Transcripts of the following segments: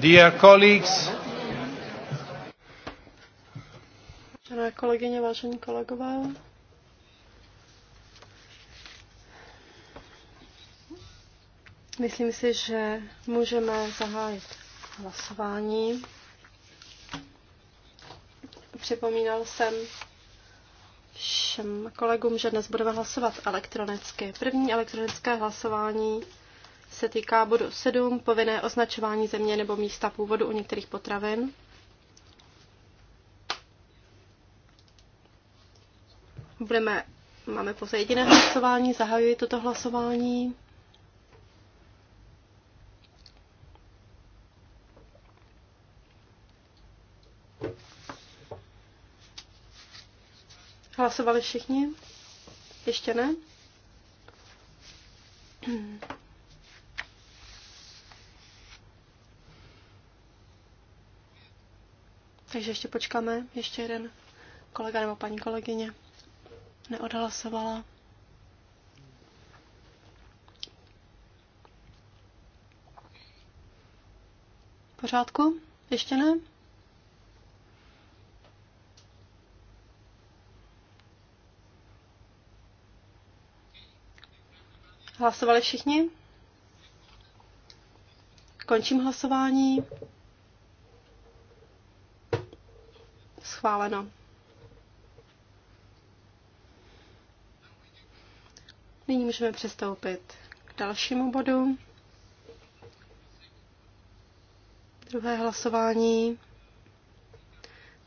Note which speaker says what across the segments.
Speaker 1: Dear colleagues,
Speaker 2: Vážené kolegyně, vážení kolegové, myslím si, že můžeme zahájit hlasování. Připomínal jsem všem kolegům, že dnes budeme hlasovat elektronicky. První elektronické hlasování se týká bodu 7, povinné označování země nebo místa původu u některých potravin. Budeme, máme pouze jediné hlasování, zahajuji toto hlasování. Hlasovali všichni? Ještě ne? Takže ještě počkáme, ještě jeden kolega nebo paní kolegyně neodhlasovala. Pořádku? Ještě ne? Hlasovali všichni? Končím hlasování. schválena. Nyní můžeme přistoupit k dalšímu bodu. Druhé hlasování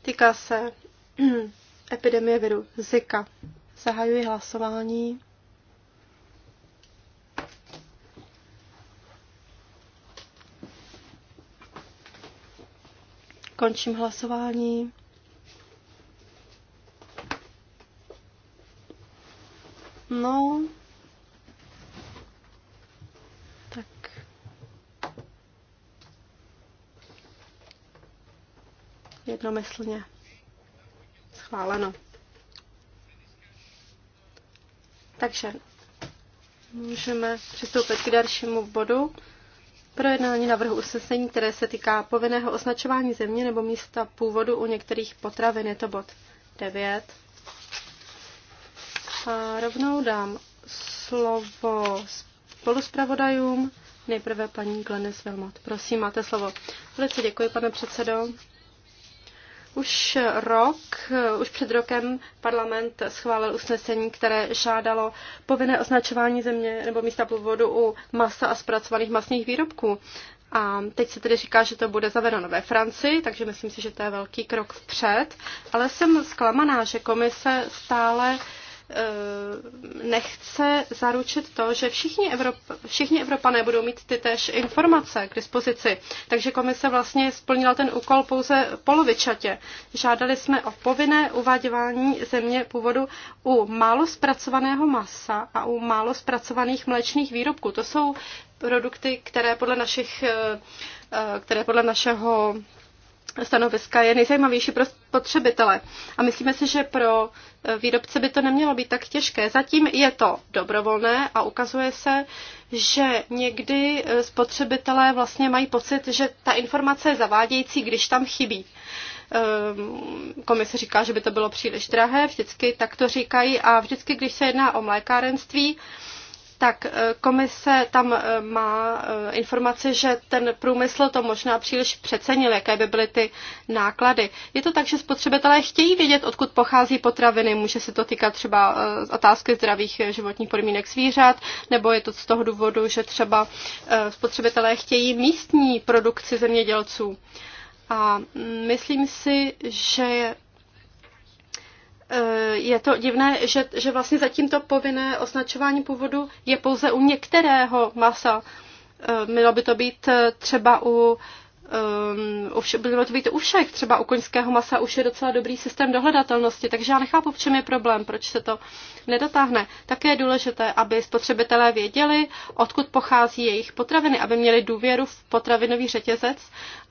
Speaker 2: týká se epidemie viru Zika. Zahajuji hlasování. Končím hlasování. No, tak. Jednomyslně. Schváleno. Takže můžeme přistoupit k dalšímu bodu. Projednání navrhu usnesení, které se týká povinného označování země nebo místa původu u některých potravin. Je to bod 9. A rovnou dám slovo spoluspravodajům. Nejprve paní Glenis Vilmot. Prosím, máte slovo. Velice děkuji, pane předsedo. Už rok, už před rokem parlament schválil usnesení, které žádalo povinné označování země nebo místa původu u masa a zpracovaných masných výrobků. A teď se tedy říká, že to bude zavedeno ve Francii, takže myslím si, že to je velký krok vpřed. Ale jsem zklamaná, že komise stále Eh, nechce zaručit to, že všichni, Evrop, všichni Evropané budou mít ty též informace k dispozici. Takže komise vlastně splnila ten úkol pouze polovičatě. Žádali jsme o povinné uváděvání země původu u málo zpracovaného masa a u málo zpracovaných mléčných výrobků. To jsou produkty, které podle, našich, eh, eh, které podle našeho stanoviska je nejzajímavější pro spotřebitele. A myslíme si, že pro e, výrobce by to nemělo být tak těžké. Zatím je to dobrovolné a ukazuje se, že někdy e, spotřebitelé vlastně mají pocit, že ta informace je zavádějící, když tam chybí. Ehm, komise říká, že by to bylo příliš drahé, vždycky tak to říkají a vždycky, když se jedná o mlékárenství, tak eh, komise tam eh, má eh, informaci, že ten průmysl to možná příliš přecenil, jaké by byly ty náklady. Je to tak, že spotřebitelé chtějí vědět, odkud pochází potraviny. Může se to týkat třeba otázky zdravých životních podmínek zvířat, nebo je to z toho důvodu, že třeba spotřebitelé chtějí místní produkci zemědělců. A mm, myslím si, že Eh, je to divné, že, že vlastně zatím to povinné označování původu je pouze u některého masa. Eh, mělo by to být eh, třeba u um, ehm, by to být u všech, třeba u koňského masa už je docela dobrý systém dohledatelnosti, takže já nechápu, v čem je problém, proč se to nedotáhne. Také je důležité, aby spotřebitelé věděli, odkud pochází jejich potraviny, aby měli důvěru v potravinový řetězec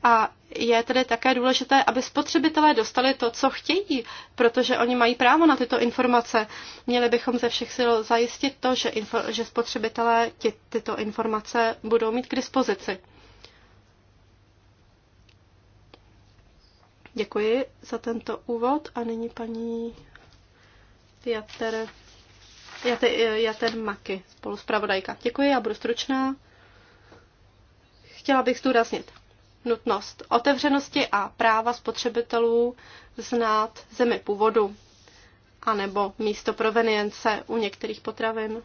Speaker 2: a je tedy také důležité, aby spotřebitelé dostali to, co chtějí, protože oni mají právo na tyto informace. Měli bychom ze všech sil zajistit to, že, info, že spotřebitelé ty, tyto informace budou mít k dispozici. Děkuji za tento úvod a nyní paní Jater, Jater, Jater Maky, spoluspravodajka. Děkuji, já budu stručná. Chtěla bych zdůraznit nutnost otevřenosti a práva spotřebitelů znát zemi původu anebo místo provenience u některých potravin.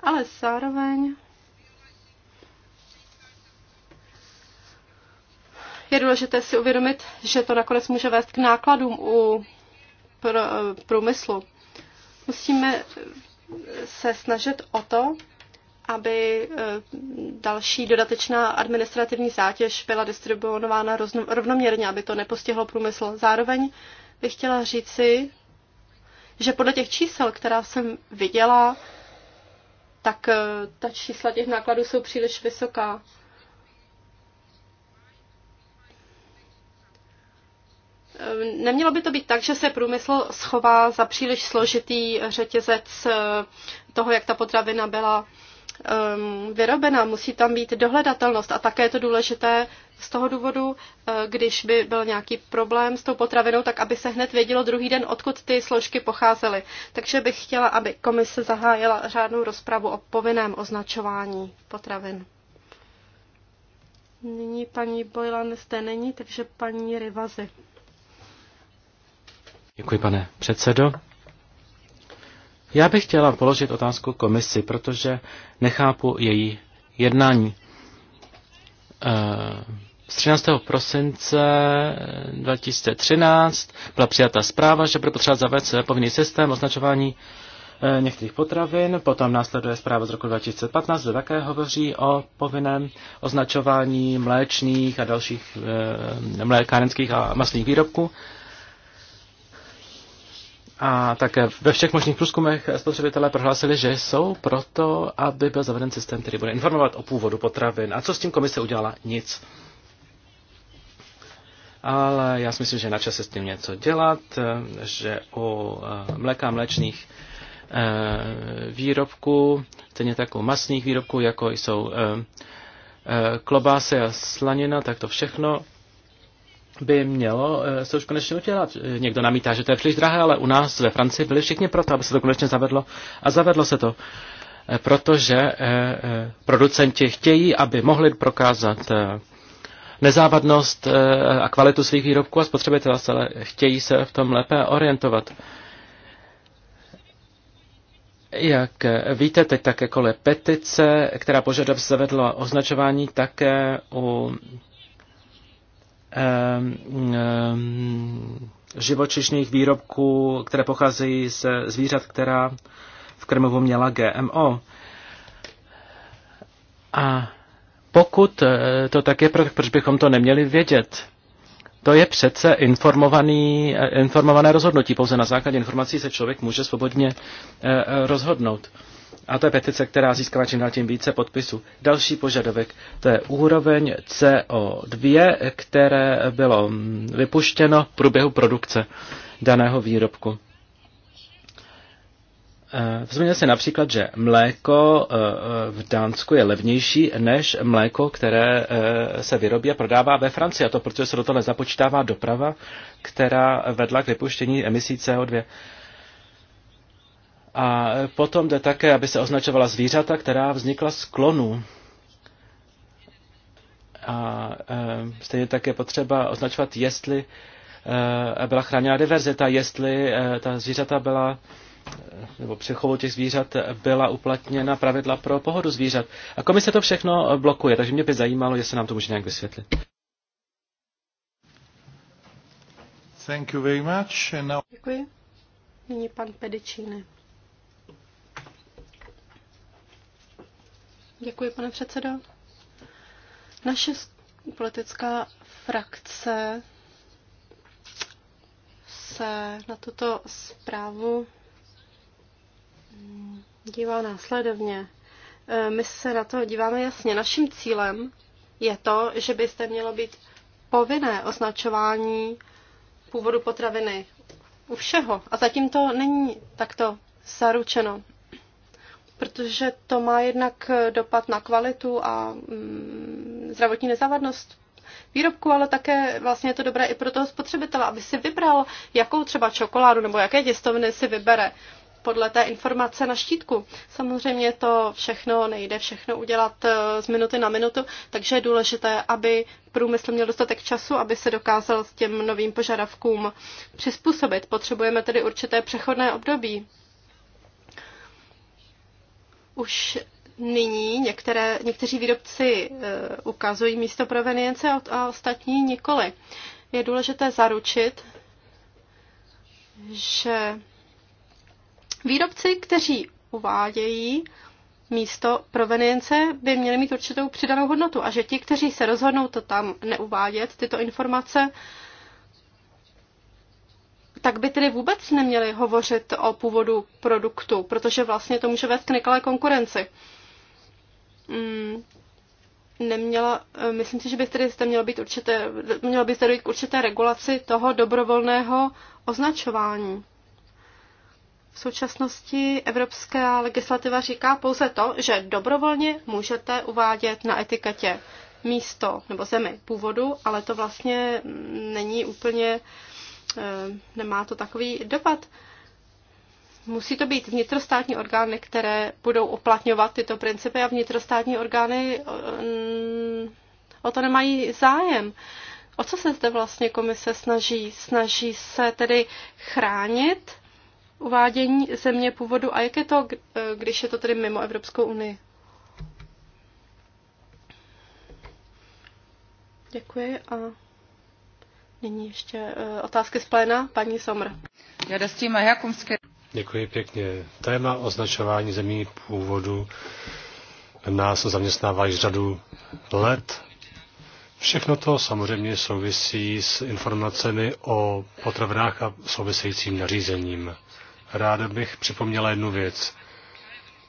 Speaker 2: Ale zároveň Je důležité si uvědomit, že to nakonec může vést k nákladům u pr- průmyslu. Musíme eh, se snažit o to, aby eh, další dodatečná administrativní zátěž byla distribuována rovnoměrně, aby to nepostihlo průmysl. Zároveň bych chtěla říci, že podle těch čísel, která jsem viděla, tak eh, ta čísla těch nákladů jsou příliš vysoká. Ehm, nemělo by to být tak, že se průmysl schová za příliš složitý řetězec eh, toho, jak ta potravina byla ehm, vyrobena. Musí tam být dohledatelnost a také je to důležité z toho důvodu, eh, když by byl nějaký problém s tou potravinou, tak aby se hned vědělo druhý den, odkud ty složky pocházely. Takže bych chtěla, aby komise zahájila řádnou rozpravu o povinném označování potravin. Nyní paní Bojlan zde není, takže paní Rivazy.
Speaker 3: Děkuji, pane předsedo. Já bych chtěla položit otázku komisi, protože nechápu její jednání. Eh, z 13. prosince 2013 byla přijata zpráva, že bude potřeba zavést povinný systém označování eh, některých potravin, potom následuje zpráva z roku 2015, kde také hovoří o povinném označování mléčných a dalších eh, mlékárenských a masných výrobků. A tak ve všech možných průzkumech spotřebitelé prohlásili, že jsou proto, aby byl zaveden systém, který bude informovat o původu potravin. A co s tím komise udělala? Nic. Ale já si myslím, že na čase s tím něco dělat, že u eh, mléka a mléčných eh, výrobků, stejně tak u masných výrobků, jako jsou eh, klobásy a slanina, tak to všechno by mělo eh, se už konečně udělat. Eh, někdo namítá, že to je příliš drahé, ale u nás ve Francii byli všichni proto, aby se to konečně zavedlo. A zavedlo se to, eh, protože producenti chtějí, aby mohli prokázat nezávadnost a kvalitu svých výrobků a spotřebitelé chtějí se v tom lépe orientovat. Jak víte, teď také kole petice, která požaduje, se zavedlo označování také u Ehm, ehm, živočišných výrobků, které pocházejí ze zvířat, která v krmivu měla GMO. A pokud eh, to tak je, proč bychom to neměli vědět? To je přece informovaný, eh, informované rozhodnutí. Pouze na základě informací se člověk může svobodně eh, rozhodnout. A to je petice, která získává čím dál tím více podpisů. Další požadavek, to je úroveň CO2, které bylo mm, vypuštěno v průběhu produkce daného výrobku. Eh, Vzměnil se například, že mléko eh, v Dánsku je levnější než mléko, které eh, se vyrobí a prodává ve Francii. A to protože se do toho nezapočítává doprava, která vedla k vypuštění emisí CO2. A potom jde také, aby se označovala zvířata, která vznikla z klonu. A e, stejně tak je potřeba označovat, jestli e, byla chráněna diverzita, jestli e, ta zvířata byla e, nebo při chovu těch zvířat byla uplatněna pravidla pro pohodu zvířat. A komise to všechno blokuje, takže mě by zajímalo, jestli nám to může nějak vysvětlit.
Speaker 1: Thank you very much. And now...
Speaker 2: Děkuji. Nyní pan Pedicini. Děkuji, pane předsedo. Naše politická frakce se na tuto zprávu mm, dívá následovně. E, my se na to díváme jasně. Naším cílem je to, že byste mělo být povinné označování původu potraviny u všeho. A zatím to není takto zaručeno protože to má jednak dopad na kvalitu a mm, zdravotní nezávadnost výrobku, ale také vlastně je to dobré i pro toho spotřebitele, aby si vybral, jakou třeba čokoládu nebo jaké těstoviny si vybere podle té informace na štítku. Samozřejmě to všechno nejde všechno udělat eh, z minuty na minutu, takže je důležité, aby průmysl měl dostatek času, aby se dokázal s těm novým požadavkům přizpůsobit. Potřebujeme tedy určité přechodné období. Už nyní některé, někteří výrobci eh, ukazují místo provenience a ostatní nikoli. Je důležité zaručit, že výrobci, kteří uvádějí místo provenience, by měli mít určitou přidanou hodnotu a že ti, kteří se rozhodnou to tam neuvádět, tyto informace, tak by tedy vůbec neměli hovořit o původu produktu, protože vlastně to může vést k nekalé konkurenci. Mm, neměla, eh, myslím si, že by tedy zde mělo být určité, mělo by zde dojít k určité regulaci toho dobrovolného označování. V současnosti evropská legislativa říká pouze to, že dobrovolně můžete uvádět na etiketě místo nebo zemi původu, ale to vlastně mm, není úplně uh, Eh, nemá to takový dopad. Musí to být vnitrostátní orgány, které budou oplatňovat tyto principy a vnitrostátní orgány eh, o to nemají zájem. O co se zde vlastně komise snaží? Snaží se tedy chránit uvádění země původu a jak je to, eh, když je to tedy mimo Evropskou unii? Děkuji a Nyní ještě eh, otázky z pléna, paní Somr.
Speaker 1: Děkuji pěkně. Téma označování zemí původu nás zaměstnává již řadu let. Všechno to samozřejmě souvisí s informacemi o potravinách a souvisejícím nařízením. Ráda bych připomněla jednu věc.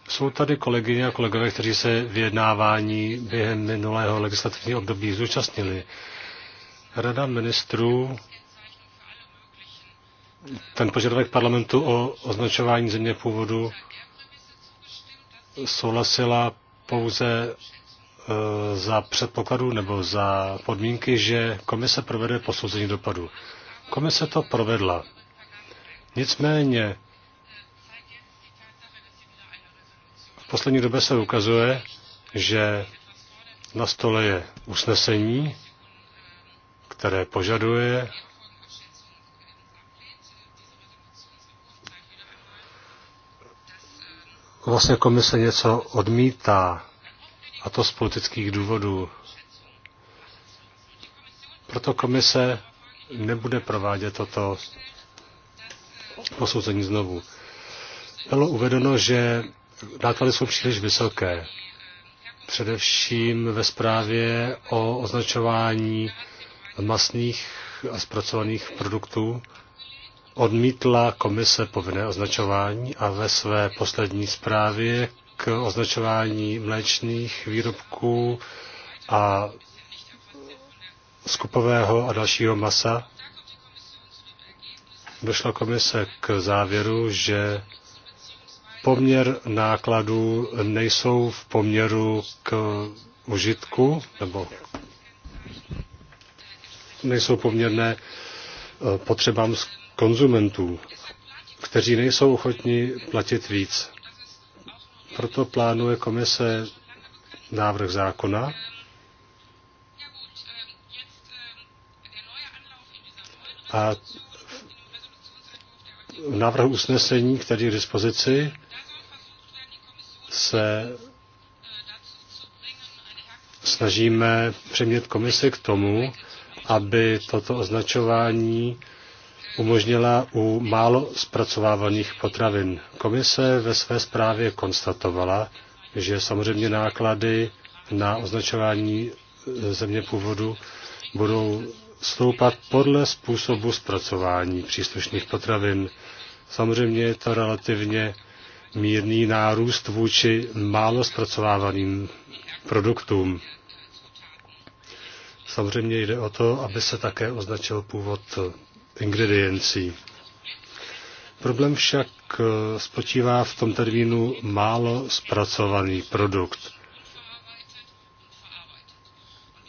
Speaker 1: Jsou tady kolegyně a kolegové, kteří se vyjednávání během minulého legislativního období zúčastnili. Rada ministrů ten požadavek parlamentu o označování země původu souhlasila pouze e, za předpokladu nebo za podmínky, že komise provede posouzení dopadu. Komise to provedla. Nicméně v poslední době se ukazuje, že na stole je usnesení, které požaduje. Vlastně komise něco odmítá, a to z politických důvodů. Proto komise nebude provádět toto posouzení znovu. Bylo uvedeno, že náklady jsou příliš vysoké. Především ve zprávě o označování masných a zpracovaných produktů odmítla komise povinné označování a ve své poslední zprávě k označování mléčných výrobků a skupového a dalšího masa došla komise k závěru, že poměr nákladů nejsou v poměru k užitku nebo nejsou poměrné eh, potřebám konzumentů, kteří nejsou ochotní platit víc. Proto plánuje komise návrh zákona, A v návrhu usnesení, který je k dispozici, se snažíme přemět komisi k tomu, aby toto označování umožnila u málo zpracovávaných potravin. Komise ve své zprávě konstatovala, že samozřejmě náklady na označování země původu budou stoupat podle způsobu zpracování příslušných potravin. Samozřejmě je to relativně mírný nárůst vůči málo zpracovávaným produktům. Samozřejmě jde o to, aby se také označil původ ingrediencí. Problém však eh, spočívá v tom termínu málo zpracovaný produkt.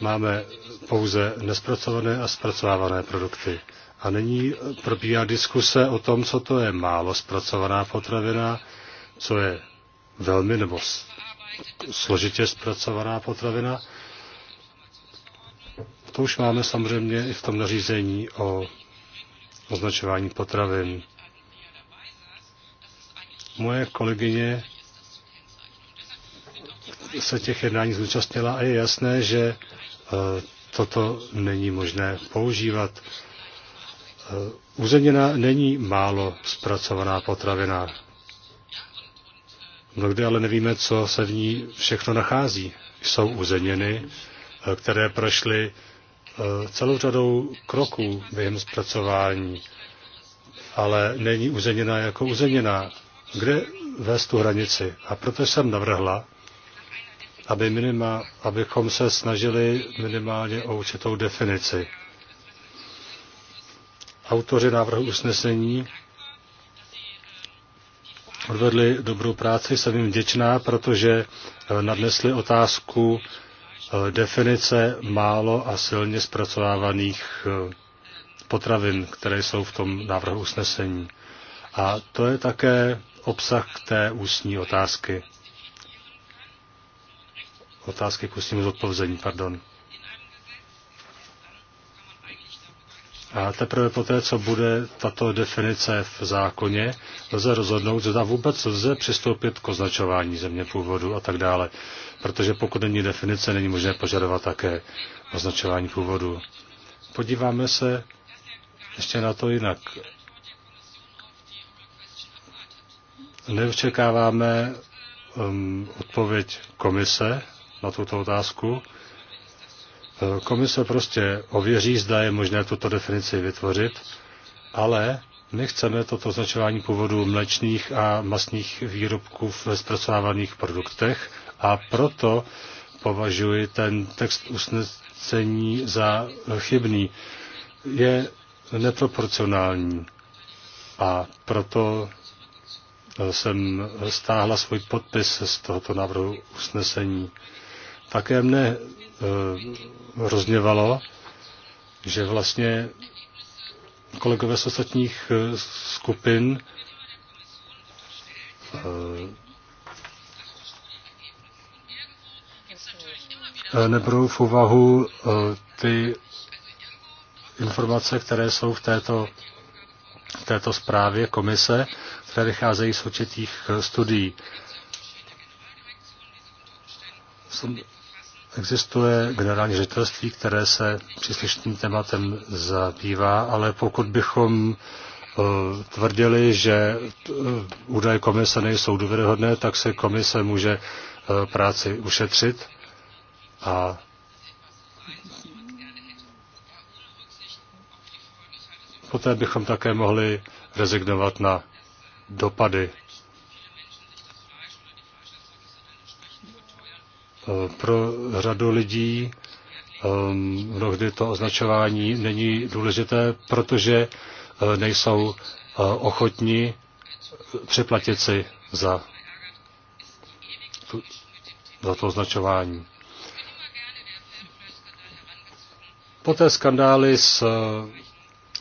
Speaker 1: Máme pouze nespracované a zpracovávané produkty. A nyní probíhá diskuse o tom, co to je málo zpracovaná potravina, co je velmi nebo složitě zpracovaná potravina to už máme samozřejmě i v tom nařízení o označování potravin. Moje kolegyně se těch jednání zúčastnila a je jasné, že e, toto není možné používat. E, Uzeněna není málo zpracovaná potravina. Mnohdy ale nevíme, co se v ní všechno nachází. Jsou uzeněny, e, které prošly Eh, celou řadou kroků během zpracování, ale není uzeněná jako uzeněná. Kde vést tu hranici? A proto jsem navrhla, aby minima, abychom se snažili minimálně o určitou definici. Autoři návrhu usnesení odvedli dobrou práci, jsem jim vděčná, protože eh, nadnesli otázku Eh, definice málo a silně zpracovávaných eh, potravin, které jsou v tom návrhu usnesení. A to je také obsah té ústní otázky. Otázky k ústnímu zodpovzení, pardon. A teprve poté, co bude tato definice v zákoně, lze rozhodnout, zda vůbec lze přistoupit k označování země původu a tak dále. Protože pokud není definice, není možné požadovat také označování původu. Podíváme se ještě na to jinak. Neočekáváme um, odpověď komise na tuto otázku. Komise prostě ověří, zda je možné tuto definici vytvořit, ale my chceme toto označování původu mlečných a masných výrobků v zpracovávaných produktech a proto považuji ten text usnesení za chybný. Je neproporcionální a proto eh, jsem stáhla svůj podpis z tohoto návrhu usnesení. Také mne e, rozněvalo, že vlastně kolegové z ostatních e, skupin e, nebudou v úvahu ty informace, které jsou v této, v této zprávě komise, které vycházejí z určitých studií. Existuje generální ředitelství, které se příslušným tématem zabývá, ale pokud bychom eh, tvrdili, že eh, údaje komise nejsou důvěryhodné, tak se komise může eh, práci ušetřit a poté bychom také mohli rezignovat na dopady Eh, pro řadu lidí ehm, mnohdy to označování není důležité, protože eh, nejsou eh, ochotní přeplatit si za, za to označování. Poté skandály s,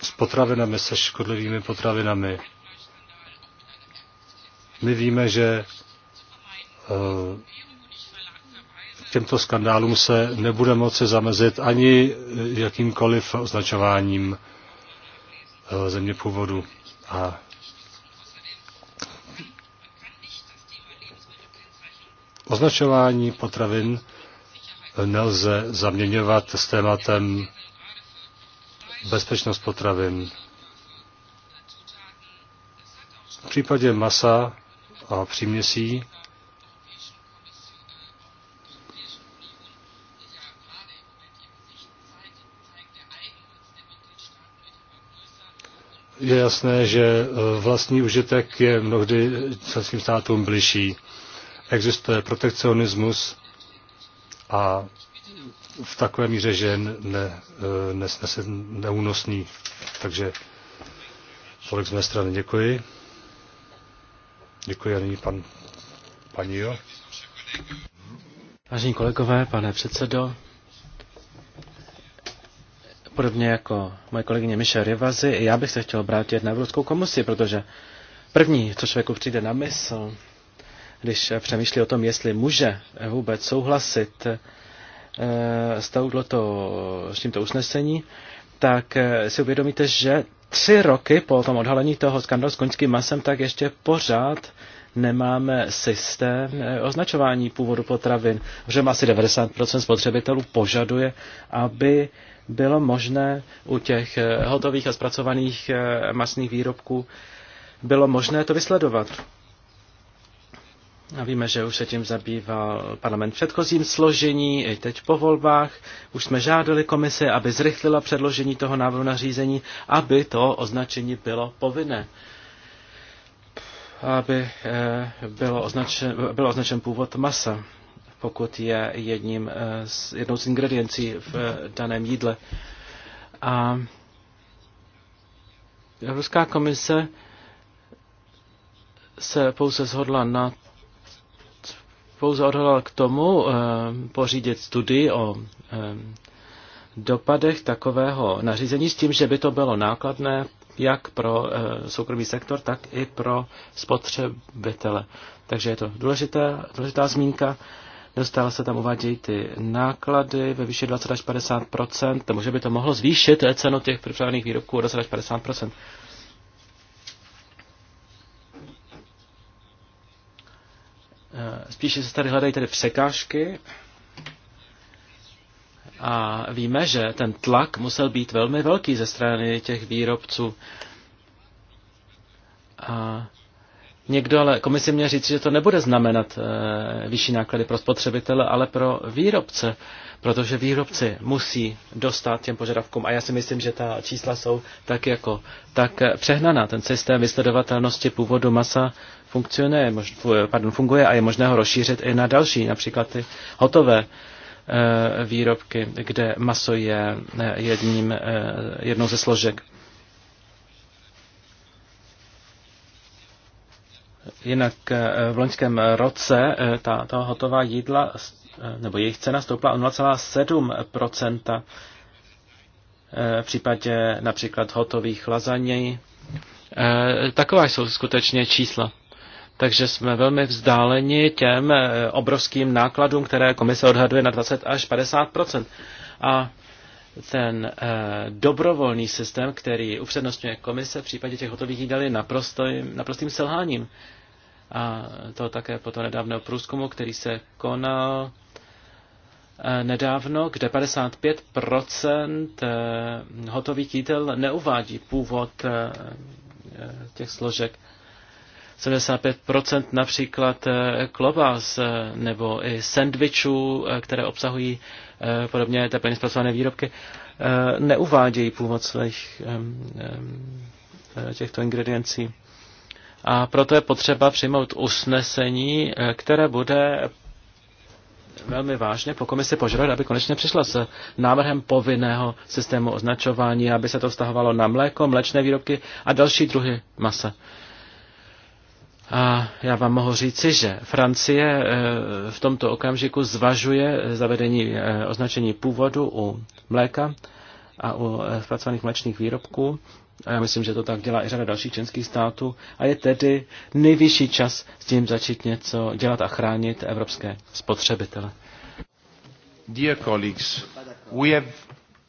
Speaker 1: s potravinami, se škodlivými potravinami. My víme, že těmto skandálům se nebude moci zamezit ani jakýmkoliv označováním eh, země původu. A označování potravin eh, nelze zaměňovat s tématem bezpečnost potravin. V případě masa a příměsí je jasné, že e, vlastní užitek je mnohdy členským státům bližší. Existuje protekcionismus a v takové míře, že je ne, e, ne, neúnosný. Takže tolik z mé strany. Děkuji. Děkuji a nyní pan, paní jo.
Speaker 3: Vážení kolegové, pane předsedo, Podobně jako moje kolegyně Miše Rivazy, já bych se chtěl obrátit na Evropskou komisi, protože první, co člověku přijde na mysl, když přemýšlí o tom, jestli může vůbec souhlasit eh, s, touto, s tímto usnesení, tak eh, si uvědomíte, že tři roky po tom odhalení toho skandalu s koňským masem, tak ještě pořád nemáme systém eh, označování původu potravin, že asi 90% spotřebitelů požaduje, aby bylo možné u těch eh, hotových a zpracovaných eh, masných výrobků bylo možné to vysledovat. A víme, že už se tím zabýval parlament v předchozím složení, i teď po volbách. Už jsme žádali komise, aby zrychlila předložení toho návrhu na řízení, aby to označení bylo povinné. Aby eh, bylo označen, byl označen původ masa pokud je jedním eh, z, jednou z ingrediencí v eh, daném jídle. A Evropská komise se pouze zhodla na pouze odhodlal k tomu e, pořídit studii o e, dopadech takového nařízení s tím, že by to bylo nákladné jak pro e, soukromý sektor, tak i pro spotřebitele. Takže je to důležitá, důležitá zmínka. Dostal se tam uvádějí ty náklady ve výši 20 až 50 to může by to mohlo zvýšit cenu těch připravených výrobků o 20 až 50 eh, Spíše se tady hledají tedy překážky a víme, že ten tlak musel být velmi velký ze strany těch výrobců. A Někdo ale komisi měl říct, že to nebude znamenat e, vyšší náklady pro spotřebitele, ale pro výrobce, protože výrobci musí dostat těm požadavkům. A já si myslím, že ta čísla jsou tak jako tak eh, přehnaná. Ten systém vysledovatelnosti původu masa funkcionuje, mož, pardon, funguje a je možné ho rozšířit i na další, například ty hotové e, výrobky, kde maso je jedním, e, jednou ze složek Jinak eh, v loňském roce eh, ta, ta hotová jídla, eh, nebo jejich cena stoupla o 0,7%. V případě například hotových lazaněj. Taková jsou skutečně čísla. Takže jsme velmi vzdáleni těm obrovským nákladům, které komise odhaduje na 20 až 50 A ten e, dobrovolný systém, který upřednostňuje komise v případě těch hotových jídel je naprostoj, naprostým selháním. A to také po to nedávného průzkumu, který se konal e, nedávno, kde 55% eh, hotových jídel neuvádí původ e, těch složek. 75% například eh, klobás eh, nebo i sendvičů, eh, které obsahují podobně teplně zpracované výrobky, neuvádějí původ svých těchto ingrediencí. A proto je potřeba přijmout usnesení, které bude velmi vážně po komisi požadovat, aby konečně přišla s návrhem povinného systému označování, aby se to vztahovalo na mléko, mléčné výrobky a další druhy masa. A já vám mohu říci, že Francie eh, v tomto okamžiku zvažuje eh, zavedení eh, označení původu u mléka a u zpracovaných mléčných výrobků. A já myslím, že to tak dělá i řada dalších členských států. A je tedy nejvyšší čas s tím začít něco dělat a chránit evropské spotřebitele.
Speaker 1: Dear colleagues, we have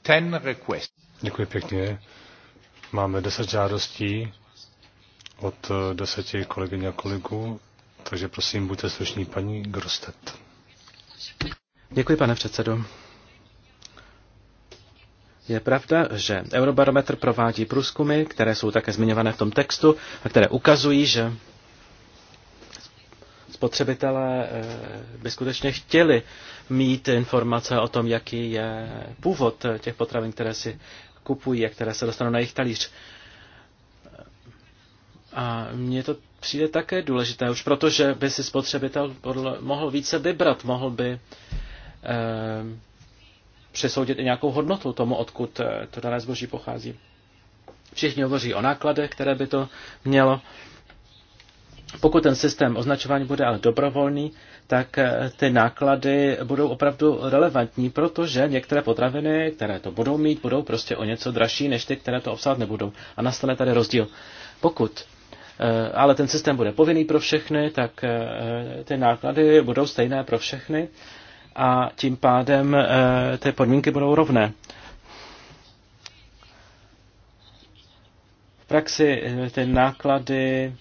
Speaker 1: ten requests. Děkuji pěkně. Máme deset žádostí od eh, deseti kolegyň a kolegů, takže prosím, buďte slušní, paní Grostet.
Speaker 3: Děkuji, pane předsedo. Je pravda, že Eurobarometr provádí průzkumy, které jsou také zmiňované v tom textu a které ukazují, že spotřebitelé eh, by skutečně chtěli mít informace o tom, jaký je původ těch potravin, které si kupují a které se dostanou na jejich talíř. A mně to přijde také důležité, už protože by si spotřebitel mohl více vybrat, mohl by e, přesoudit i nějakou hodnotu tomu, odkud eh, to dané zboží pochází. Všichni hovoří o nákladech, které by to mělo. Pokud ten systém označování bude ale dobrovolný, tak eh, ty náklady budou opravdu relevantní, protože některé potraviny, které to budou mít, budou prostě o něco dražší než ty, které to obsahovat nebudou. A nastane tady rozdíl. Pokud Eh, ale ten systém bude povinný pro všechny, tak eh, ty náklady budou stejné pro všechny a tím pádem eh, ty podmínky budou rovné. V praxi ty náklady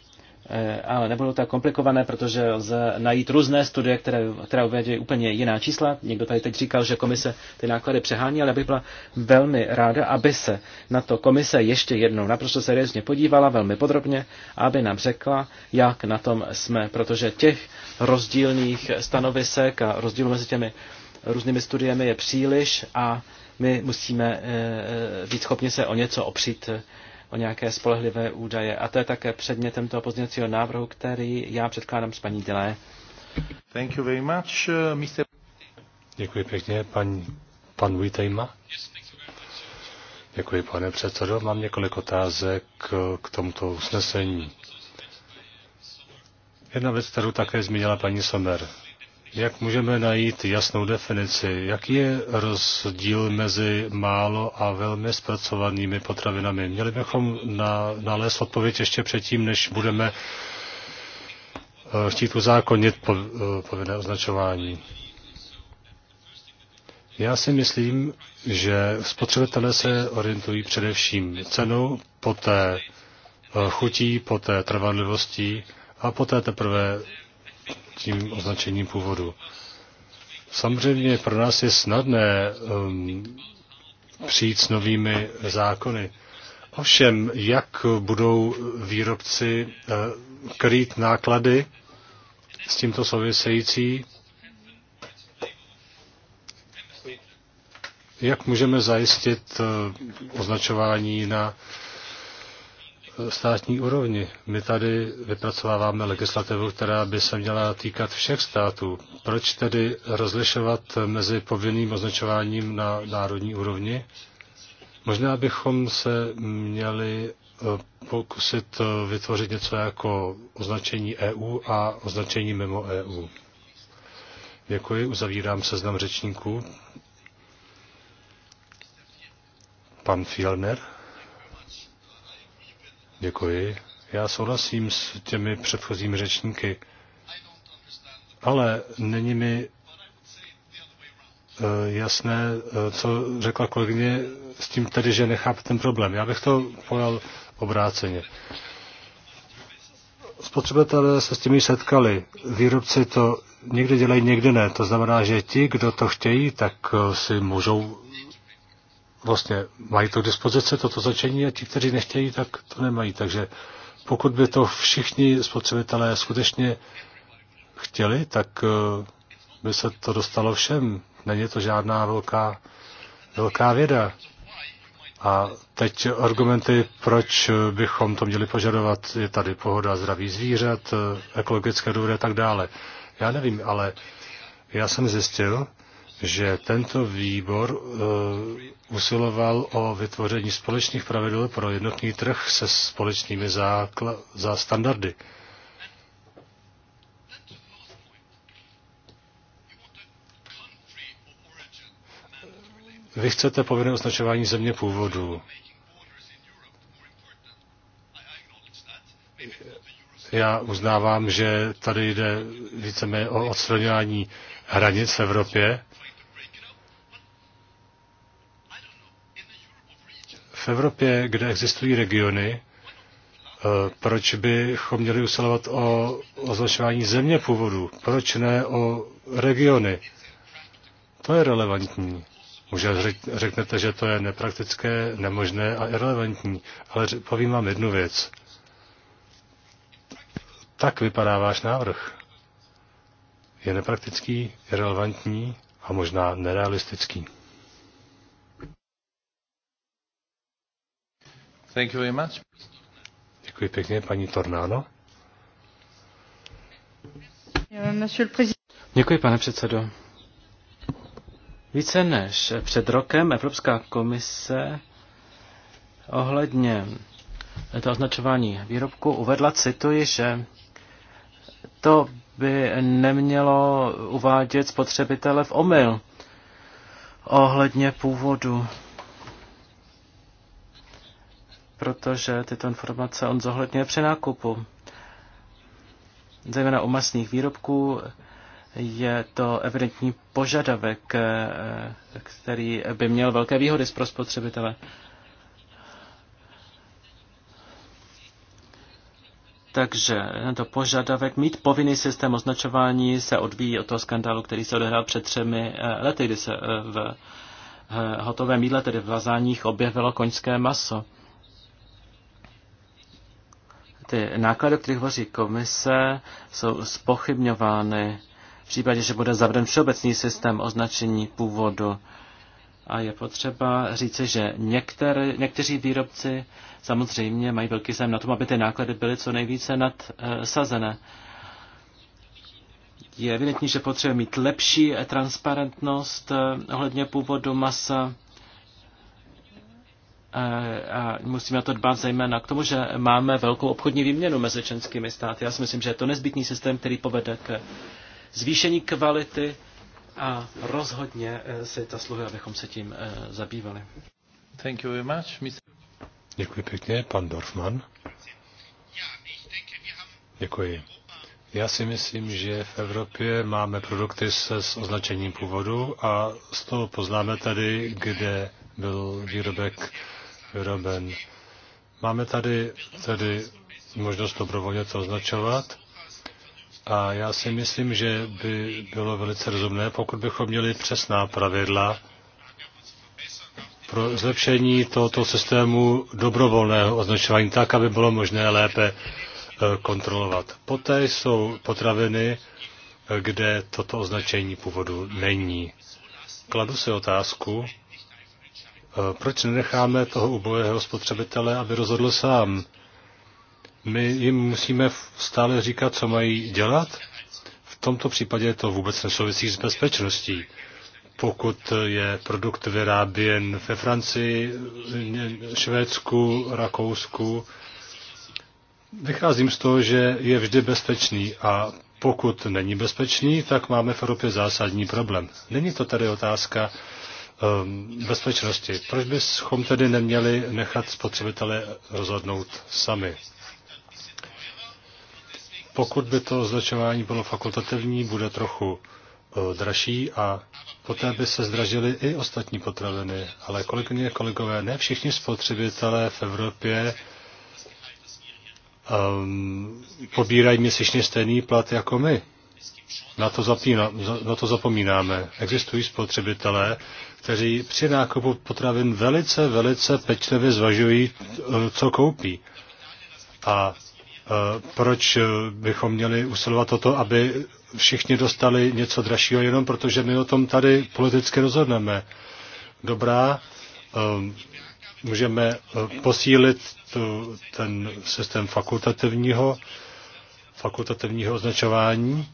Speaker 3: Eh, ale nebudou tak komplikované, protože lze najít různé studie, které, které uvedějí úplně jiná čísla. Někdo tady teď říkal, že komise ty náklady přehání, ale bych byla velmi ráda, aby se na to komise ještě jednou naprosto seriózně podívala, velmi podrobně, aby nám řekla, jak na tom jsme, protože těch rozdílných stanovisek a rozdílů mezi těmi různými studiemi je příliš a my musíme eh, eh, být schopni se o něco opřít o nějaké spolehlivé údaje. A to je také předmětem toho pozdějacího návrhu, který já předkládám s paní Dělé. Thank you very much, uh, Mr. Děkuji pěkně, pan, pan Vítejma.
Speaker 1: Děkuji, pane předsedo. Mám několik otázek k tomuto usnesení. Jedna věc, kterou také zmínila paní Somer. Jak můžeme najít jasnou definici? Jaký je rozdíl mezi málo a velmi zpracovanými potravinami? Měli bychom na, nalézt odpověď ještě předtím, než budeme eh, chtít uzákonit po, eh, povinné označování. Já si myslím, že spotřebitelé se orientují především cenou, poté eh, chutí, poté trvanlivostí a poté teprve tím označením původu. Samozřejmě pro nás je snadné um, přijít s novými zákony. Ovšem, jak budou výrobci uh, krýt náklady s tímto související? Jak můžeme zajistit uh, označování na uh, státní úrovni. My tady vypracováváme legislativu, která by se měla týkat všech států. Proč tedy rozlišovat mezi povinným označováním na národní úrovni? Možná bychom se měli eh, pokusit eh, vytvořit něco jako označení EU a označení mimo EU. Děkuji, uzavírám seznam řečníků. Pan Fielner. Děkuji. Já souhlasím s těmi předchozími řečníky, ale není mi eh, jasné, eh, co řekla kolegyně s tím tedy, že nechápe ten problém. Já bych to pojal obráceně. Spotřebitelé se s těmi setkali. Výrobci to někde dělají, někde ne. To znamená, že ti, kdo to chtějí, tak eh, si můžou vlastně mají to k dispozici, toto začení a ti, kteří nechtějí, tak to nemají. Takže pokud by to všichni spotřebitelé skutečně chtěli, tak eh, by se to dostalo všem. Není to žádná velká, velká věda. A teď argumenty, proč bychom to měli požadovat, je tady pohoda zdraví zvířat, eh, ekologické důvody a tak dále. Já nevím, ale já jsem zjistil, že tento výbor eh, usiloval o vytvoření společných pravidel pro jednotný trh se společnými zákla- za standardy. Vy chcete povinné označování země původu. Já uznávám, že tady jde víceméně o odstraňování hranic v Evropě, v Evropě, kde existují regiony, eh, proč bychom měli usilovat o označování země původu? Proč ne o regiony? To je relevantní. Může řeknete, že to je nepraktické, nemožné a irrelevantní, ale povím vám jednu věc. Tak vypadá váš návrh. Je nepraktický, irrelevantní a možná nerealistický. Thank you very much. Děkuji pěkně, paní
Speaker 3: Tornáno. Děkuji, pane předsedo. Více než před rokem Evropská komise ohledně to označování výrobku uvedla, cituji, že to by nemělo uvádět spotřebitele v omyl ohledně původu protože tyto informace on zohledňuje při nákupu. Zejména u masných výrobků je to evidentní požadavek, eh, který by měl velké výhody pro spotřebitele. Takže tento požadavek mít povinný systém označování se odvíjí od toho skandálu, který se odehrál před třemi eh, lety, kdy se eh, v hotovém jídle, tedy v lazáních, objevilo koňské maso ty náklady, o kterých hovoří komise, jsou spochybňovány v případě, že bude zavřen všeobecný systém označení původu. A je potřeba říci, že některé, někteří výrobci samozřejmě mají velký zájem na tom, aby ty náklady byly co nejvíce nadsazené. Eh, je evidentní, že potřebuje mít lepší eh, transparentnost eh, ohledně původu masa a musíme to dbát zejména k tomu, že máme velkou obchodní výměnu mezi členskými státy. Já si myslím, že je to nezbytný systém, který povede k zvýšení kvality a rozhodně eh, si sluhy, abychom se tím eh, zabývali.
Speaker 2: Thank you very much. Mr.
Speaker 1: Děkuji pěkně, pan Dorfman. Děkuji. Já si myslím, že v Evropě máme produkty se s označením původu a z toho poznáme tady, kde byl výrobek vyroben. Máme tady tedy možnost dobrovolně to označovat a já si myslím, že by bylo velice rozumné, pokud bychom měli přesná pravidla pro zlepšení tohoto systému dobrovolného označování tak, aby bylo možné lépe eh, kontrolovat. Poté jsou potraviny, eh, kde toto označení původu není. Kladu si otázku, Eh, proč nenecháme toho ubohého spotřebitele, aby rozhodl sám? My jim musíme stále říkat, co mají dělat? V tomto případě to vůbec nesouvisí s bezpečností. Pokud je produkt vyráběn ve Francii, Švédsku, Rakousku, vycházím z toho, že je vždy bezpečný a pokud není bezpečný, tak máme v Evropě zásadní problém. Není to tady otázka Ehm, bezpečnosti. Proč bychom tedy neměli nechat spotřebitele rozhodnout sami? Pokud by to označování bylo fakultativní, bude trochu eh, dražší a poté by se zdražily i ostatní potraviny. Ale kolegyně, kolegové, ne všichni spotřebitelé v Evropě um, pobírají měsíčně stejný plat jako my. Na to, zapína, na to zapomínáme. Existují spotřebitelé, kteří při nákupu potravin velice, velice pečlivě zvažují, co koupí. A e, proč bychom měli usilovat o to, aby všichni dostali něco dražšího, jenom protože my o tom tady politicky rozhodneme. Dobrá, e, můžeme e, posílit tu, ten systém fakultativního, fakultativního označování.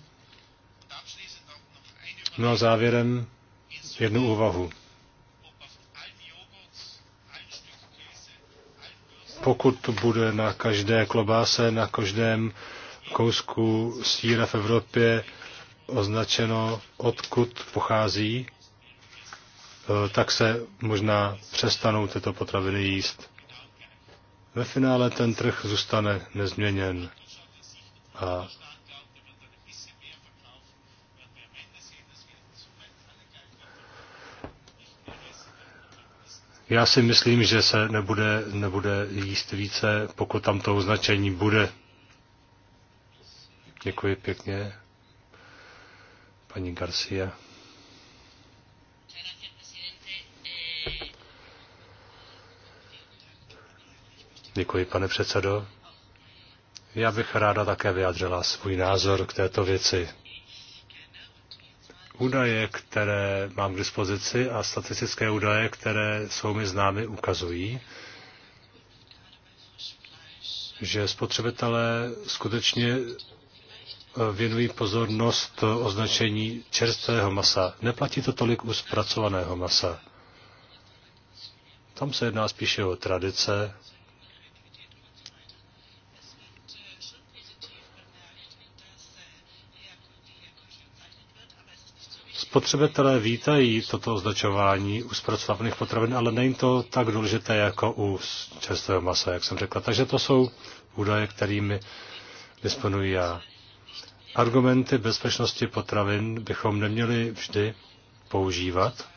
Speaker 1: No a závěrem jednu úvahu. pokud bude na každé klobáse, na každém kousku síra v Evropě označeno, odkud pochází, eh, tak se možná přestanou tyto potraviny jíst. Ve finále ten trh zůstane nezměněn. A Já si myslím, že se nebude, nebude jíst více, pokud tam to označení bude. Děkuji pěkně. Paní Garcia. Děkuji, pane předsedo. Já bych ráda také vyjádřila svůj názor k této věci. Údaje, které mám k dispozici a statistické údaje, které jsou mi známy, ukazují, že spotřebitelé skutečně eh, věnují pozornost označení čerstvého masa. Neplatí to tolik u zpracovaného masa. Tam se jedná spíše o tradice, Spotřebitelé vítají toto označování u zpracovaných potravin, ale není to tak důležité jako u čerstvého masa, jak jsem řekla. Takže to jsou údaje, kterými disponuji já. Argumenty bezpečnosti potravin bychom neměli vždy používat,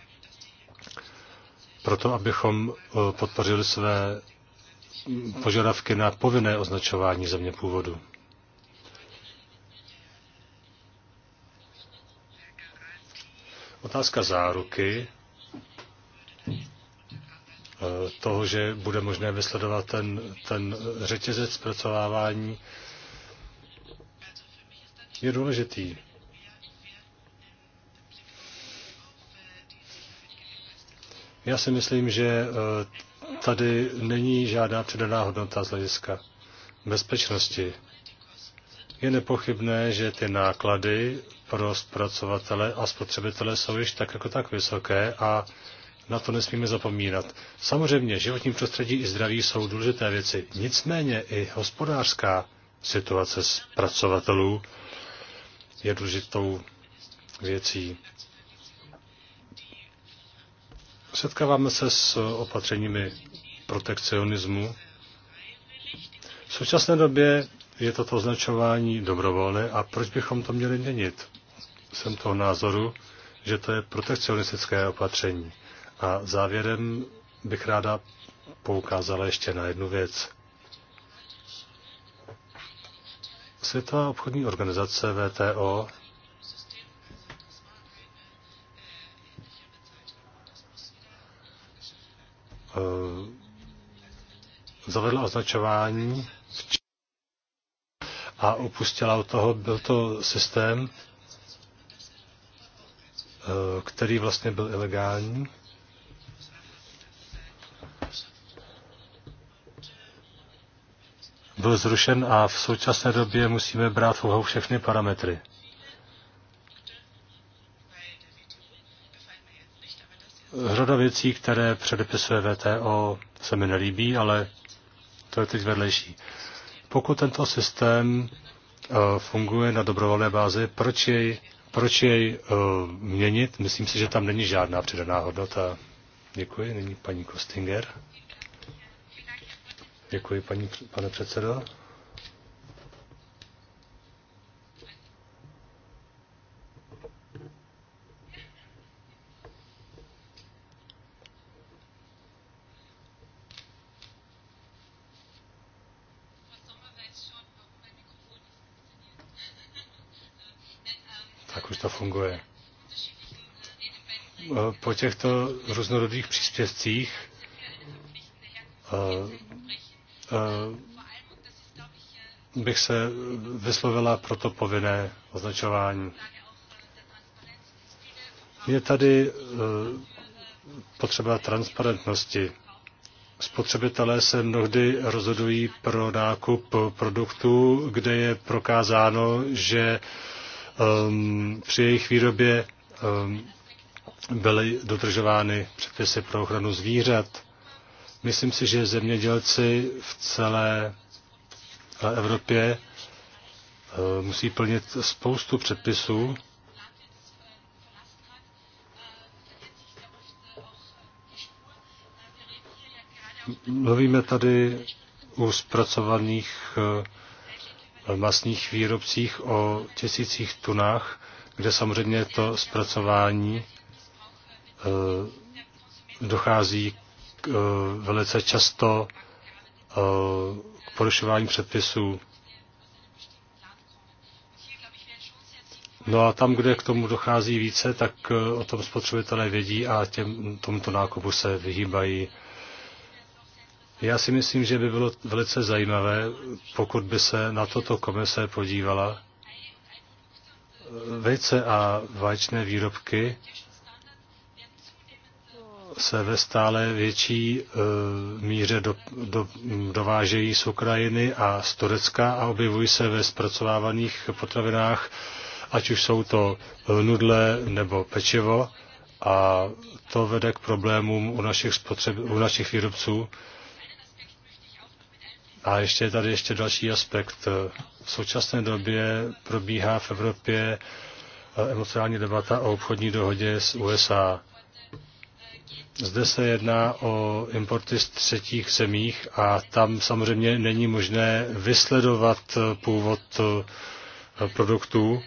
Speaker 1: proto abychom eh, podpořili své požadavky na povinné označování země původu. otázka záruky eh, toho, že bude možné vysledovat ten, ten řetězec zpracovávání, je důležitý. Já si myslím, že eh, tady není žádná předaná hodnota z hlediska bezpečnosti. Je nepochybné, že ty náklady pro zpracovatele a spotřebitele jsou již tak jako tak vysoké a na to nesmíme zapomínat. Samozřejmě, životní prostředí i zdraví jsou důležité věci. Nicméně i hospodářská situace zpracovatelů je důležitou věcí. Setkáváme se s opatřeními protekcionismu. V současné době je toto označování dobrovolné a proč bychom to měli měnit? Jsem toho názoru, že to je protekcionistické opatření. A závěrem bych ráda poukázala ještě na jednu věc. Světová obchodní organizace VTO eh, zavedla označování a upustila od toho. Byl to systém, eh, který vlastně byl ilegální. Byl zrušen a v současné době musíme brát v úvahu všechny parametry. Řada věcí, které předepisuje VTO, se mi nelíbí, ale to je teď vedlejší. Pokud tento systém eh, funguje na dobrovolné bázi, proč jej, proč jej eh, měnit? Myslím si, že tam není žádná přidaná hodnota. Děkuji. Nyní paní Kostinger. Děkuji, paní, pane předsedo. funguje. E, po těchto různorodých příspěvcích e, e, bych se vyslovila pro to povinné označování. Je tady potřeba transparentnosti. Spotřebitelé se mnohdy rozhodují pro nákup produktů, kde je prokázáno, že um, při jejich výrobě um, byly dodržovány předpisy pro ochranu zvířat. Myslím si, že zemědělci v celé eh, Evropě eh, musí plnit spoustu předpisů. Mluvíme tady u zpracovaných eh, masných výrobcích, o tisících tunách, kde samozřejmě to zpracování e, dochází k, e, velice často e, k porušování předpisů. No a tam, kde k tomu dochází více, tak o tom spotřebitelé vědí a těm, tomuto nákupu se vyhýbají. Já si myslím, že by bylo velice zajímavé, pokud by se na toto komise podívala. Vejce a vaječné výrobky se ve stále větší e, míře do, do, dovážejí z Ukrajiny a z Turecka a objevují se ve zpracovávaných potravinách, ať už jsou to e, nudle nebo pečivo. A to vede k problémům u našich, spotřeb, u našich výrobců. E, a ještě je tady ještě další aspekt. V současné době probíhá v Evropě eh, emocionální debata o obchodní dohodě s USA. Zde se jedná o importy z třetích zemích a tam samozřejmě není možné vysledovat eh, původ eh, produktů.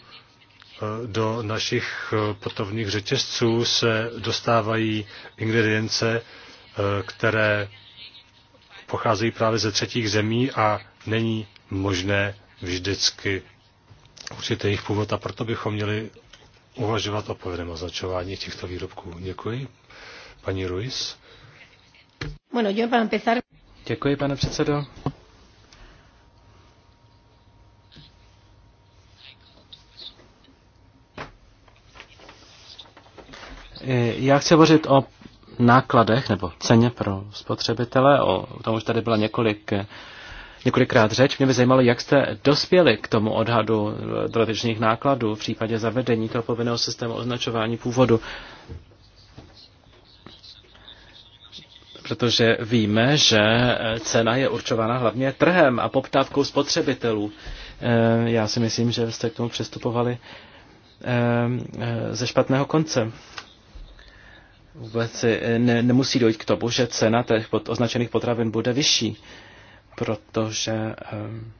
Speaker 1: Do našich potovních řetězců se dostávají ingredience, které pocházejí právě ze třetích zemí a není možné vždycky určit jejich původ a proto bychom měli uvažovat o povedem označování těchto výrobků. Děkuji. Paní Ruiz.
Speaker 2: Bueno, yo para empezar... Děkuji, pane předsedo.
Speaker 3: Já chci hovořit o nákladech nebo ceně pro spotřebitele, o tom už tady byla několik, několikrát řeč. Mě by zajímalo, jak jste dospěli k tomu odhadu dodatečných nákladů v případě zavedení toho povinného systému označování původu. Protože víme, že cena je určována hlavně trhem a poptávkou spotřebitelů. Eh, já si myslím, že jste k tomu přistupovali eh, eh, ze špatného konce vůbec eh, ne, nemusí dojít k tomu, že cena těch pod, označených potravin bude vyšší, protože um,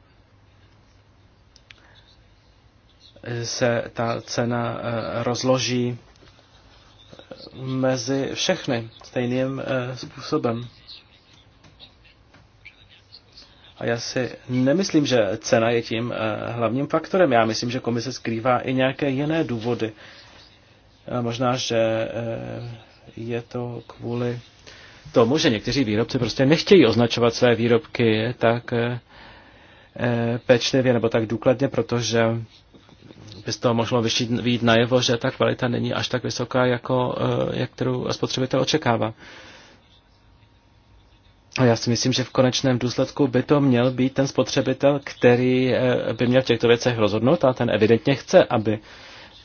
Speaker 3: se ta cena uh, rozloží mezi všechny stejným uh, způsobem. A já si nemyslím, že cena je tím hlavním faktorem. Já myslím, že komise skrývá i nějaké jiné důvody. Možná, že je to kvůli tomu, že někteří výrobci prostě nechtějí označovat své výrobky tak eh, eh, pečlivě nebo tak důkladně, protože by z toho mohlo vyjít najevo, že ta kvalita není až tak vysoká, jako, eh, jak kterou spotřebitel očekává. A já si myslím, že v konečném důsledku by to měl být ten spotřebitel, který by měl v těchto věcech rozhodnout a ten evidentně chce, aby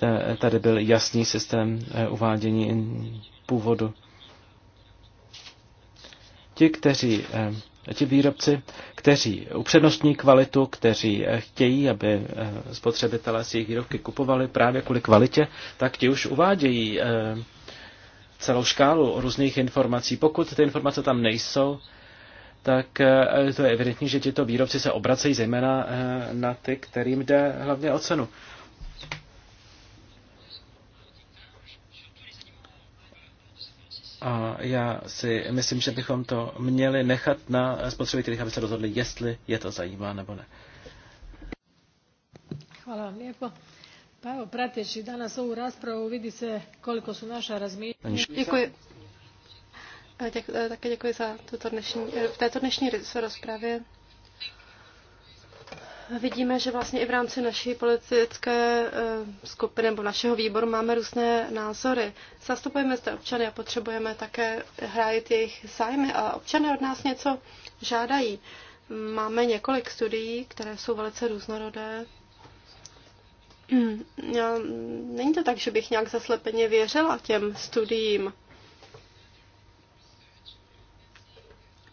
Speaker 3: Eh, tady byl jasný systém eh, uvádění původu. Ti, kteří, eh, ti výrobci, kteří upřednostní kvalitu, kteří chtějí, aby spotřebitelé si jejich výrobky kupovali právě kvůli kvalitě, tak ti už uvádějí celou škálu různých informací. Pokud ty informace tam nejsou, tak to je evidentní, že tito výrobci se obracejí zejména na ty, kterým jde hlavně o cenu. A já si myslím, že bychom to měli nechat na spotřebitelích, aby se rozhodli, jestli je to zajímá nebo ne.
Speaker 2: Hvala vám lijepo. Pa evo, prateći danas ovu raspravu vidi se koliko su naša razmišljenja. Děkuji. Děkuji, také děkuji za tuto dnešní, v této dnešní rozpravě vidíme, že vlastně i v rámci naší politické eh, skupiny nebo našeho výboru máme různé názory. Zastupujeme zde občany a potřebujeme také hrát jejich zájmy a občany od nás něco žádají. Máme několik studií, které jsou velice různorodé. Není to tak, že bych nějak zaslepeně věřila těm studiím.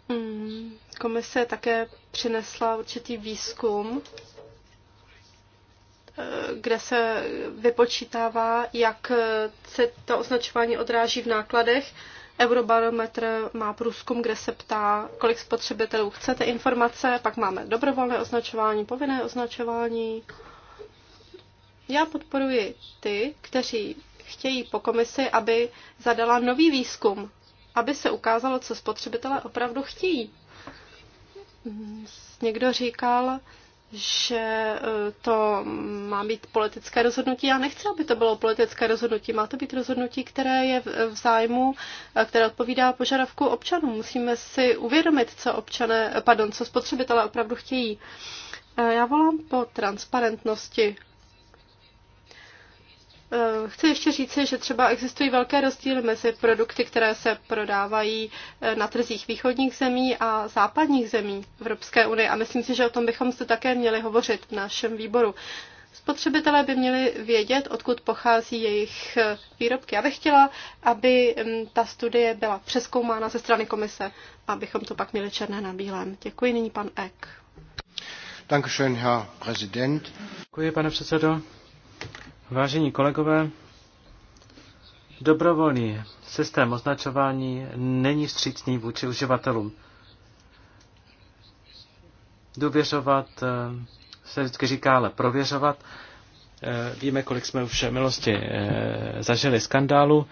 Speaker 2: Mm, komise také přinesla určitý výzkum, eh, kde se vypočítává, jak se to označování odráží v nákladech. Eurobarometr má průzkum, kde se ptá, kolik spotřebitelů chcete informace, pak máme dobrovolné označování, povinné označování. Já podporuji ty, kteří chtějí po komisi, aby zadala nový výzkum, aby se ukázalo, co spotřebitelé opravdu chtějí. Někdo říkal, že e, to má být politické rozhodnutí. Já nechci, aby to bylo politické rozhodnutí. Má to být rozhodnutí, které je v zájmu, e, které odpovídá požadavku občanů. Musíme si uvědomit, co občané, pardon, co spotřebitelé opravdu chtějí. E, já volám po transparentnosti Eh, chci ještě říci, že třeba existují velké rozdíly mezi produkty, které se prodávají eh, na trzích východních zemí a západních zemí Evropské unie a myslím si, že o tom bychom se také měli hovořit v našem výboru. Spotřebitelé by měli vědět, odkud pochází jejich eh, výrobky. Já bych chtěla, aby mm, ta studie byla přeskoumána ze strany komise, abychom to pak měli černé na bílém. Děkuji nyní pan Eck.
Speaker 3: Herr Präsident. Děkuji, pane předsedo. Vážení kolegové, dobrovolný systém označování není vstřícný vůči uživatelům. Důvěřovat eh, se vždycky říká, ale prověřovat. Eh, víme, kolik jsme už v milosti eh, zažili skandálu.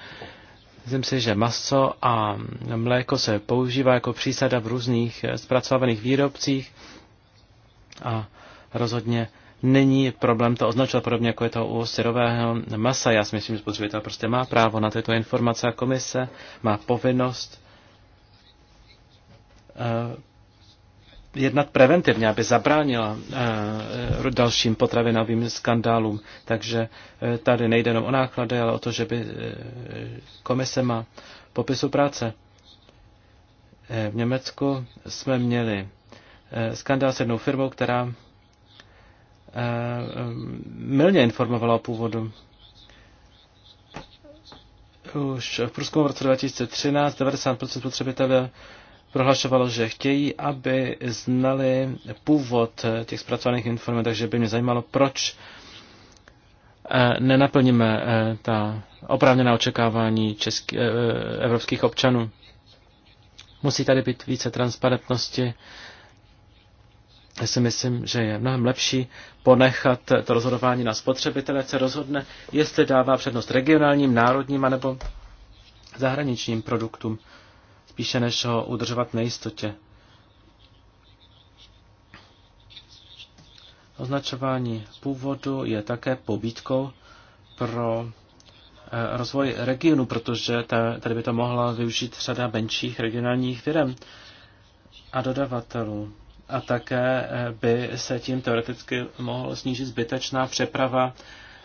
Speaker 3: Myslím si, že maso a mléko se používá jako přísada v různých zpracovaných výrobcích a rozhodně není problém to označovat podobně, jako je to u syrového masa. Já si myslím, že spotřebitel prostě má právo na tyto informace a komise má povinnost eh, jednat preventivně, aby zabránila eh, dalším potravinovým skandálům. Takže eh, tady nejde jenom o náklady, ale o to, že by komise má popisu práce. V Německu jsme měli skandál s jednou firmou, která Eh, milně informovala o původu. Už v průzkumu v roce 2013 90% spotřebitelů prohlašovalo, že chtějí, aby znali původ těch zpracovaných informací, takže by mě zajímalo, proč eh, nenaplníme eh, ta oprávněná očekávání český, evropských občanů. Musí tady být více transparentnosti já si myslím, že je mnohem lepší ponechat to rozhodování na spotřebitele, se rozhodne, jestli dává přednost regionálním, národním anebo zahraničním produktům, spíše než ho udržovat na nejistotě. Označování původu je také pobídkou pro eh, rozvoj regionu, protože tady by to mohla využít řada menších regionálních firm a dodavatelů a také eh, by se tím teoreticky mohla snížit zbytečná přeprava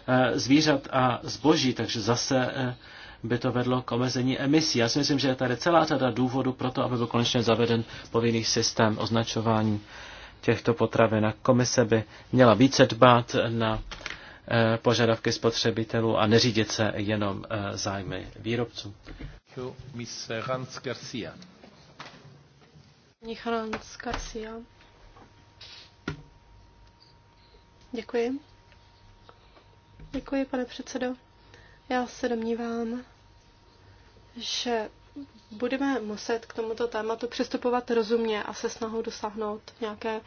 Speaker 3: eh, zvířat a zboží, takže zase eh, by to vedlo k omezení emisí. Já si myslím, že je tady celá řada důvodů pro to, aby byl konečně zaveden povinný systém označování těchto potravin. A komise by měla více dbát na požadavky spotřebitelů a neřídit se jenom zájmy výrobců.
Speaker 2: Miss Rans Garcia. Nichránc Garcia. Děkuji. Děkuji, pane předsedo. Já se domnívám, že budeme muset k tomuto tématu přistupovat rozumně a se snahou dosáhnout nějaké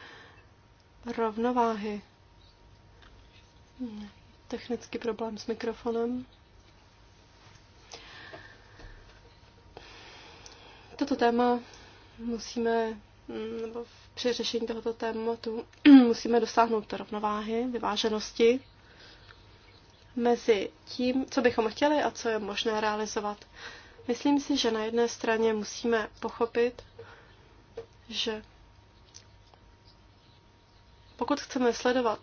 Speaker 2: rovnováhy. Technický problém s mikrofonem. Toto téma musíme, mm, nebo při řešení tohoto tématu, musíme dosáhnout rovnováhy, vyváženosti mezi tím, co bychom chtěli a co je možné realizovat. Myslím si, že na jedné straně musíme pochopit, že pokud chceme sledovat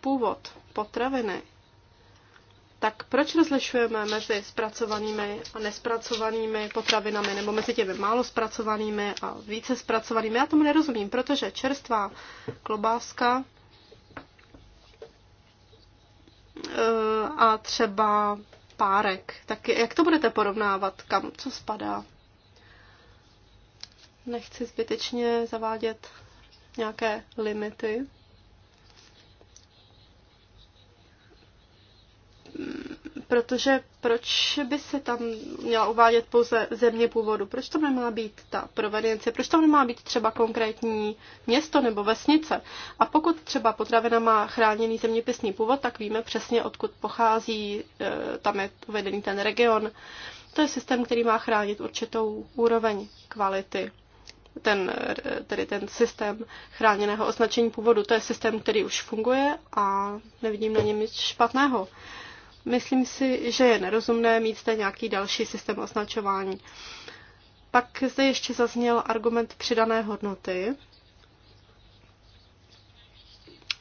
Speaker 2: původ potraviny tak proč rozlišujeme mezi zpracovanými a nespracovanými potravinami, nebo mezi těmi málo zpracovanými a více zpracovanými? Já tomu nerozumím, protože čerstvá klobáska eh, a třeba párek, tak jak to budete porovnávat, kam co spadá? Nechci zbytečně zavádět nějaké limity. protože proč by se tam měla uvádět pouze země původu? Proč tam nemá být ta provenience? Proč tam nemá být třeba konkrétní město nebo vesnice? A pokud třeba potravina má chráněný zeměpisný původ, tak víme přesně, odkud pochází, e, tam je uvedený ten region. To je systém, který má chránit určitou úroveň kvality ten, e, tedy ten systém chráněného označení původu. To je systém, který už funguje a nevidím na něm nic špatného. Myslím si, že je nerozumné mít zde nějaký další systém označování. Pak zde ještě zazněl argument přidané hodnoty,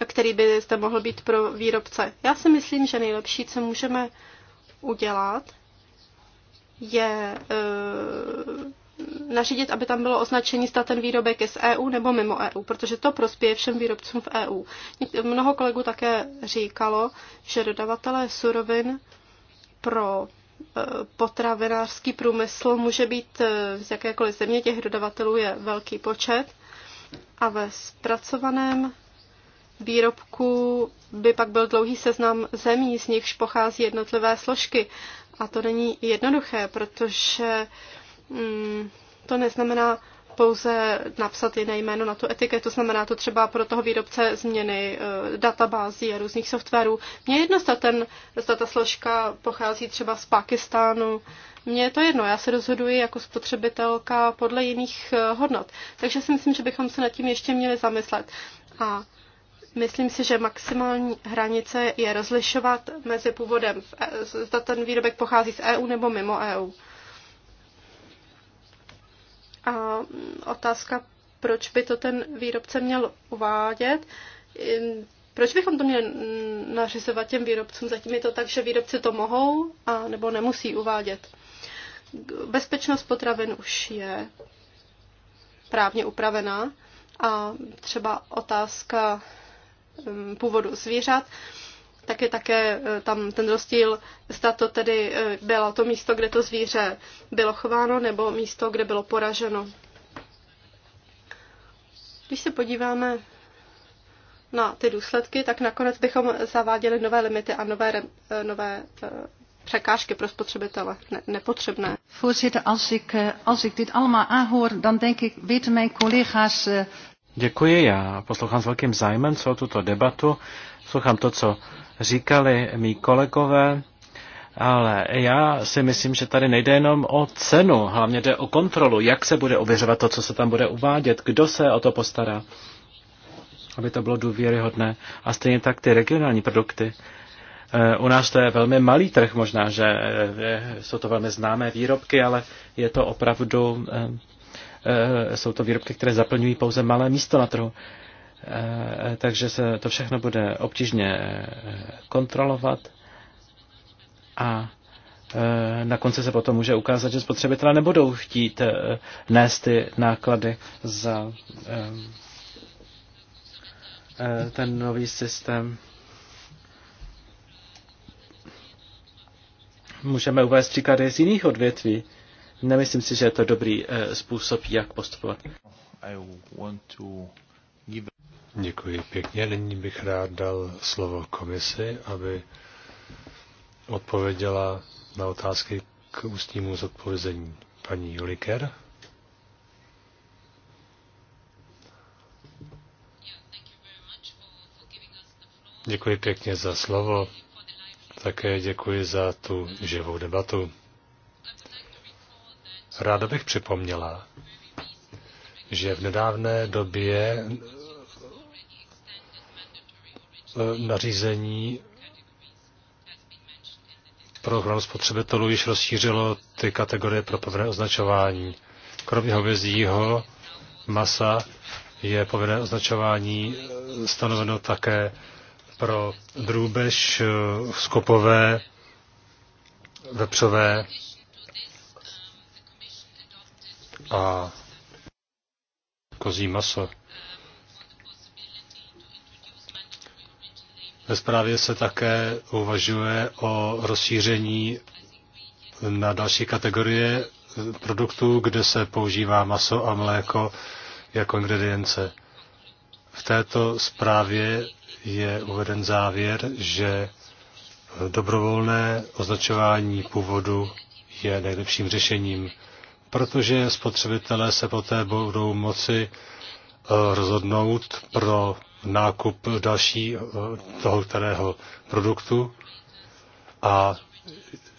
Speaker 2: který by zde mohl být pro výrobce. Já si myslím, že nejlepší, co můžeme udělat, je eh, nařídit, aby tam bylo označení, zda ten výrobek je z EU nebo mimo EU, protože to prospěje všem výrobcům v EU. Mnoho kolegů také říkalo, že dodavatelé surovin pro e, potravinářský průmysl může být e, z jakékoliv země, těch dodavatelů je velký počet a ve zpracovaném výrobku by pak byl dlouhý seznam zemí, z nichž pochází jednotlivé složky. A to není jednoduché, protože Hmm, to neznamená pouze napsat jiné jméno na tu etiketu, znamená to třeba pro toho výrobce změny eh, databází a různých softwarů. Mně jedno, zda, ten, zda ta složka pochází třeba z Pakistánu, mně je to jedno, já se rozhoduji jako spotřebitelka podle jiných eh, hodnot. Takže si myslím, že bychom se nad tím ještě měli zamyslet. A Myslím si, že maximální hranice je rozlišovat mezi původem, e, zda ten výrobek pochází z EU nebo mimo EU. A otázka, proč by to ten výrobce měl uvádět, proč bychom to měli nařizovat těm výrobcům? Zatím je to tak, že výrobci to mohou a nebo nemusí uvádět. Bezpečnost potravin už je právně upravená a třeba otázka hm, původu zvířat tak je také e, tam ten rozdíl, zda to tedy e, bylo to místo, kde to zvíře bylo chováno, nebo místo, kde bylo poraženo. Když se podíváme na ty důsledky, tak nakonec bychom zaváděli nové limity a nové, e, nové překážky pro spotřebitele ne, nepotřebné. Voorzitter, als ik, eh, als ik dit allemaal aanhoor, dan denk ik, weten mijn collega's eh,
Speaker 3: Děkuji, já poslouchám s velkým zájmem celou tuto debatu, Poslouchám to, co říkali mý kolegové, ale já si myslím, že tady nejde jenom o cenu, hlavně jde o kontrolu, jak se bude ověřovat to, co se tam bude uvádět, kdo se o to postará, aby to bylo důvěryhodné. A stejně tak ty regionální produkty. Eh, u nás to je velmi malý trh možná, že eh, jsou to velmi známé výrobky, ale je to opravdu eh, Eh, jsou to výrobky, které zaplňují pouze malé místo na trhu. Eh, takže se to všechno bude obtížně eh, kontrolovat a na konci se potom může ukázat, že spotřebitelé nebudou chtít nést ty náklady za ten nový systém. Můžeme uvést příklady z jiných odvětví. Nemyslím si, že je to dobrý eh, způsob, jak postupovat.
Speaker 1: Děkuji pěkně. Nyní bych rád dal slovo komisi, aby odpověděla na otázky k ústnímu zodpovězení. Paní Juliker. Děkuji pěkně za slovo. Také děkuji za tu živou debatu. Ráda bych připomněla, že v nedávné době eh, nařízení pro ochranu spotřebitelů již rozšířilo ty kategorie pro povinné označování. Kromě hovězího masa je povinné označování eh, stanoveno také pro drůbež, eh, skopové, vepřové a kozí maso. Ve zprávě se také uvažuje o rozšíření na další kategorie produktů, kde se používá maso a mléko jako ingredience. V této zprávě je uveden závěr, že dobrovolné označování původu je nejlepším řešením protože spotřebitelé se poté budou moci eh, rozhodnout pro nákup další eh, toho kterého produktu a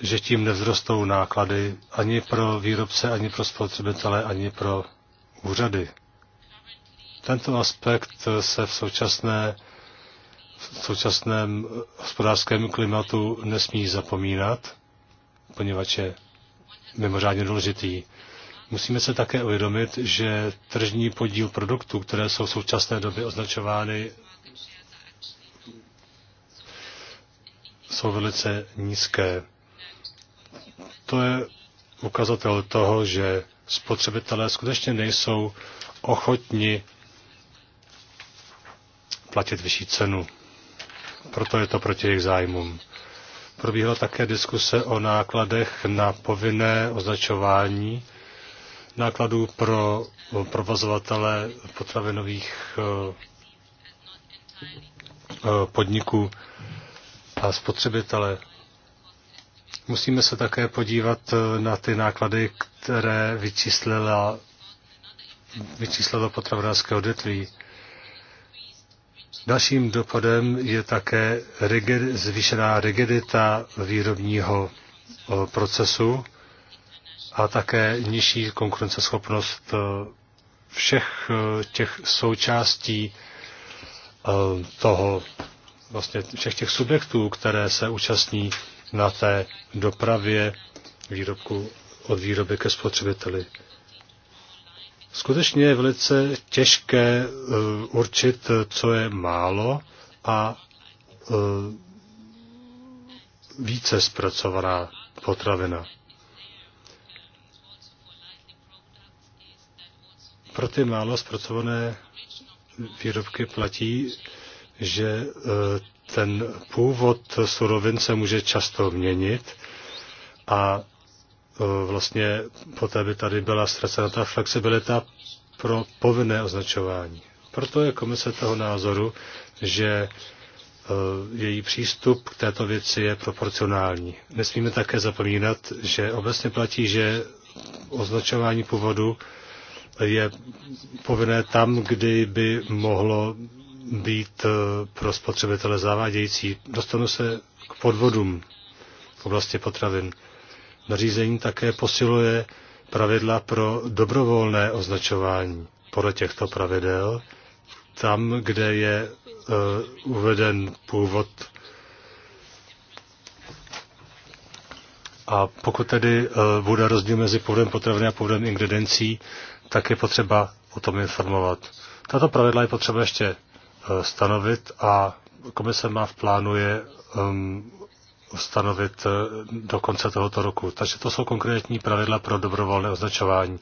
Speaker 1: že tím nevzrostou náklady ani pro výrobce, ani pro spotřebitele, ani pro úřady. Tento aspekt se v, současné, v současném hospodářském klimatu nesmí zapomínat, poněvadž je mimořádně důležitý. Musíme se také uvědomit, že tržní podíl produktů, které jsou v současné době označovány, jsou velice nízké. To je ukazatel toho, že spotřebitelé skutečně nejsou ochotni platit vyšší cenu. Proto je to proti jejich zájmům. Probíhala také diskuse o nákladech na povinné označování nákladů pro provozovatele potravinových eh, eh, podniků a spotřebitele. Musíme se také podívat eh, na ty náklady, které vyčíslila, vyčíslila potravinářské odvětví. Dalším dopadem je také rigid, zvýšená rigidita výrobního procesu a také nižší konkurenceschopnost všech těch součástí toho, vlastně všech těch subjektů, které se účastní na té dopravě výrobku od výroby ke spotřebiteli. Skutečně je velice těžké eh, určit, co je málo a eh, více zpracovaná potravina. Pro ty málo zpracované výrobky platí, že eh, ten původ surovin se může často měnit a Eh, vlastně poté by tady byla ztracena ta flexibilita pro povinné označování. Proto je komise toho názoru, že eh, její přístup k této věci je proporcionální. Nesmíme také zapomínat, že obecně platí, že označování původu je povinné tam, kdy by mohlo být eh, pro spotřebitele zavádějící. Dostanu se k podvodům v oblasti potravin nařízení také posiluje pravidla pro dobrovolné označování. Podle těchto pravidel, tam, kde je uh, uveden původ a pokud tedy uh, bude rozdíl mezi původem potraviny a původem ingrediencí, tak je potřeba o tom informovat. Tato pravidla je potřeba ještě uh, stanovit a komise má v plánu je um, ustanovit eh, do konce tohoto roku. Takže to jsou konkrétní pravidla pro dobrovolné označování.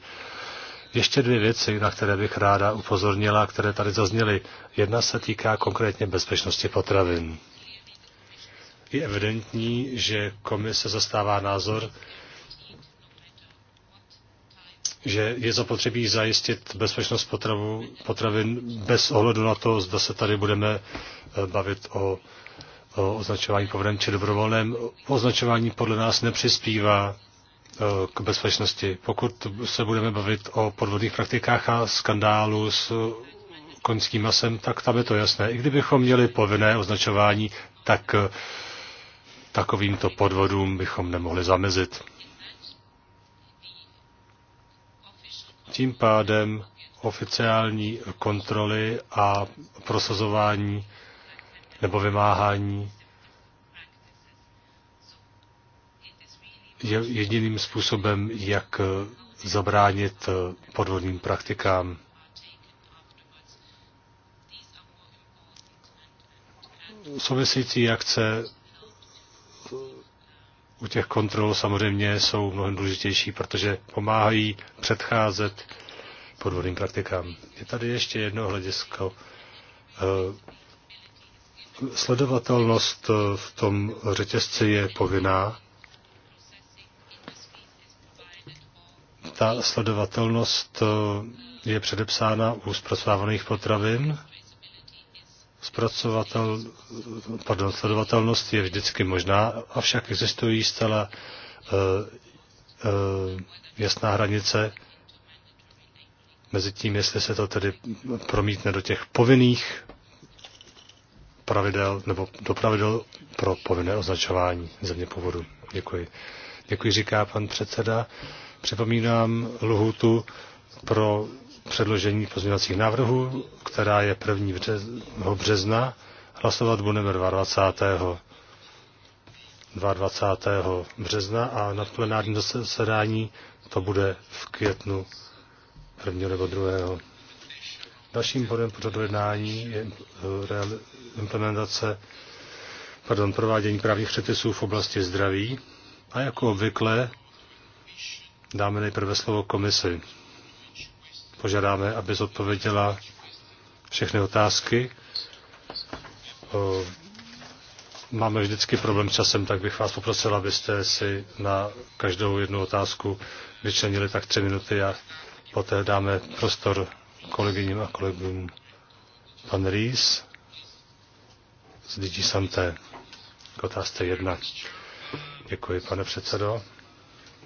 Speaker 1: Ještě dvě věci, na které bych ráda upozornila, které tady zazněly. Jedna se týká konkrétně bezpečnosti potravin. Je evidentní, že komise zastává názor, že je zapotřebí zajistit bezpečnost potravu, potravin bez ohledu na to, zda se tady budeme eh, bavit o označování povoden či dobrovolném označování podle nás nepřispívá e, k bezpečnosti. Pokud se budeme bavit o podvodných praktikách a skandálu s konským masem, tak tam je to jasné. I kdybychom měli povinné označování, tak e, takovýmto podvodům bychom nemohli zamezit. Tím pádem oficiální kontroly a prosazování nebo vymáhání je jediným způsobem, jak zabránit podvodným praktikám. Související akce u těch kontrol samozřejmě jsou mnohem důležitější, protože pomáhají předcházet podvodným praktikám. Je tady ještě jedno hledisko eh, Sledovatelnost eh, v tom řetězci je povinná. Ta sledovatelnost eh, je předepsána u zpracovávaných potravin. Zpracovatel, pardon, sledovatelnost je vždycky možná, avšak existují zcela eh, jasná hranice mezi tím, jestli se to tedy promítne do těch povinných pravidel nebo do pravidel pro povinné označování země původu. Děkuji. Děkuji, říká pan předseda. Připomínám lhutu pro předložení pozměňovacích návrhů, která je 1. března. Hlasovat budeme 22. 22. března a na plenárním zasedání to bude v květnu 1. nebo 2. Dalším bodem pořadu jednání je eh, implementace, pardon, provádění právních předpisů v oblasti zdraví. A jako obvykle dáme nejprve slovo komisi. Požádáme, aby zodpověděla všechny otázky. Eh, máme vždycky problém s časem, tak bych vás poprosil, abyste si na každou jednu otázku vyčlenili tak tři minuty a poté dáme prostor kolegyním a kolegům pan Rýs z Digi Santé k otázce 1. Děkuji, pane předsedo.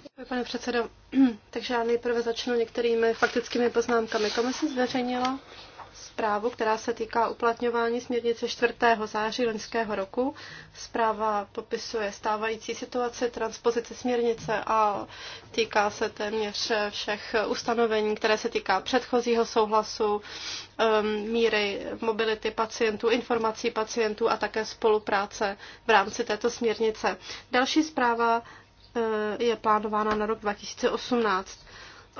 Speaker 2: Děkuji, pane předsedo. Takže já nejprve začnu některými faktickými poznámkami. Komise zveřejnila zprávu, která se týká uplatňování směrnice 4. září loňského roku. Zpráva popisuje stávající situaci transpozice směrnice a týká se téměř všech ustanovení, které se týká předchozího souhlasu, um, míry mobility pacientů, informací pacientů a také spolupráce v rámci této směrnice. Další zpráva uh, je plánována na rok 2018.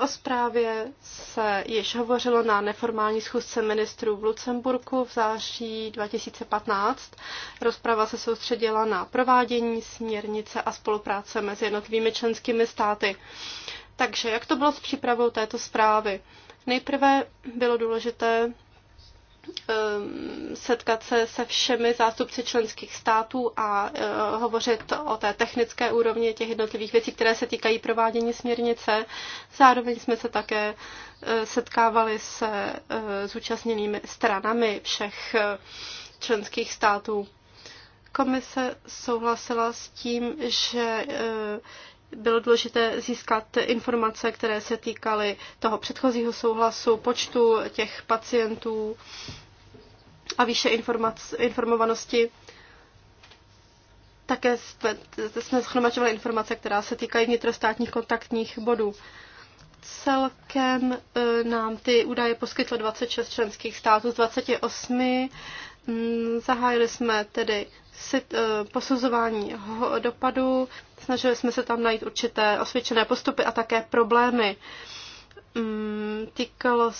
Speaker 2: O zprávě se již hovořilo na neformální schůzce ministrů v Lucemburku v září 2015. Rozprava se soustředila na provádění směrnice a spolupráce mezi jednotlivými členskými státy. Takže jak to bylo s přípravou této zprávy? Nejprve bylo důležité Ehm, setkat se se všemi zástupci členských států a eh, hovořit o té technické úrovni těch jednotlivých věcí, které se týkají provádění směrnice. Zároveň jsme se také eh, setkávali se eh, zúčastněnými stranami všech členských států. Komise souhlasila s tím, že bylo důležité získat informace, které se týkaly toho předchozího souhlasu, počtu těch pacientů, a výše informovanosti. Také jsme, jsme schromažďovali informace, která se týkají vnitrostátních kontaktních bodů. Celkem e, nám ty údaje poskytlo 26 členských států z 28. Mm, zahájili jsme tedy e, posuzování dopadu, snažili jsme se tam najít určité osvědčené postupy a také problémy. Mm, týkalo,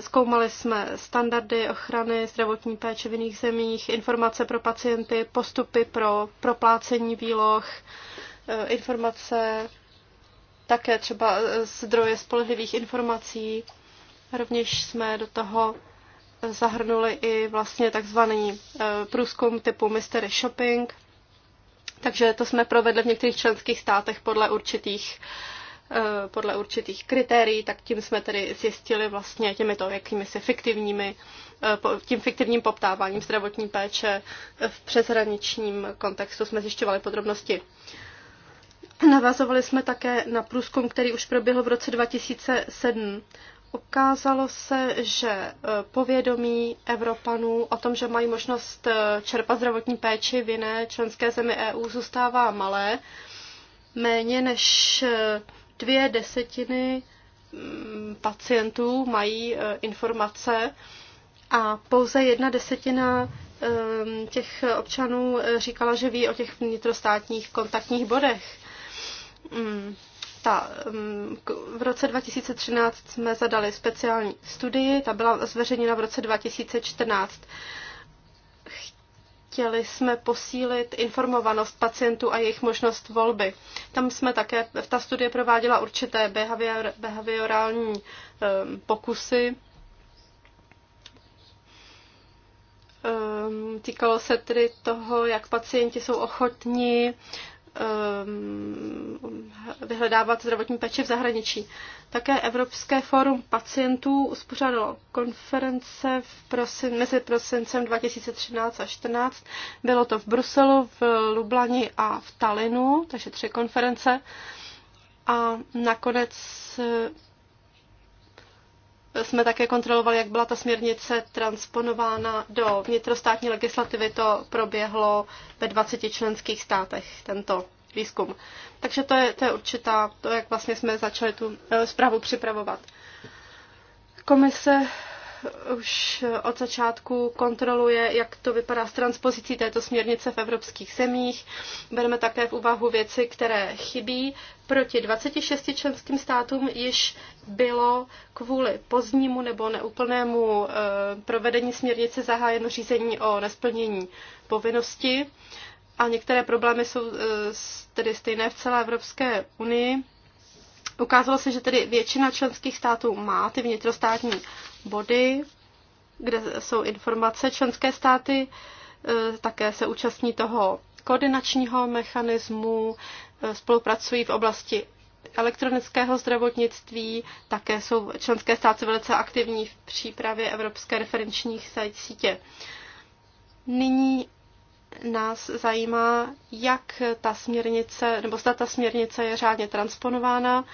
Speaker 2: zkoumali jsme standardy ochrany zdravotní péče v jiných zemích, informace pro pacienty, postupy pro proplácení výloh, eh, informace také třeba eh, zdroje spolehlivých informací. Rovněž jsme do toho zahrnuli i vlastně takzvaný eh, průzkum typu mystery shopping, takže to jsme provedli v některých členských státech podle určitých uh, Eh, podle určitých kritérií, tak tím jsme tedy zjistili vlastně těmito jakými se fiktivními, eh, tím fiktivním poptáváním zdravotní péče v přeshraničním kontextu jsme zjišťovali podrobnosti. Navazovali jsme také na průzkum, který už proběhl v roce 2007. Ukázalo se, že eh, povědomí Evropanů o tom, že mají možnost čerpat zdravotní péči v jiné členské zemi EU, zůstává malé. Méně než Dvě desetiny mm, pacientů mají e, informace a pouze jedna desetina e, těch občanů e, říkala, že ví o těch vnitrostátních kontaktních bodech. Mm, ta, mm, v roce 2013 jsme zadali speciální studii, ta byla zveřejněna v roce 2014. Chtěli jsme posílit informovanost pacientů a jejich možnost volby. Tam jsme také, ta studie prováděla určité behavior, behaviorální um, pokusy. Um, týkalo se tedy toho, jak pacienti jsou ochotní Um, vyhledávat zdravotní péči v zahraničí. Také Evropské fórum pacientů uspořádalo konference v prosin, mezi prosincem 2013 a 2014. Bylo to v Bruselu, v Lublani a v Talinu, takže tři konference. A nakonec jsme také kontrolovali, jak byla ta směrnice transponována do vnitrostátní legislativy. To proběhlo ve 20 členských státech, tento výzkum. Takže to je, to je určitá, to, jak vlastně jsme začali tu eh, zprávu připravovat. Komise už od začátku kontroluje, jak to vypadá s transpozicí této směrnice v evropských zemích. Bereme také v úvahu věci, které chybí. Proti 26 členským státům již bylo kvůli pozdnímu nebo neúplnému eh, provedení směrnice zahájeno řízení o nesplnění povinnosti. A některé problémy jsou eh, tedy stejné v celé Evropské unii. Ukázalo se, že tedy většina členských států má ty vnitrostátní body, kde jsou informace. Členské státy e, také se účastní toho koordinačního mechanismu, e, spolupracují v oblasti elektronického zdravotnictví, také jsou členské státy velice aktivní v přípravě Evropské referenčních sítě. Nyní nás zajímá, jak ta směrnice, nebo zda ta směrnice je řádně transponována.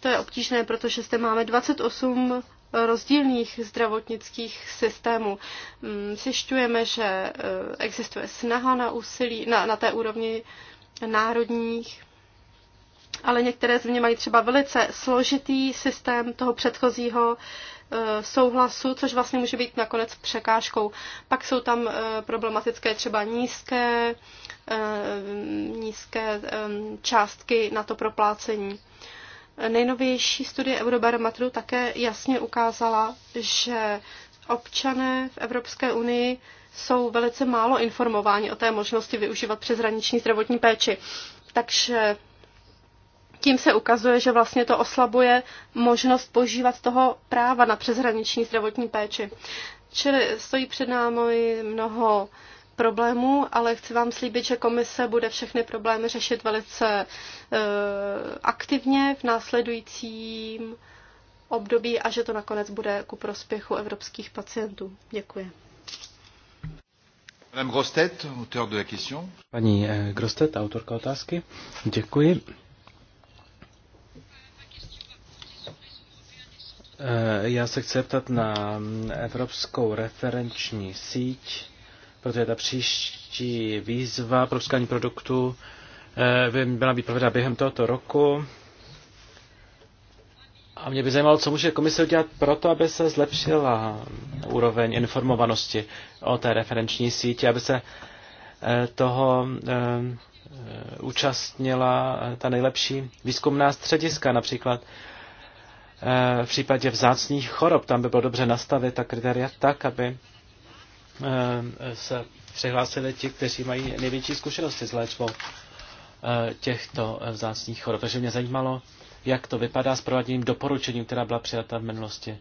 Speaker 2: To je obtížné, protože zde máme 28 rozdílných zdravotnických systémů. Mm, zjišťujeme, že eh, existuje snaha na úsilí, na, na té úrovni národních ale některé země mají třeba velice složitý systém toho předchozího eh, souhlasu, což vlastně může být nakonec překážkou. Pak jsou tam eh, problematické třeba nízké, eh, nízké částky na to proplácení. Nejnovější studie Eurobarometru také jasně ukázala, že občané v Evropské unii jsou velice málo informováni o té možnosti využívat přeshraniční zdravotní péči. Takže tím se ukazuje, že vlastně to oslabuje možnost požívat toho práva na přeshraniční zdravotní péči. Čili stojí před námi mnoho problémů, ale chci vám slíbit, že komise bude všechny problémy řešit velice e, aktivně v následujícím období a že to nakonec bude ku prospěchu evropských pacientů. Děkuji.
Speaker 1: Madame
Speaker 3: Paní eh, Grostet, autorka otázky. Děkuji. Eh, já se chci zeptat na mm, Evropskou referenční síť, protože ta příští výzva pro skání produktu eh, by byla být provedena během tohoto roku. A mě by zajímalo, co může komise udělat pro to, aby se zlepšila úroveň informovanosti o té referenční síti, aby se eh, toho účastnila ta nejlepší výzkumná střediska například. Eh, v případě vzácných chorob. Tam by bylo dobře nastavit ta kritéria tak, aby eh, se přihlásili ti, kteří mají největší zkušenosti s léčbou eh, těchto vzácných chorob. Takže mě zajímalo, jak to vypadá s prováděním doporučením, která byla přijata v minulosti.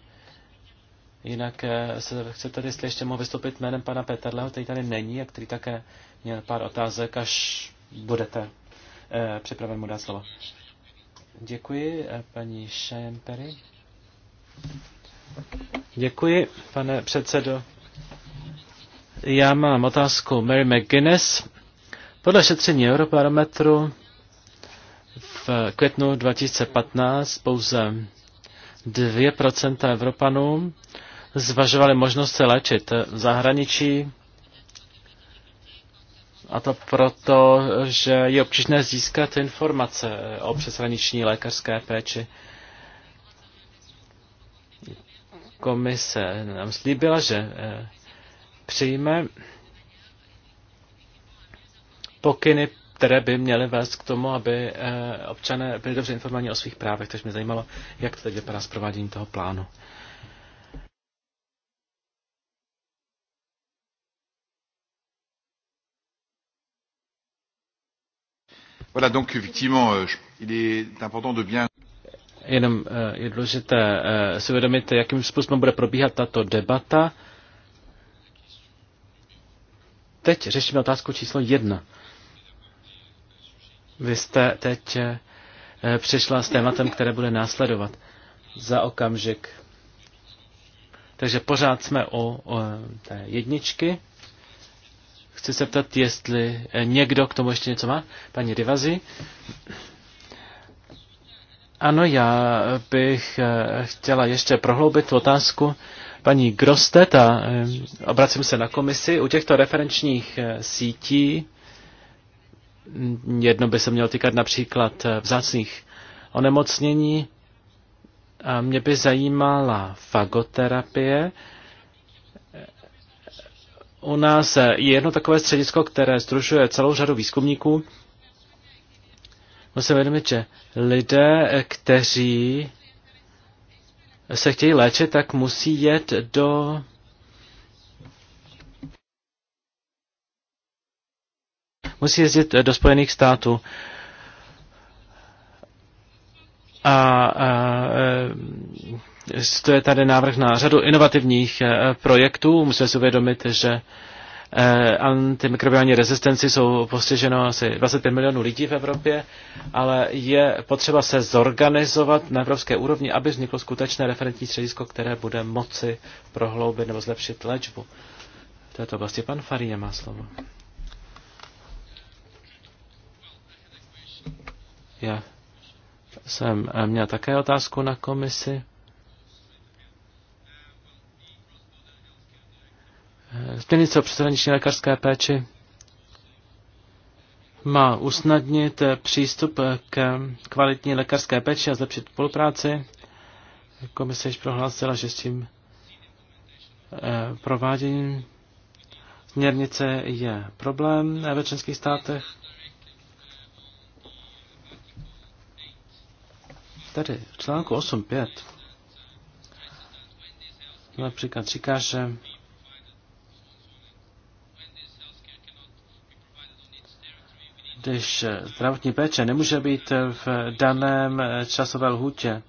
Speaker 3: Jinak se chci tady, jestli ještě mohu vystoupit jménem pana Petrleho, který tady není a který také měl pár otázek, až budete připraven mu dát slovo. Děkuji, eh, paní Šajemperi. Děkuji, pane předsedo. Já mám otázku Mary McGuinness. Podle šetření Eurobarometru v květnu 2015 pouze 2% Evropanů zvažovali možnost se léčit v zahraničí a to proto, že je obtížné získat informace o přeshraniční lékařské péči. Komise nám slíbila, že eh, přijme pokyny, které by měly vést k tomu, aby eh, občané byli dobře informovaní o svých právech. Takže mě zajímalo, jak to teď vypadá s prováděním toho plánu.
Speaker 2: Voilà, donc effectivement, euh, je, il est important de bien
Speaker 3: Jenom eh, je důležité eh, si uvědomit, jakým způsobem bude probíhat tato debata. Teď řešíme otázku číslo jedna. Vy jste teď eh, přišla s tématem, které bude následovat za okamžik. Takže pořád jsme o, o té jedničky. Chci se ptat, jestli eh, někdo k tomu ještě něco má. Paní Divazi. Ano, já bych eh, chtěla ještě prohloubit tu otázku paní Grostet a eh, obracím se na komisi. U těchto referenčních sítí mm, jedno by se mělo týkat například vzácných onemocnění. A mě by zajímala fagoterapie u nás je jedno takové středisko, které združuje celou řadu výzkumníků. Musím vědomit, že lidé, kteří se chtějí léčit, tak musí jet do musí jezdit do Spojených států. A, a to je tady návrh na řadu inovativních eh, projektů. Musíme si uvědomit, že eh, antimikrobiální rezistenci jsou postiženo asi 25 milionů lidí v Evropě, ale je potřeba se zorganizovat na evropské úrovni, aby vzniklo skutečné referentní středisko, které bude moci prohloubit nebo zlepšit léčbu. V této oblasti pan Farie má slovo. Já jsem měl také otázku na komisi. Směrnice o přeshraniční lékařské péči má usnadnit přístup k kvalitní lékařské péči a zlepšit spolupráci. Komise již prohlásila, že s tím eh, prováděním směrnice je problém ve členských státech. Tady v článku 8.5 například říká, že když zdravotní péče nemůže být v daném časové lhůtě,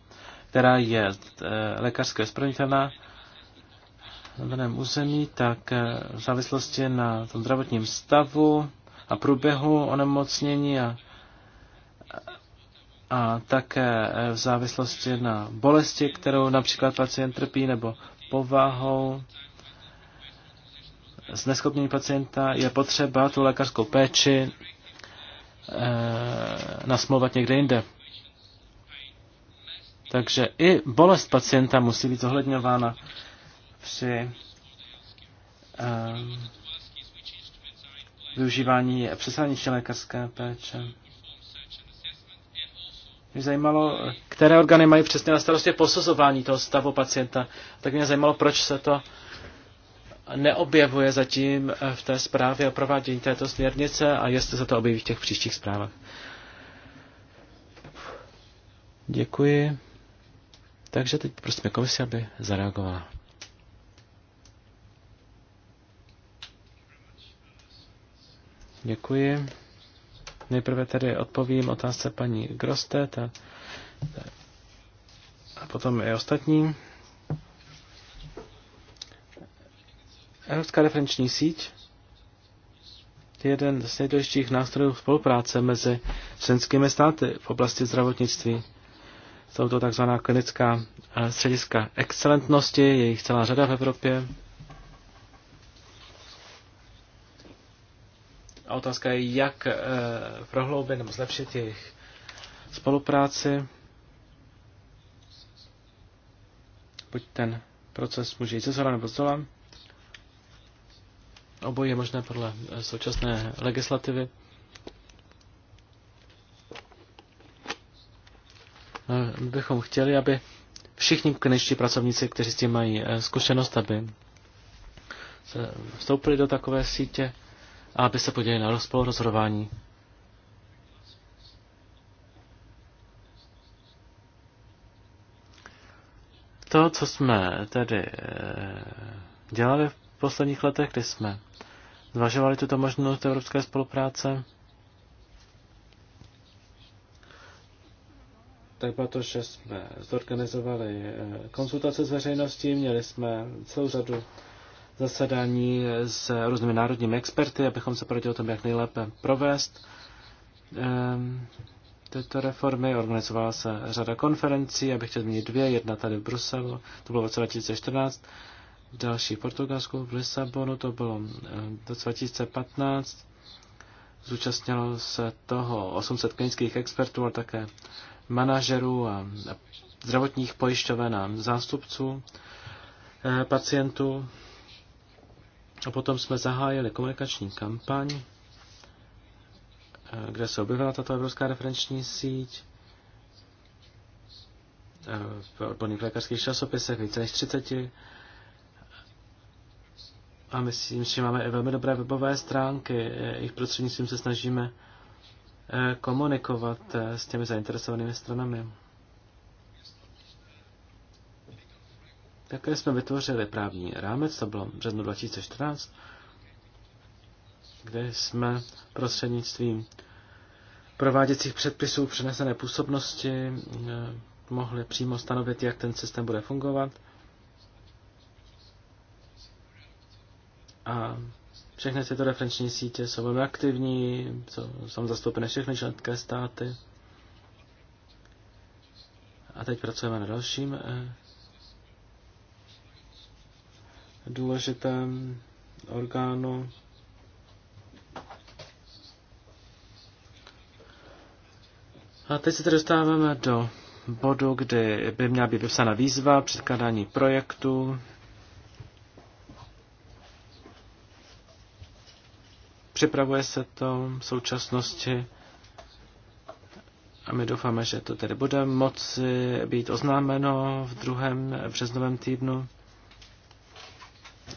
Speaker 3: která je eh, lékařské splnitelná na daném území, tak eh, v závislosti na tom zdravotním stavu a průběhu onemocnění a, a také eh, v závislosti na bolesti, kterou například pacient trpí, nebo povahou zneschopnění pacienta, je potřeba tu lékařskou péči Eh, nasmluvat někde jinde. Takže i bolest pacienta musí být zohledňována při e, využívání přeshraniční lékařské péče. Mě zajímalo, které orgány mají přesně na starosti posuzování toho stavu pacienta. Tak mě zajímalo, proč se to neobjevuje zatím eh, v té zprávě o provádění této směrnice a jestli se to objeví v těch příštích zprávách. Děkuji. Takže teď prosím komisi, aby zareagovala. Děkuji. Nejprve tedy odpovím otázce paní Grostet a, a potom i ostatní. Evropská referenční síť je jeden z nejdůležitějších nástrojů spolupráce mezi členskými státy v oblasti zdravotnictví. Jsou to takzvaná klinická eh, střediska excelentnosti, je jich celá řada v Evropě. A otázka je, jak eh, prohloubit nebo zlepšit jejich spolupráci. Buď ten proces může jít ze zhora nebo z dola. Obojí je možné podle eh, současné legislativy. No, bychom chtěli, aby všichni kliničtí pracovníci, kteří s tím mají eh, zkušenost, aby se vstoupili do takové sítě a aby se podělili na rozpol rozhodování. To, co jsme tedy eh, dělali v posledních letech, kdy jsme zvažovali tuto možnost evropské spolupráce, tak bylo to, že jsme zorganizovali eh, konzultace s veřejností, měli jsme celou řadu zasedání s různými národními experty, abychom se poradili o tom, jak nejlépe provést ehm, tyto reformy. Organizovala se řada konferencí, abych chtěl zmínit dvě, jedna tady v Bruselu, to bylo v roce 2014, další Portugalsku, v Lisabonu, to bylo eh, do 2015. Zúčastnilo se toho 800 klinických expertů, ale také manažerů a zdravotních pojišťoven a zástupců eh, pacientů. A potom jsme zahájili komunikační kampaň, eh, kde se objevila tato evropská referenční síť v odborných lékařských časopisech více než 30 a myslím, že máme i velmi dobré webové stránky, jejich prostřednictvím se snažíme eh, komunikovat eh, s těmi zainteresovanými stranami. Také jsme vytvořili právní rámec, to bylo v březnu 2014, kde jsme prostřednictvím prováděcích předpisů přenesené působnosti eh, mohli přímo stanovit, jak ten systém bude fungovat. A všechny tyto referenční sítě jsou velmi aktivní, jsou, jsou zastoupeny všechny členské státy. A teď pracujeme na dalším eh, důležitém orgánu. A teď se tedy dostáváme do bodu, kdy by měla být vypsána výzva předkládání projektu Připravuje se to v současnosti a my doufáme, že to tedy bude moci být oznámeno v druhém březnovém týdnu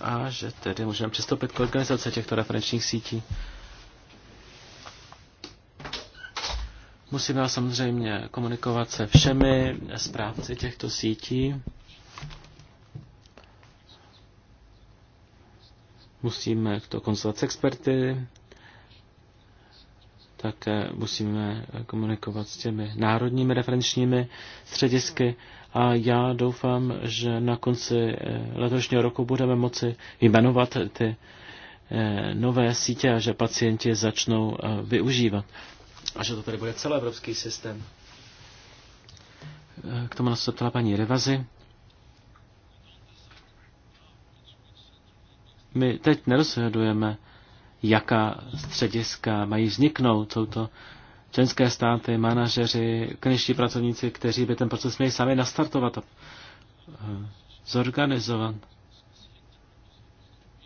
Speaker 3: a že tedy můžeme přistoupit k organizaci těchto referenčních sítí. Musíme samozřejmě komunikovat se všemi správci těchto sítí. Musíme to konzultovat s experty, také musíme komunikovat s těmi národními referenčními středisky a já doufám, že na konci eh, letošního roku budeme moci jmenovat ty eh, nové sítě a že pacienti začnou eh, využívat. A že to tady bude evropský systém. K tomu nás se ptala paní Revazy. My teď nerozhodujeme, jaká střediska mají vzniknout. Jsou to členské státy, manažeři, kliničtí pracovníci, kteří by ten proces měli sami nastartovat a eh, zorganizovat.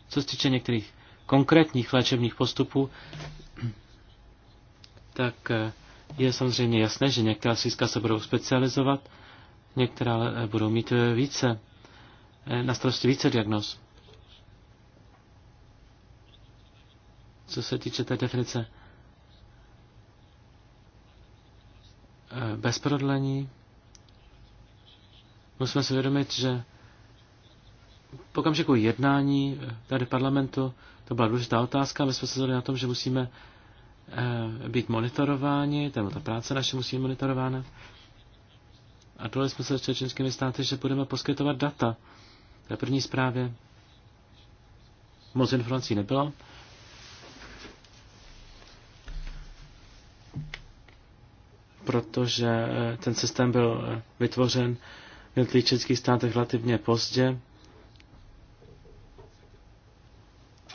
Speaker 3: Co se týče některých konkrétních léčebných postupů, tak eh, je samozřejmě jasné, že některá střediska se budou specializovat, některá eh, budou mít více, na starosti více diagnóz. co se týče té definice eh, bez prodlení, musíme si uvědomit, že v okamžiku jednání eh, tady parlamentu to byla důležitá otázka. My jsme se zhodli na tom, že musíme eh, být monitorováni, tato ta práce naše musí být monitorována. A dole jsme se s čečenskými státy, že budeme poskytovat data. Ve první zprávě moc informací nebylo. protože eh, ten systém byl eh, vytvořen v jednotlivých českých státech relativně pozdě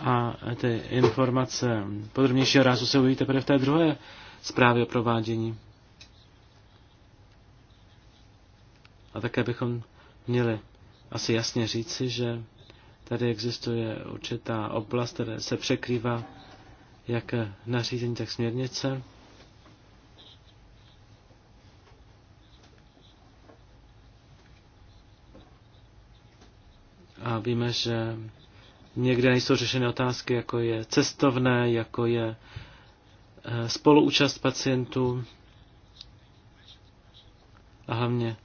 Speaker 3: a eh, ty informace podrobnějšího rázu se uvidíte teprve v té druhé zprávě o provádění. A také bychom měli asi jasně říci, že tady existuje určitá oblast, která se překrývá jak nařízení, tak směrnice. víme, že někde nejsou řešeny otázky, jako je cestovné, jako je e, spoluúčast pacientů a hlavně e,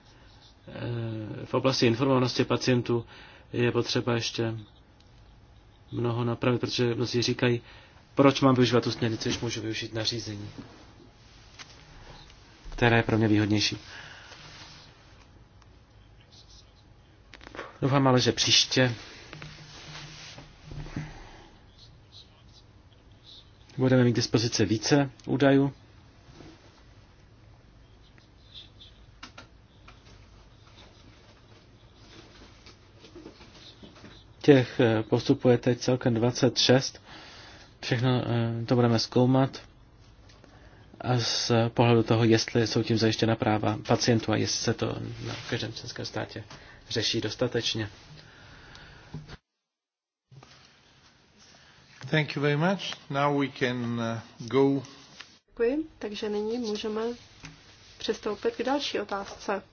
Speaker 3: v oblasti informovanosti pacientů je potřeba ještě mnoho napravit, protože mnozí říkají, proč mám využívat tu směrnici, když můžu využít nařízení, které je pro mě výhodnější. Doufám ale, že příště budeme mít k dispozici více údajů. Těch eh, postupů je teď celkem 26. Všechno eh, to budeme zkoumat a z pohledu toho, jestli jsou tím zajištěna práva pacientů a jestli se to na každém členském státě řeší dostatečně. Thank you very much. Now we can uh, go.
Speaker 2: Děkuji. Takže nyní můžeme přistoupit k další otázce.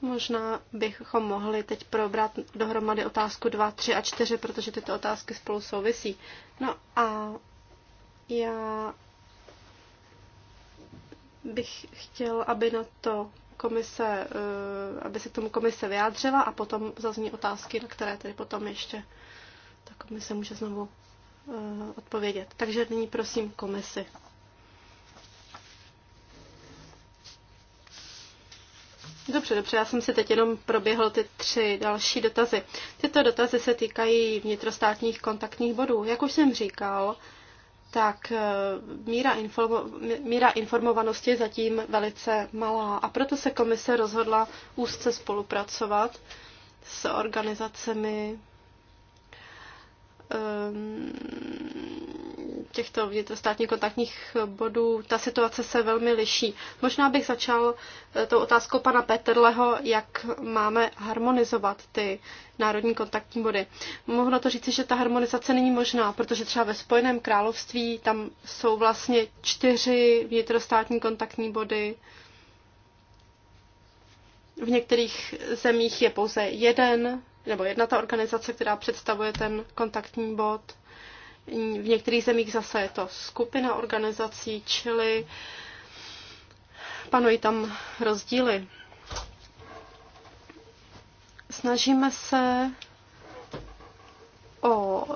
Speaker 2: Možná bychom mohli teď probrat dohromady otázku 2, 3 a 4, protože tyto otázky spolu souvisí. No a já bych chtěl, aby na to komise, eh, aby se k tomu komise vyjádřila a potom zazní otázky, na které tedy potom ještě ta komise může znovu eh, odpovědět. Takže nyní prosím komisi. Dobře, dobře, já jsem si teď jenom proběhl ty tři další dotazy. Tyto dotazy se týkají vnitrostátních kontaktních bodů. Jak už jsem říkal, tak eh, míra, informo, míra informovanosti je zatím velice malá a proto se komise rozhodla úzce spolupracovat s organizacemi ehm, těchto vnitrostátních kontaktních bodů ta situace se velmi liší. Možná bych začal eh, tou otázkou pana Petrleho, jak máme harmonizovat ty národní kontaktní body. Mohu na to říci, že ta harmonizace není možná, protože třeba ve Spojeném království tam jsou vlastně čtyři vnitrostátní kontaktní body. V některých zemích je pouze jeden nebo jedna ta organizace, která představuje ten kontaktní bod – v některých zemích zase je to skupina organizací, čili panují tam rozdíly. Snažíme se o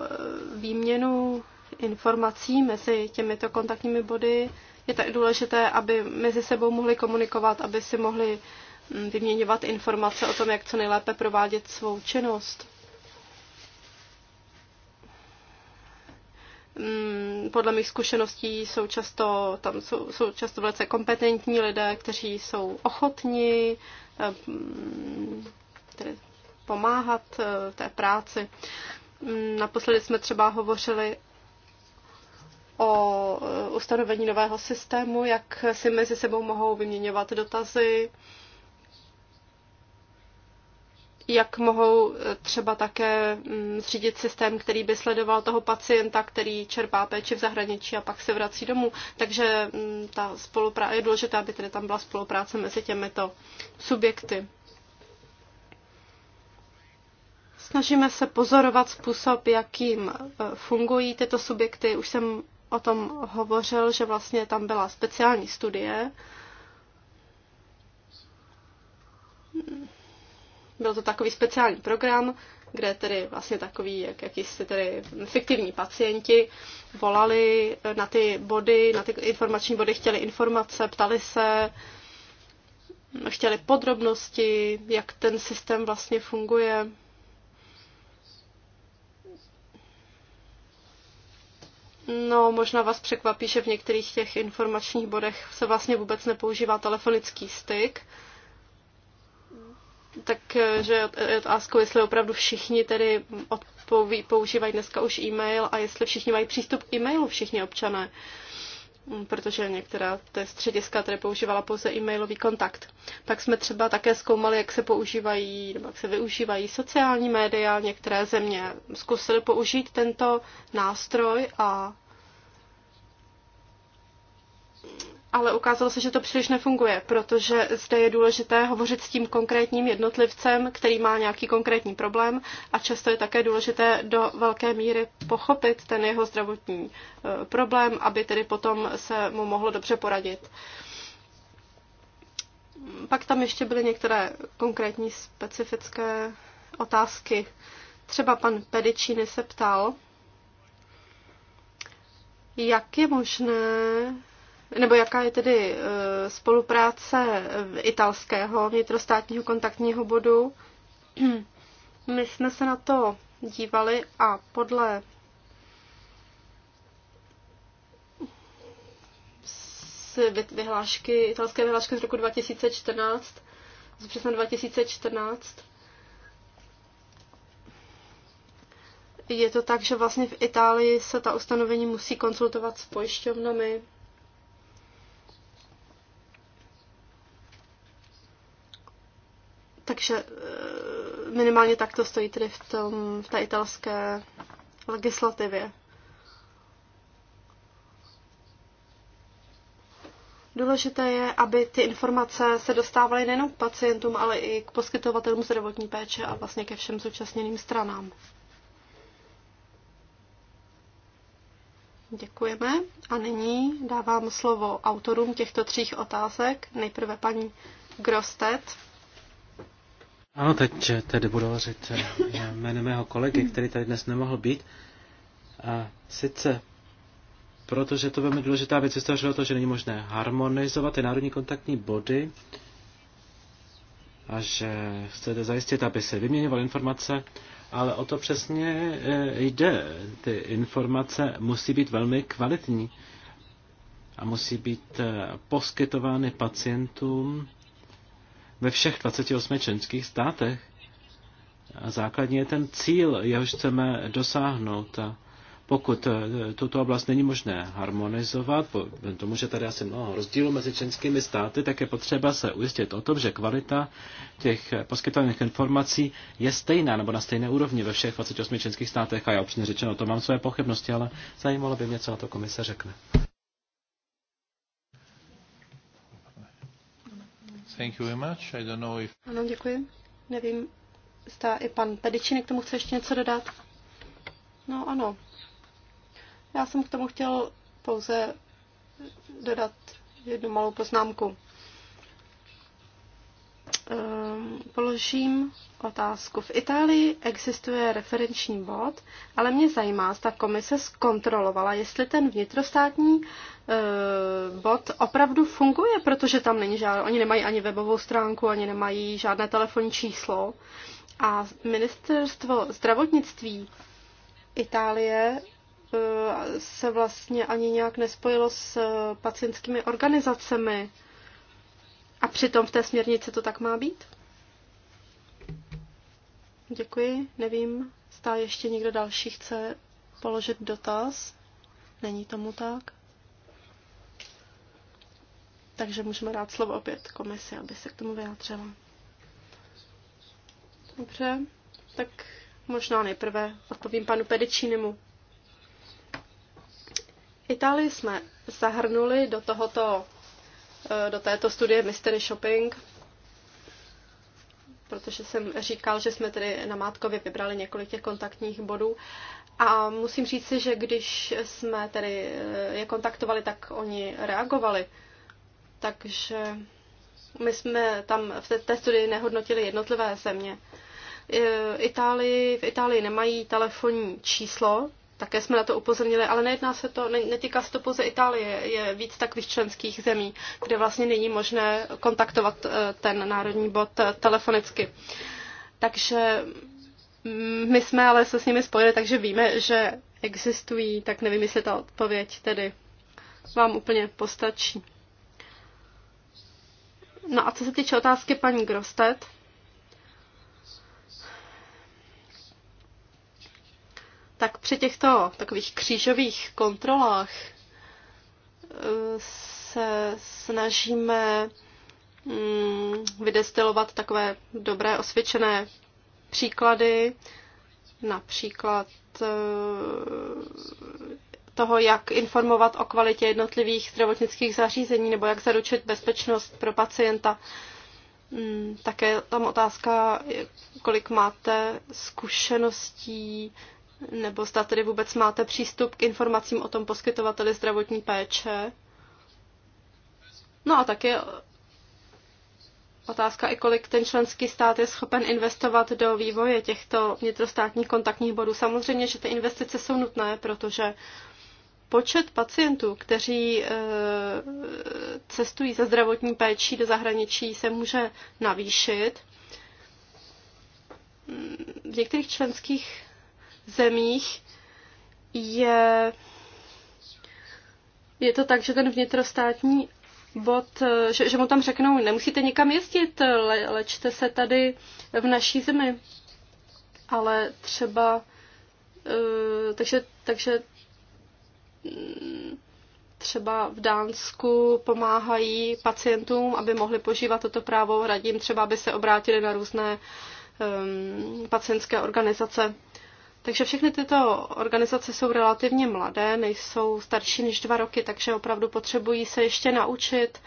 Speaker 2: výměnu informací mezi těmito kontaktními body. Je tak důležité, aby mezi sebou mohli komunikovat, aby si mohli mm, vyměňovat informace o tom, jak co nejlépe provádět svou činnost. Mm, podle mých zkušeností jsou často, tam jsou, jsou často velice kompetentní lidé, kteří jsou ochotní eh, tedy pomáhat eh, té práci. Mm, naposledy jsme třeba hovořili o eh, ustanovení nového systému, jak si mezi sebou mohou vyměňovat dotazy, jak mohou eh, třeba také mm, zřídit systém, který by sledoval toho pacienta, který čerpá péči v zahraničí a pak se vrací domů. Takže mm, ta spolupráce je důležitá, aby tedy tam byla spolupráce mezi těmito subjekty. Snažíme se pozorovat způsob, jakým eh, fungují tyto subjekty. Už jsem o tom hovořil, že vlastně tam byla speciální studie. Byl to takový speciální program, kde tedy vlastně takový, jak, jakýsi tedy fiktivní pacienti volali na ty body, na ty informační body, chtěli informace, ptali se, chtěli podrobnosti, jak ten systém vlastně funguje. No, možná vás překvapí, že v některých těch informačních bodech se vlastně vůbec nepoužívá telefonický styk takže eh, je eh, otázkou, jestli opravdu všichni tedy odpoví, používají dneska už e-mail a jestli všichni mají přístup k e-mailu, všichni občané, mm, protože některá té střediska tedy používala pouze e-mailový kontakt. Pak jsme třeba také zkoumali, jak se používají nebo jak se využívají sociální média. Některé země zkusily použít tento nástroj a ale ukázalo se, že to příliš nefunguje, protože zde je důležité hovořit s tím konkrétním jednotlivcem, který má nějaký konkrétní problém a často je také důležité do velké míry pochopit ten jeho zdravotní e, problém, aby tedy potom se mu mohlo dobře poradit. Pak tam ještě byly některé konkrétní specifické otázky. Třeba pan Pedicini se ptal, jak je možné, nebo jaká je tedy e, spolupráce italského vnitrostátního kontaktního bodu. My jsme se na to dívali a podle vyhlášky, italské vyhlášky z roku 2014, z přesně 2014, je to tak, že vlastně v Itálii se ta ustanovení musí konzultovat s pojišťovnami, Takže eh, minimálně tak to stojí tedy v, tom, v té italské legislativě. Důležité je, aby ty informace se dostávaly nejen k pacientům, ale i k poskytovatelům zdravotní péče a vlastně ke všem zúčastněným stranám. Děkujeme a nyní dávám slovo autorům těchto tří otázek. Nejprve paní Grostet.
Speaker 3: Ano, teď tedy budu hovořit eh, jménem mého kolegy, který tady dnes nemohl být. A sice protože to velmi důležitá věc, jestli to, že není možné harmonizovat ty národní kontaktní body a že chcete zajistit, aby se vyměňovaly informace, ale o to přesně eh, jde. Ty informace musí být velmi kvalitní a musí být eh, poskytovány pacientům ve všech 28 členských státech. A základní je ten cíl, jehož chceme dosáhnout. A pokud e, tuto oblast není možné harmonizovat, tomu, že tady asi mnoho rozdílů mezi členskými státy, tak je potřeba se ujistit o tom, že kvalita těch poskytovaných informací je stejná nebo na stejné úrovni ve všech 28 členských státech. A já upřímně řečeno, to mám své pochybnosti, ale zajímalo by mě, co na to komise řekne.
Speaker 1: Thank you very much. I don't know if...
Speaker 2: Ano, děkuji. Nevím, zda i pan Pedičinek k tomu chce ještě něco dodat. No ano. Já jsem k tomu chtěl pouze dodat jednu malou poznámku um, položím otázku. V Itálii existuje referenční bod, ale mě zajímá, zda komise zkontrolovala, jestli ten vnitrostátní uh, bod opravdu funguje, protože tam není žádný, oni nemají ani webovou stránku, ani nemají žádné telefonní číslo. A ministerstvo zdravotnictví Itálie uh, se vlastně ani nějak nespojilo s uh, pacientskými organizacemi. A přitom v té směrnici to tak má být? Děkuji, nevím, Stále ještě někdo další chce položit dotaz. Není tomu tak. Takže můžeme dát slovo opět komisi, aby se k tomu vyjádřila. Dobře, tak možná nejprve odpovím panu Pedicinimu. Itálii jsme zahrnuli do tohoto Eh, do této studie Mystery Shopping, protože jsem říkal, že jsme tedy na Mátkově vybrali několik těch kontaktních bodů. A musím říct si, že když jsme tedy eh, je kontaktovali, tak oni reagovali. Takže my jsme tam v té studii nehodnotili jednotlivé země. Eh, Itálii, v Itálii nemají telefonní číslo také jsme na to upozornili, ale nejedná se to, netýká se to pouze Itálie, je víc takových členských zemí, kde vlastně není možné kontaktovat eh, ten národní bod eh, telefonicky. Takže mm, my jsme ale se s nimi spojili, takže víme, že existují, tak nevím, jestli ta odpověď tedy vám úplně postačí. No a co se týče otázky paní Grostet, tak při těchto takových křížových kontrolách eh, se snažíme mm, vydestilovat takové dobré osvědčené příklady, například eh, toho, jak informovat o kvalitě jednotlivých zdravotnických zařízení nebo jak zaručit bezpečnost pro pacienta. Mm, také tam otázka, kolik máte zkušeností nebo zda tedy vůbec máte přístup k informacím o tom poskytovateli zdravotní péče. No a také otázka i kolik ten členský stát je schopen investovat do vývoje těchto vnitrostátních kontaktních bodů. Samozřejmě, že ty investice jsou nutné, protože počet pacientů, kteří eh, cestují za zdravotní péčí do zahraničí, se může navýšit. V některých členských zemích je, je to tak, že ten vnitrostátní bod, eh, že, že mu tam řeknou, nemusíte nikam jezdit, le, lečte se tady v naší zemi. Ale třeba, eh, takže, takže mm, třeba v Dánsku pomáhají pacientům, aby mohli požívat toto právo, radím třeba, aby se obrátili na různé um, pacientské organizace. Takže všechny tyto organizace jsou relativně mladé, nejsou starší než dva roky, takže opravdu potřebují se ještě naučit,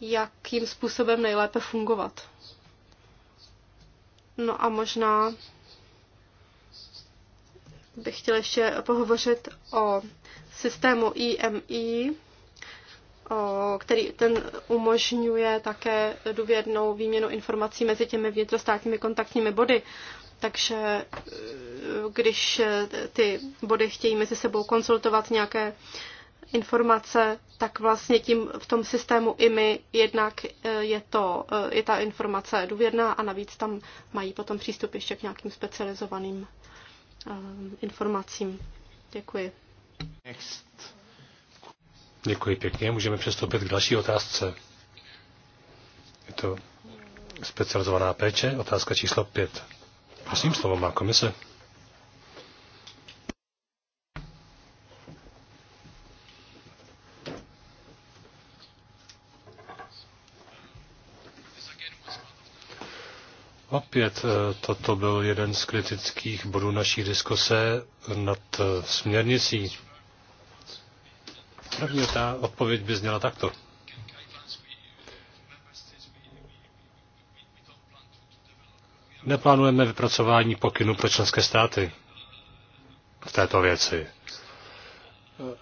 Speaker 2: jakým způsobem nejlépe fungovat. No a možná bych chtěla ještě pohovořit o systému IMI, e e, který ten umožňuje také důvěrnou výměnu informací mezi těmi vnitrostátními kontaktními body. Takže eh, když eh, ty body chtějí mezi sebou konzultovat nějaké informace, tak vlastně tím v tom systému i my jednak eh, je, to, je ta informace důvěrná a navíc tam mají potom přístup ještě k nějakým specializovaným informacím. Děkuji.
Speaker 1: Next. Děkuji pěkně. Můžeme přestoupit k další otázce. Je to specializovaná péče, otázka číslo 5. Prosím, slovo má komise. Opět eh, toto byl jeden z kritických bodů naší diskuse nad eh, směrnicí. První ta odpověď by zněla takto. neplánujeme vypracování pokynů pro členské státy v této věci.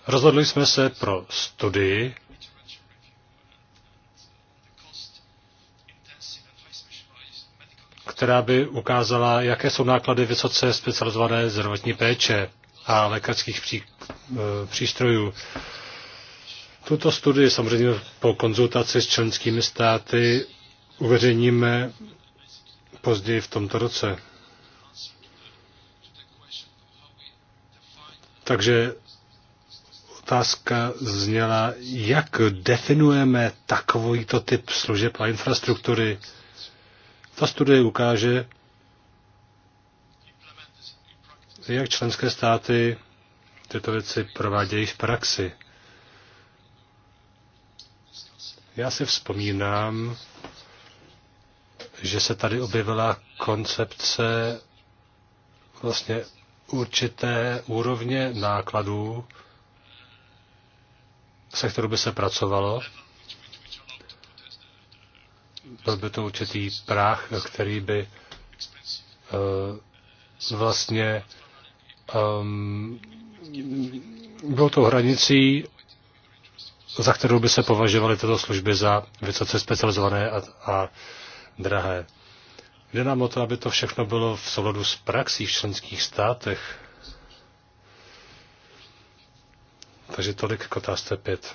Speaker 1: Rozhodli jsme se pro studii, která by ukázala, jaké jsou náklady vysoce specializované zdravotní péče a lékařských pří, e, přístrojů. Tuto studii samozřejmě po konzultaci s členskými státy uveřejníme později v tomto roce. Takže otázka zněla, jak definujeme takovýto typ služeb a infrastruktury. Ta studie ukáže, jak členské státy tyto věci provádějí v praxi. Já si vzpomínám, že se tady objevila koncepce vlastně určité úrovně nákladů, se kterou by se pracovalo. Byl by to určitý práh, který by uh, vlastně um, byl tou hranicí, za kterou by se považovaly tyto služby za vysoce specializované a, a drahé. Jde nám o to, aby to všechno bylo v souladu s praxí v členských státech. Takže tolik k otázce 5.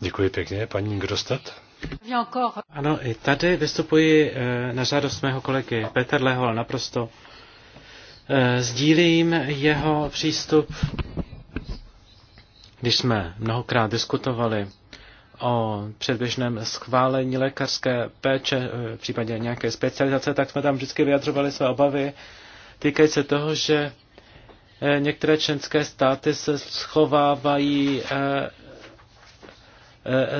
Speaker 1: Děkuji pěkně. Paní Grostat.
Speaker 3: Ano, i tady vystupuji eh, na žádost mého kolegy Petr Lehol naprosto eh, sdílím jeho přístup když jsme mnohokrát diskutovali o předběžném schválení lékařské péče e, v případě nějaké specializace, tak jsme tam vždycky vyjadřovali své obavy týkají se toho, že e, některé členské státy se schovávají e,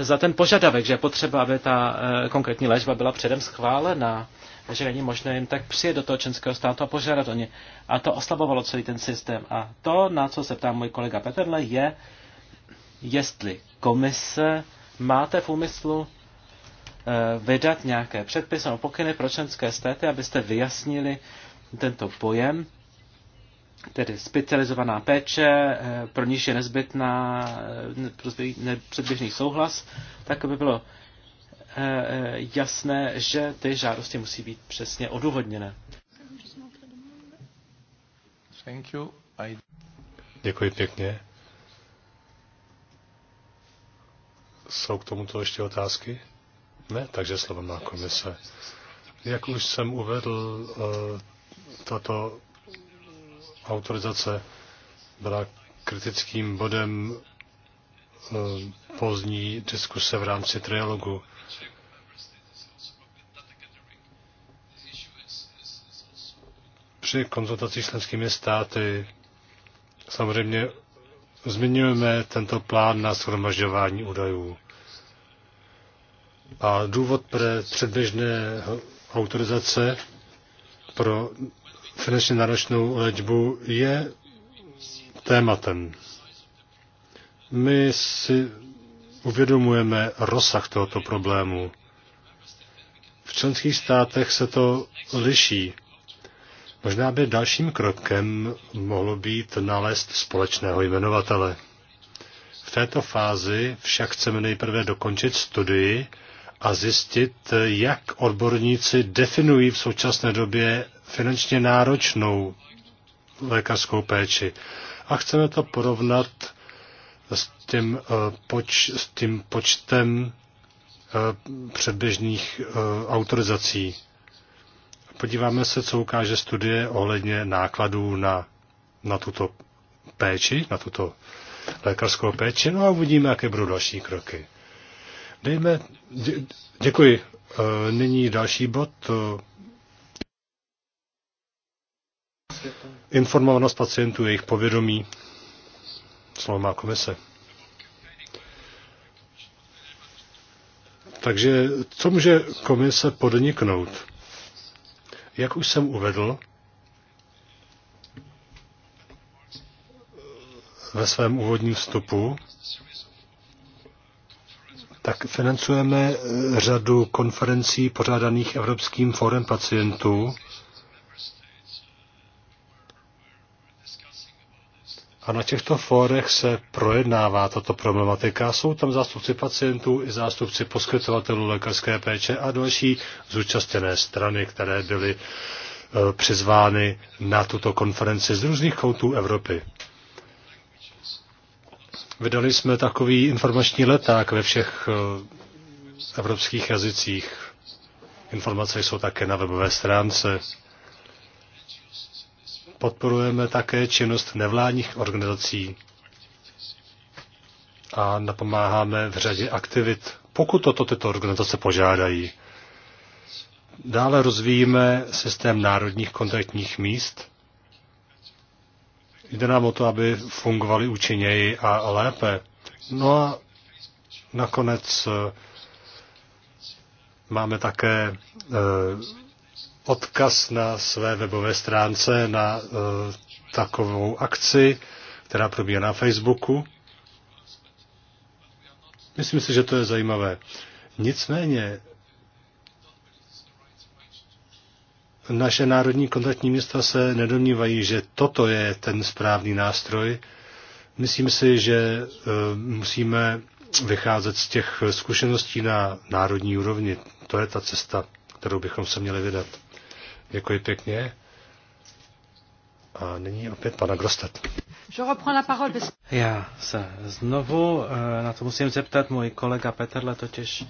Speaker 3: za ten požadavek, že je potřeba, aby ta konkrétní léčba byla předem schválena, že není možné jim tak přijet do toho členského státu a požádat o ně. A to oslabovalo celý ten systém. A to, na co se ptá můj kolega Petrle, je, jestli komise máte v úmyslu eh, vydat nějaké předpisy nebo pokyny pro členské státy, abyste vyjasnili tento pojem, tedy specializovaná péče, eh, pro níž je nezbytná eh, prostě předběžný souhlas, tak aby bylo jasné, že ty žádosti musí být přesně odůvodněné.
Speaker 1: Děkuji pěkně. Jsou k tomuto ještě otázky? Ne, takže slovo má komise. Jak už jsem uvedl, eh, tato autorizace byla kritickým bodem eh, pozdní diskuse v rámci trialogu. Při konzultacích s členskými státy samozřejmě zmiňujeme tento plán na shromažďování údajů. A důvod pro předběžné autorizace pro finančně náročnou léčbu je tématem. My si uvědomujeme rozsah tohoto problému. V členských státech se to liší. Možná by dalším krokem mohlo být nalézt společného jmenovatele. V této fázi však chceme nejprve dokončit studii a zjistit, jak odborníci definují v současné době finančně náročnou lékařskou péči. A chceme to porovnat s tím, eh, poč, s tím počtem eh, předběžných eh, autorizací. Podíváme se, co ukáže studie ohledně nákladů na, na tuto péči, na tuto lékařskou péči, no a uvidíme, jaké budou další kroky. Dejme, dě, děkuji. E, nyní další bod. E, informovanost pacientů, jejich povědomí. Slovo má komise. Takže co může komise podniknout? Jak už jsem uvedl ve svém úvodním vstupu, tak financujeme eh, řadu konferencí pořádaných Evropským fórem pacientů, A na těchto fórech se projednává tato problematika. Jsou tam zástupci pacientů i zástupci poskytovatelů lékařské péče a další zúčastněné strany, které byly eh, přizvány na tuto konferenci z různých koutů Evropy. Vydali jsme takový informační leták ve všech eh, evropských jazycích. Informace jsou také na webové stránce podporujeme také činnost nevládních organizací a napomáháme v řadě aktivit, pokud toto tyto organizace požádají. Dále rozvíjíme systém národních kontaktních míst. Jde nám o to, aby fungovaly účinněji a lépe. No a nakonec eh, máme také eh, odkaz na své webové stránce na e, takovou akci, která probíhá na Facebooku. Myslím si, že to je zajímavé. Nicméně naše národní kontaktní města se nedomnívají, že toto je ten správný nástroj. Myslím si, že e, musíme vycházet z těch zkušeností na národní úrovni. To je ta cesta, kterou bychom se měli vydat. Děkuji pěkně. A nyní opět pana Grostet.
Speaker 3: Já se znovu eh, na to musím zeptat. Můj kolega Petrle totiž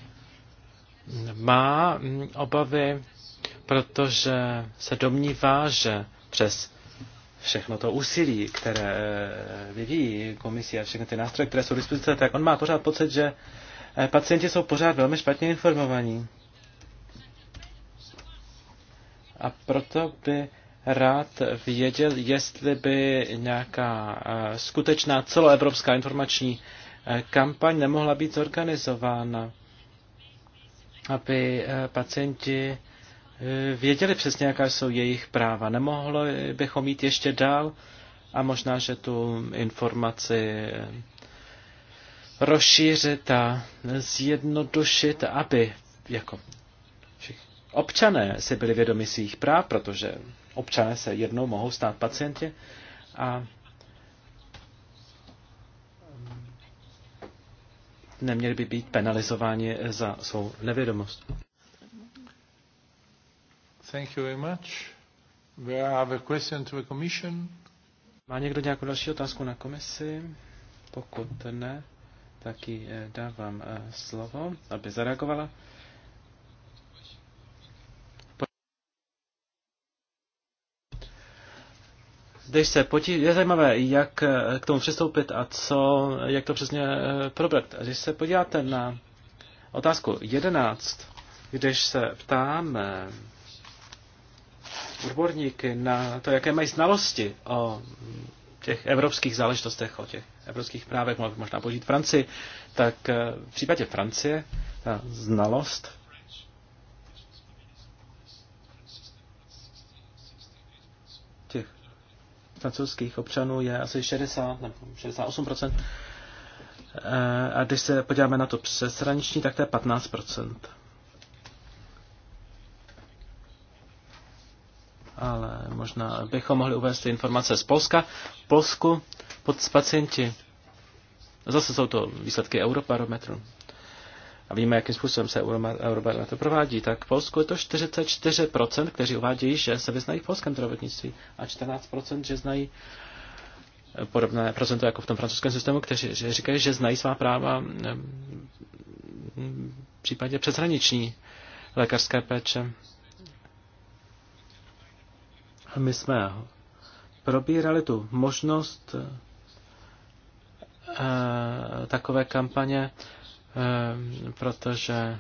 Speaker 3: má mm, obavy, protože se domnívá, že přes všechno to úsilí, které eh, vyvíjí komisí a všechny ty nástroje, které jsou dispozice, tak on má pořád pocit, že eh, pacienti jsou pořád velmi špatně informovaní a proto by rád věděl, jestli by nějaká eh, skutečná celoevropská informační eh, kampaň nemohla být zorganizována, aby eh, pacienti věděli přesně, jaká jsou jejich práva. Nemohlo bychom jít ještě dál a možná, že tu informaci rozšířit a zjednodušit, aby jako občané si byli vědomi svých práv, protože občané se jednou mohou stát pacienti a neměli by být penalizováni za svou nevědomost. Thank you very much. We have a question to the commission. Má někdo nějakou další otázku na komisi? Pokud ne, tak ji eh, dávám eh, slovo, aby zareagovala. Když se podí, je zajímavé, jak eh, k tomu přistoupit a co, jak to přesně eh, probrat. Když se podíváte na otázku 11, když se ptáme odborníky na to, jaké mají znalosti o těch evropských záležitostech, o těch evropských právech, možná použít Francii, tak eh, v případě Francie ta znalost francouzských občanů je asi 60 nebo 68 eh, a když se podíváme na to přeshraniční, tak to je 15 Ale možná bychom mohli uvést informace z Polska. V Polsku pod pacienti, zase jsou to výsledky Europarometru, a víme, jakým způsobem se Eurobel na to provádí, tak v Polsku je to 44%, kteří uvádějí, že se vyznají v polském zdravotnictví a 14%, že znají podobné procento jako v tom francouzském systému, kteří že říkají, že znají svá práva v případě přeshraniční lékařské péče. my jsme probírali tu možnost eh, takové kampaně Ehm, protože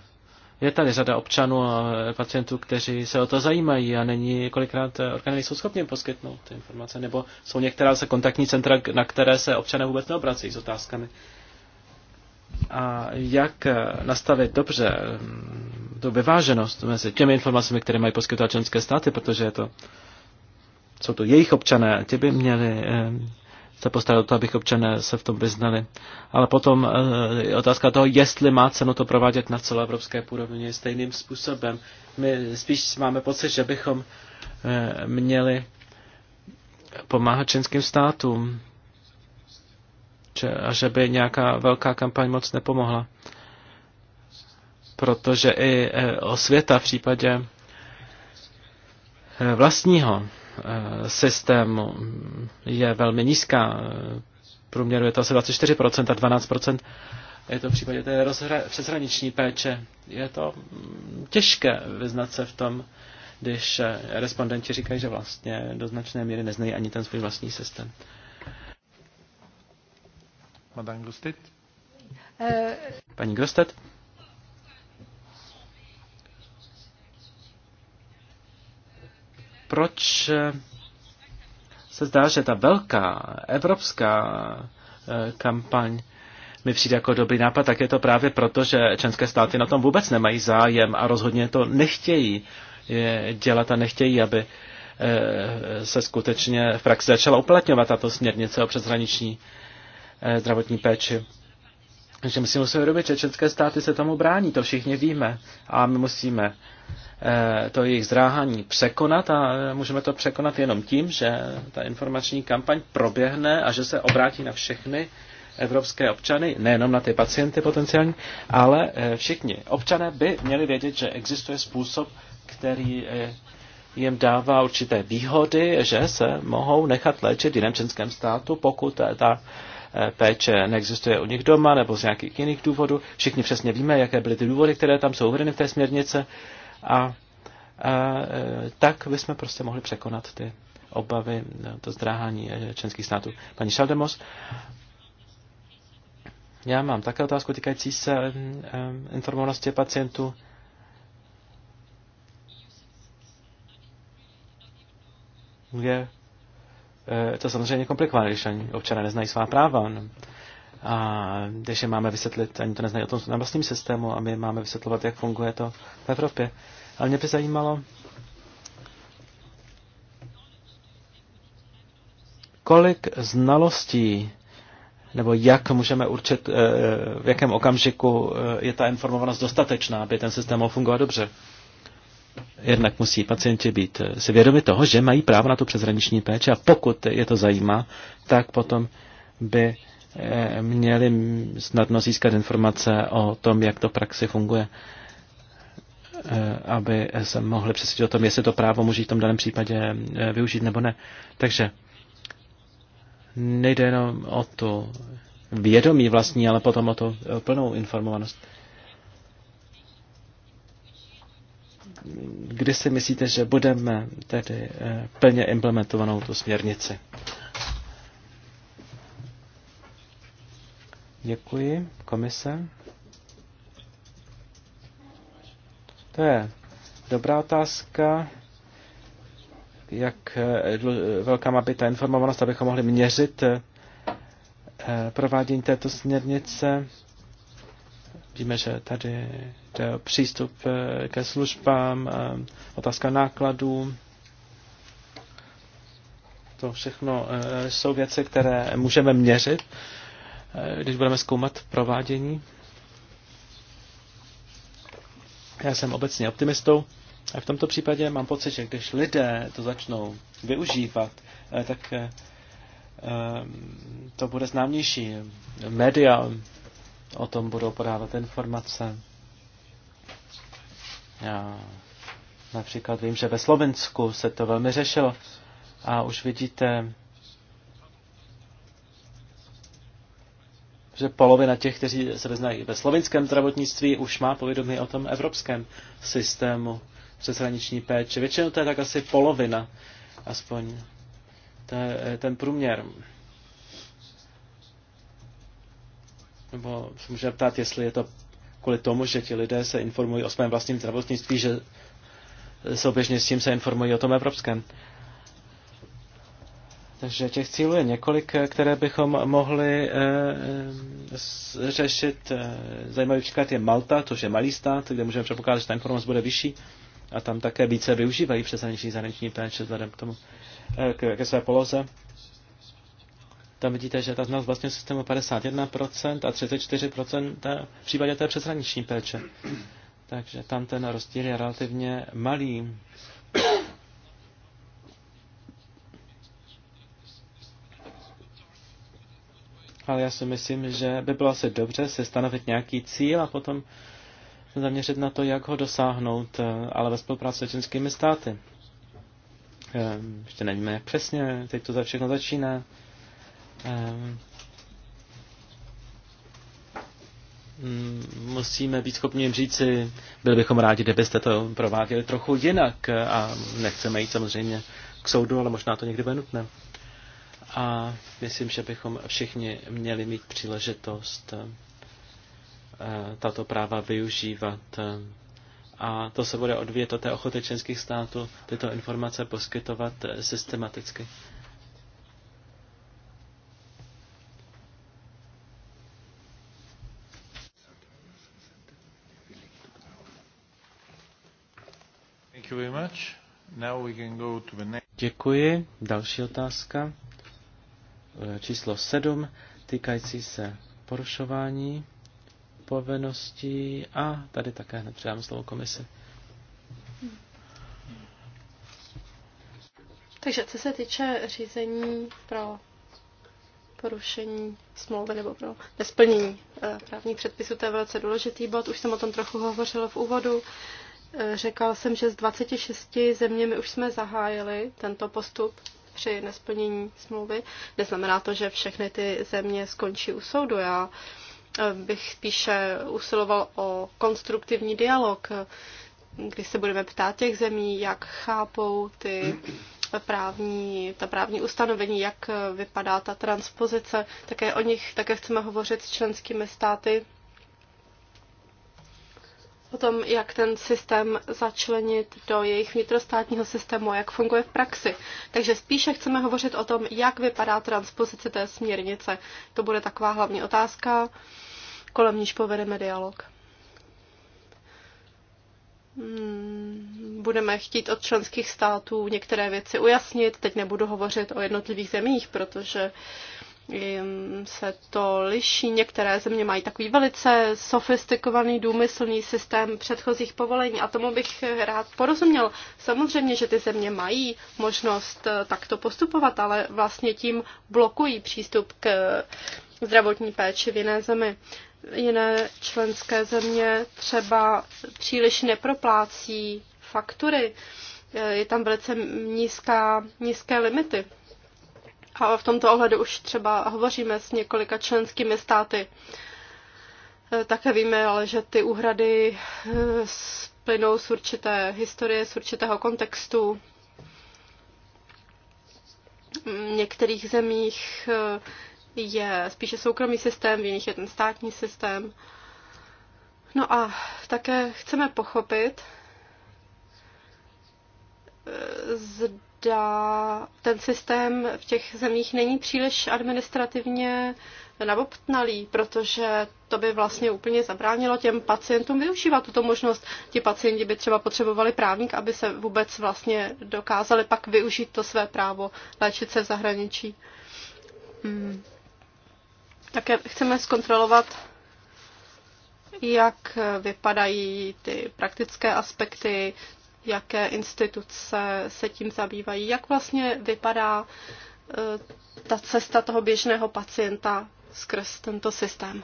Speaker 3: je tady řada občanů a pacientů, kteří se o to zajímají a není kolikrát eh, orgány jsou schopni poskytnout ty informace, nebo jsou některá se kontaktní centra, na které se občané vůbec neobrací s otázkami. A jak eh, nastavit dobře mm, tu vyváženost mezi těmi informacemi, které mají poskytovat členské státy, protože je to, jsou to jejich občané, ti by měli ehm, se postarat o to, abych občané se v tom vyznali. Ale potom eh, je otázka toho, jestli má cenu to provádět na celoevropské půrovně stejným způsobem. My spíš máme pocit, že bychom eh, měli pomáhat členským státům a že by nějaká velká kampaň moc nepomohla. Protože i eh, osvěta v případě vlastního Eh, systém je velmi nízká. Průměru je to asi 24% a 12% je to v případě té přeshraniční péče. Je to mm, těžké vyznat se v tom, když eh, respondenti říkají, že vlastně do značné míry neznají ani ten svůj vlastní systém. Madame Grostet? Eh, Paní Grostet? proč se zdá, že ta velká evropská eh, kampaň mi přijde jako dobrý nápad, tak je to právě proto, že členské státy na tom vůbec nemají zájem a rozhodně to nechtějí eh, dělat a nechtějí, aby eh, se skutečně v praxi začala uplatňovat tato směrnice o přeshraniční zdravotní péči. Takže musíme se vědomit, že české státy se tomu brání, to všichni víme. A my musíme eh, to jejich zdráhání překonat a eh, můžeme to překonat jenom tím, že ta informační kampaň proběhne a že se obrátí na všechny evropské občany, nejenom na ty pacienty potenciální, ale eh, všichni občané by měli vědět, že existuje způsob, který jim dává určité výhody, že se mohou nechat léčit v jiném členském státu, pokud ta Eh, péče neexistuje u nich doma nebo z nějakých jiných důvodů. Všichni přesně víme, jaké byly ty důvody, které tam jsou uvedeny v té směrnice. A, a eh, tak bychom prostě mohli překonat ty obavy, eh, to zdráhání členských států. Paní Šaldemos, já mám také otázku týkající se informovanosti pacientů. Yeah. Eh, je to samozřejmě komplikované, když ani občané neznají svá práva. No. A když je máme vysvětlit, ani to neznají o tom na vlastním systému a my máme vysvětlovat, jak funguje to v Evropě. Ale mě by zajímalo, kolik znalostí nebo jak můžeme určit, eh, v jakém okamžiku eh, je ta informovanost dostatečná, aby ten systém mohl fungovat dobře. Jednak musí pacienti být eh, si vědomi toho, že mají právo na tu přeshraniční péči a pokud je to zajímá, tak potom by eh, měli snadno získat informace o tom, jak to v praxi funguje, eh, aby se mohli přesvědčit o tom, jestli to právo může v tom daném případě využít nebo ne. Takže nejde jenom o to vědomí vlastní, ale potom o to plnou informovanost. kdy si myslíte, že budeme tedy eh, plně implementovanou tu směrnici? Děkuji. Komise? To je dobrá otázka. Jak eh, velká má být ta informovanost, abychom mohli měřit eh, provádění této směrnice? Víme, že tady jde o přístup eh, ke službám, eh, otázka nákladů. To všechno eh, jsou věci, které můžeme měřit, když budeme zkoumat provádění. Já jsem obecně optimistou. A v tomto případě mám pocit, že když lidé to začnou využívat, tak to bude známější. Média o tom budou podávat informace. Já například vím, že ve Slovensku se to velmi řešilo a už vidíte, že polovina těch, kteří se vyznají ve slovinském zdravotnictví, už má povědomí o tom evropském systému přeshraniční péče. Většinou to je tak asi polovina, aspoň to je ten průměr. nebo se můžeme ptát, jestli je to kvůli tomu, že ti lidé se informují o svém vlastním zdravotnictví, že souběžně s tím se informují o tom evropském. Takže těch cílů je několik, které bychom mohli e, řešit. Eh, zajímavý příklad je Malta, což je malý stát, kde můžeme předpokládat, že ta informace bude vyšší a tam také více využívají přeshraniční zahraniční péče vzhledem k tomu, e, eh, ke, ke své poloze. Tam vidíte, že ta znalost vlastního systému 51% a 34% v případě té přeshraniční péče. Takže tam ten rozdíl je relativně malý. Ale já si myslím, že by bylo asi dobře si stanovit nějaký cíl a potom zaměřit na to, jak ho dosáhnout, ale ve spolupráci s členskými státy. Ehm, ještě nevíme, jak přesně, teď to za všechno začíná. Ehm, mm, musíme být schopni říci, byli bychom rádi, kdybyste to prováděli trochu jinak a nechceme jít samozřejmě k soudu, ale možná to někdy bude nutné. A myslím, že bychom všichni měli mít příležitost eh, tato práva využívat. A to se bude odvíjet od té ochoty členských států tyto informace poskytovat eh, systematicky. Děkuji. Další otázka. E, číslo 7, týkající se porušování povinností. A tady také hned předám slovo komise.
Speaker 2: Takže co se týče řízení pro porušení smlouvy nebo pro nesplnění e, právních předpisů, to je velice důležitý bod. Už jsem o tom trochu hovořila v úvodu. Eh, Řekal jsem, že s 26 zeměmi už jsme zahájili tento postup při nesplnění smlouvy. Neznamená to, že všechny ty země skončí u soudu. Já eh, bych spíše usiloval o konstruktivní dialog, kdy se budeme ptát těch zemí, jak chápou ty právní, ta právní ustanovení, jak eh, vypadá ta transpozice. Také o nich také chceme hovořit s členskými státy o tom, jak ten systém začlenit do jejich vnitrostátního systému, jak funguje v praxi. Takže spíše chceme hovořit o tom, jak vypadá transpozice té směrnice. To bude taková hlavní otázka, kolem níž povedeme dialog. Hmm, budeme chtít od členských států některé věci ujasnit. Teď nebudu hovořit o jednotlivých zemích, protože uh, se to liší. Některé země mají takový velice sofistikovaný důmyslný systém předchozích povolení a tomu bych rád porozuměl. Samozřejmě, že ty země mají možnost eh, takto postupovat, ale vlastně tím blokují přístup k zdravotní péči v jiné zemi. Jiné členské země třeba příliš neproplácí faktury. Eh, je tam velice nízká, nízké limity. A v tomto ohledu už třeba hovoříme s několika členskými státy. Eh, také víme ale, že ty úhrady eh, splynou z určité historie, z určitého kontextu. V některých zemích eh, je spíše soukromý systém, v jiných je ten státní systém. No a také chceme pochopit, zda dá, ten systém v těch zemích není příliš administrativně nabobtnalý, protože to by vlastně úplně zabránilo těm pacientům využívat tuto možnost. Ti pacienti by třeba potřebovali právník, aby se vůbec vlastně dokázali pak využít to své právo léčit se v zahraničí. Hmm. Také chceme zkontrolovat, jak vypadají ty praktické aspekty, jaké instituce se tím zabývají, jak vlastně vypadá e, ta cesta toho běžného pacienta skrz tento systém.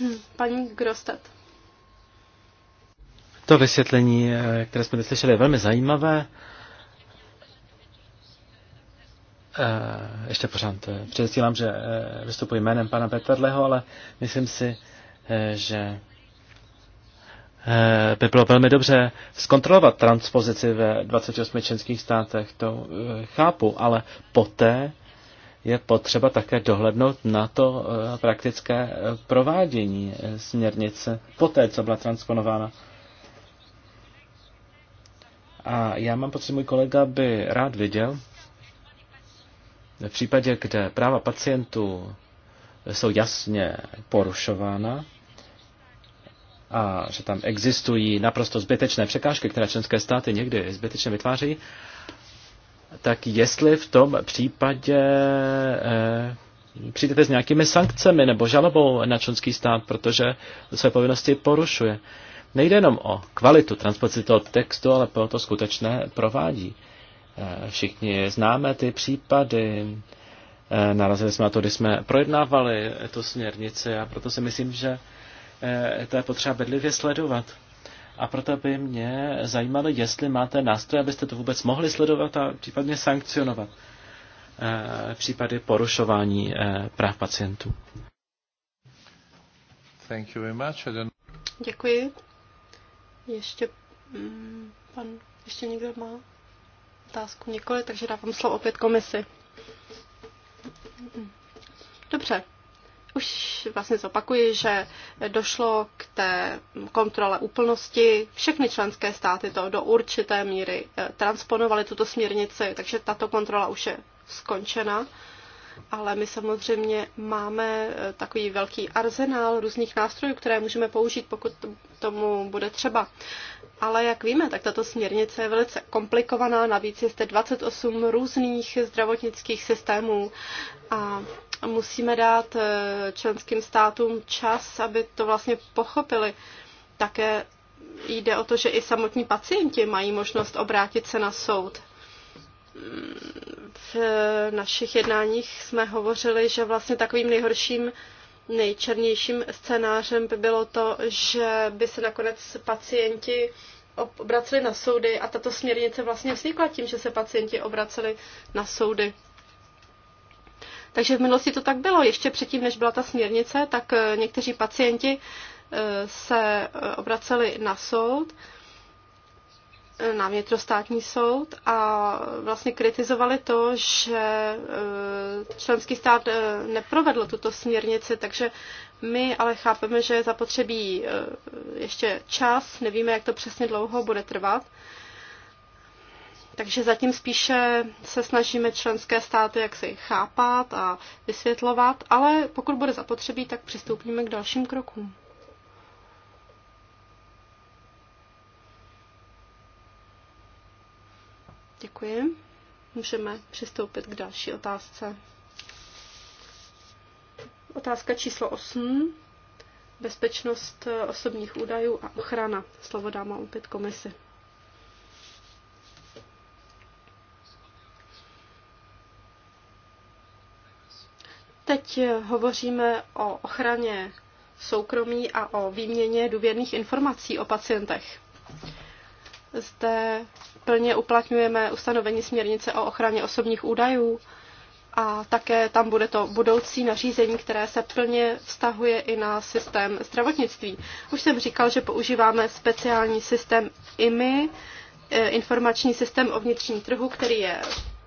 Speaker 2: Hm, paní Grostet.
Speaker 3: To vysvětlení, e, které jsme slyšeli, je velmi zajímavé. E, ještě pořád předstílám, že vystupuji jménem pana Petrleho, ale myslím si, že Eh, by bylo velmi dobře zkontrolovat transpozici ve 28 členských státech, to eh, chápu, ale poté je potřeba také dohlednout na to eh, praktické provádění směrnice, poté, co byla transponována. A já mám pocit, můj kolega by rád viděl, v případě, kde práva pacientů jsou jasně porušována, a že tam existují naprosto zbytečné překážky, které členské státy někdy zbytečně vytváří, tak jestli v tom případě eh, přijdete s nějakými sankcemi nebo žalobou na členský stát, protože své povinnosti porušuje. Nejde jenom o kvalitu transpozice toho textu, ale pro to skutečné provádí. Eh, všichni známe ty případy, eh, narazili jsme na to, když jsme projednávali tu směrnici a proto si myslím, že Eh, to je potřeba bedlivě sledovat. A proto by mě zajímalo, jestli máte nástroj, abyste to vůbec mohli sledovat a případně sankcionovat v eh, případě porušování eh, práv pacientů.
Speaker 2: Thank you very much. Děkuji. Ještě mm, pan, ještě někdo má otázku? Nikoli, takže dávám slovo opět komisi. Dobře, už vlastně zopakuji, že došlo k té kontrole úplnosti. Všechny členské státy to do určité míry eh, transponovaly tuto směrnici, takže tato kontrola už je skončena. Ale my samozřejmě máme eh, takový velký arzenál různých nástrojů, které můžeme použít, pokud tomu bude třeba. Ale jak víme, tak tato směrnice je velice komplikovaná, navíc je zde 28 různých zdravotnických systémů a musíme dát eh, členským státům čas, aby to vlastně pochopili. Také jde o to, že i samotní pacienti mají možnost obrátit se na soud. V eh, našich jednáních jsme hovořili, že vlastně takovým nejhorším, nejčernějším scénářem by bylo to, že by se nakonec pacienti obraceli na soudy a tato směrnice vlastně vznikla tím, že se pacienti obraceli na soudy. Takže v minulosti to tak bylo. Ještě předtím, než byla ta směrnice, tak eh, někteří pacienti eh, se eh, obraceli na soud, na vnitrostátní soud a vlastně kritizovali to, že členský stát neprovedl tuto směrnici, takže my ale chápeme, že je zapotřebí ještě čas, nevíme, jak to přesně dlouho bude trvat. Takže zatím spíše se snažíme členské státy jaksi chápat a vysvětlovat, ale pokud bude zapotřebí, tak přistoupíme k dalším krokům. Děkuji. Můžeme přistoupit k další otázce. Otázka číslo 8. Bezpečnost osobních údajů a ochrana. Slovo dáma opět komisi. Teď hovoříme o ochraně soukromí a o výměně důvěrných informací o pacientech. Zde plně uplatňujeme ustanovení směrnice o ochraně osobních údajů a také tam bude to budoucí nařízení, které se plně vztahuje i na systém zdravotnictví. Už jsem říkal, že používáme speciální systém IMI, eh, informační systém o vnitřním trhu, který je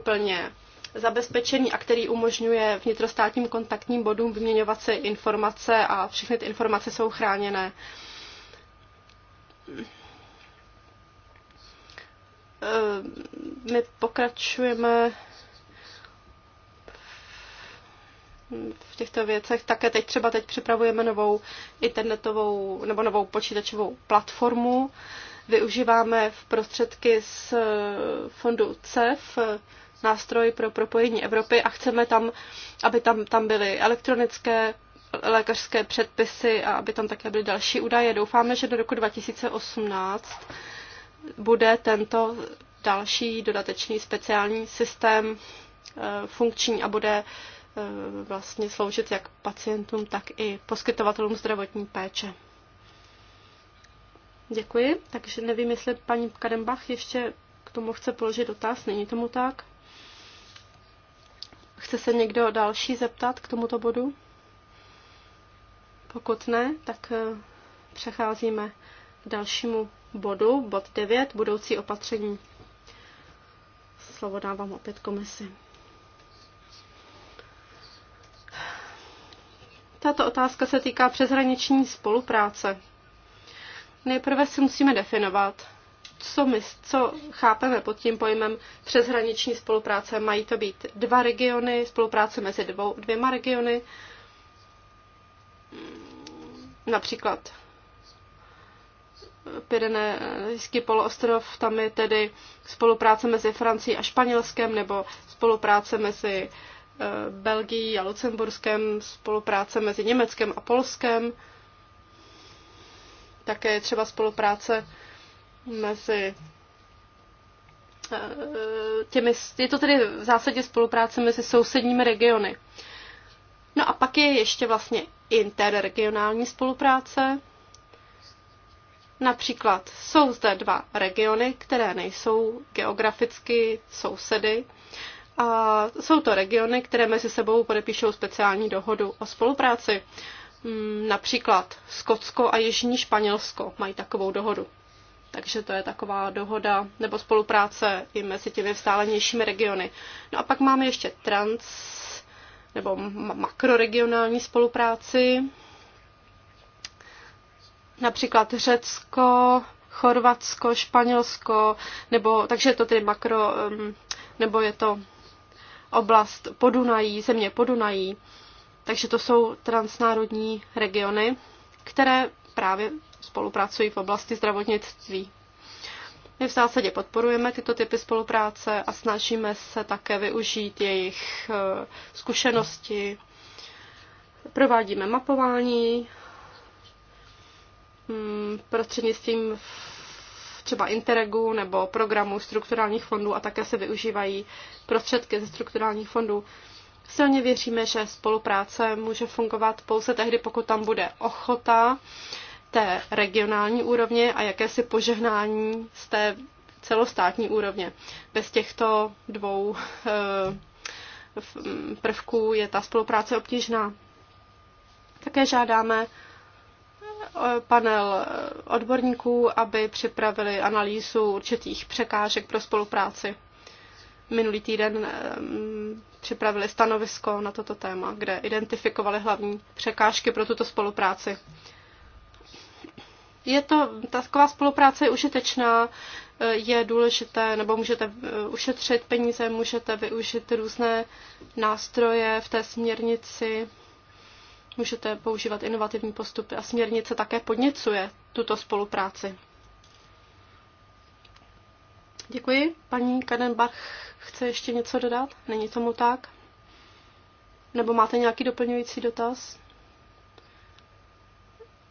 Speaker 2: plně zabezpečení a který umožňuje vnitrostátním kontaktním bodům vyměňovat si informace a všechny ty informace jsou chráněné. Eh, my pokračujeme v těchto věcech. Také teď třeba teď připravujeme novou internetovou nebo novou počítačovou platformu. Využíváme v prostředky z eh, fondu CEF, nástroj pro propojení Evropy a chceme tam, aby tam, tam byly elektronické lékařské předpisy a aby tam také byly další údaje. Doufáme, že do roku 2018 bude tento další dodatečný speciální systém eh, funkční a bude eh, vlastně sloužit jak pacientům, tak i poskytovatelům zdravotní péče. Děkuji. Takže nevím, jestli paní Kadembach ještě k tomu chce položit dotaz. Není tomu tak? Chce se někdo další zeptat k tomuto bodu? Pokud ne, tak eh, přecházíme k dalšímu bodu, bod 9, budoucí opatření. Slovo dávám opět komisi. Tato otázka se týká přeshraniční spolupráce. Nejprve si musíme definovat, co, my, co chápeme pod tím pojmem přeshraniční spolupráce. Mají to být dva regiony, spolupráce mezi dvou, dvěma regiony, například Pirenejský poloostrov, tam je tedy spolupráce mezi Francií a Španělskem, nebo spolupráce mezi eh, Belgií a Lucemburskem, spolupráce mezi Německem a Polskem, také třeba spolupráce mezi eh, těmi, je to tedy v zásadě spolupráce mezi sousedními regiony. No a pak je ještě vlastně interregionální spolupráce. Například jsou zde dva regiony, které nejsou geograficky sousedy. A jsou to regiony, které mezi sebou podepíšou speciální dohodu o spolupráci. Mm, například Skotsko a Jižní Španělsko mají takovou dohodu. Takže to je taková dohoda nebo spolupráce i mezi těmi vzdálenějšími regiony. No a pak máme ještě trans nebo makroregionální spolupráci. Například Řecko, Chorvatsko, Španělsko, nebo, takže je to tedy makro, nebo je to oblast Podunají, země Podunají. Takže to jsou transnárodní regiony, které právě spolupracují v oblasti zdravotnictví. My v zásadě podporujeme tyto typy spolupráce a snažíme se také využít jejich e, zkušenosti. Provádíme mapování mm, prostřednictvím třeba Interregu nebo programu strukturálních fondů a také se využívají prostředky ze strukturálních fondů. Silně věříme, že spolupráce může fungovat pouze tehdy, pokud tam bude ochota té regionální úrovně a jakési požehnání z té celostátní úrovně. Bez těchto dvou eh, mm, prvků je ta spolupráce obtížná. Také žádáme eh, panel eh, odborníků, aby připravili analýzu určitých překážek pro spolupráci. Minulý týden mm, připravili stanovisko na toto téma, kde identifikovali hlavní překážky pro tuto spolupráci je to, taková spolupráce je užitečná, je důležité, nebo můžete eh, ušetřit peníze, můžete využít různé nástroje v té směrnici, můžete používat inovativní postupy a směrnice také podněcuje tuto spolupráci. Děkuji. Paní Kadenbach chce ještě něco dodat? Není tomu tak? Nebo máte nějaký doplňující dotaz?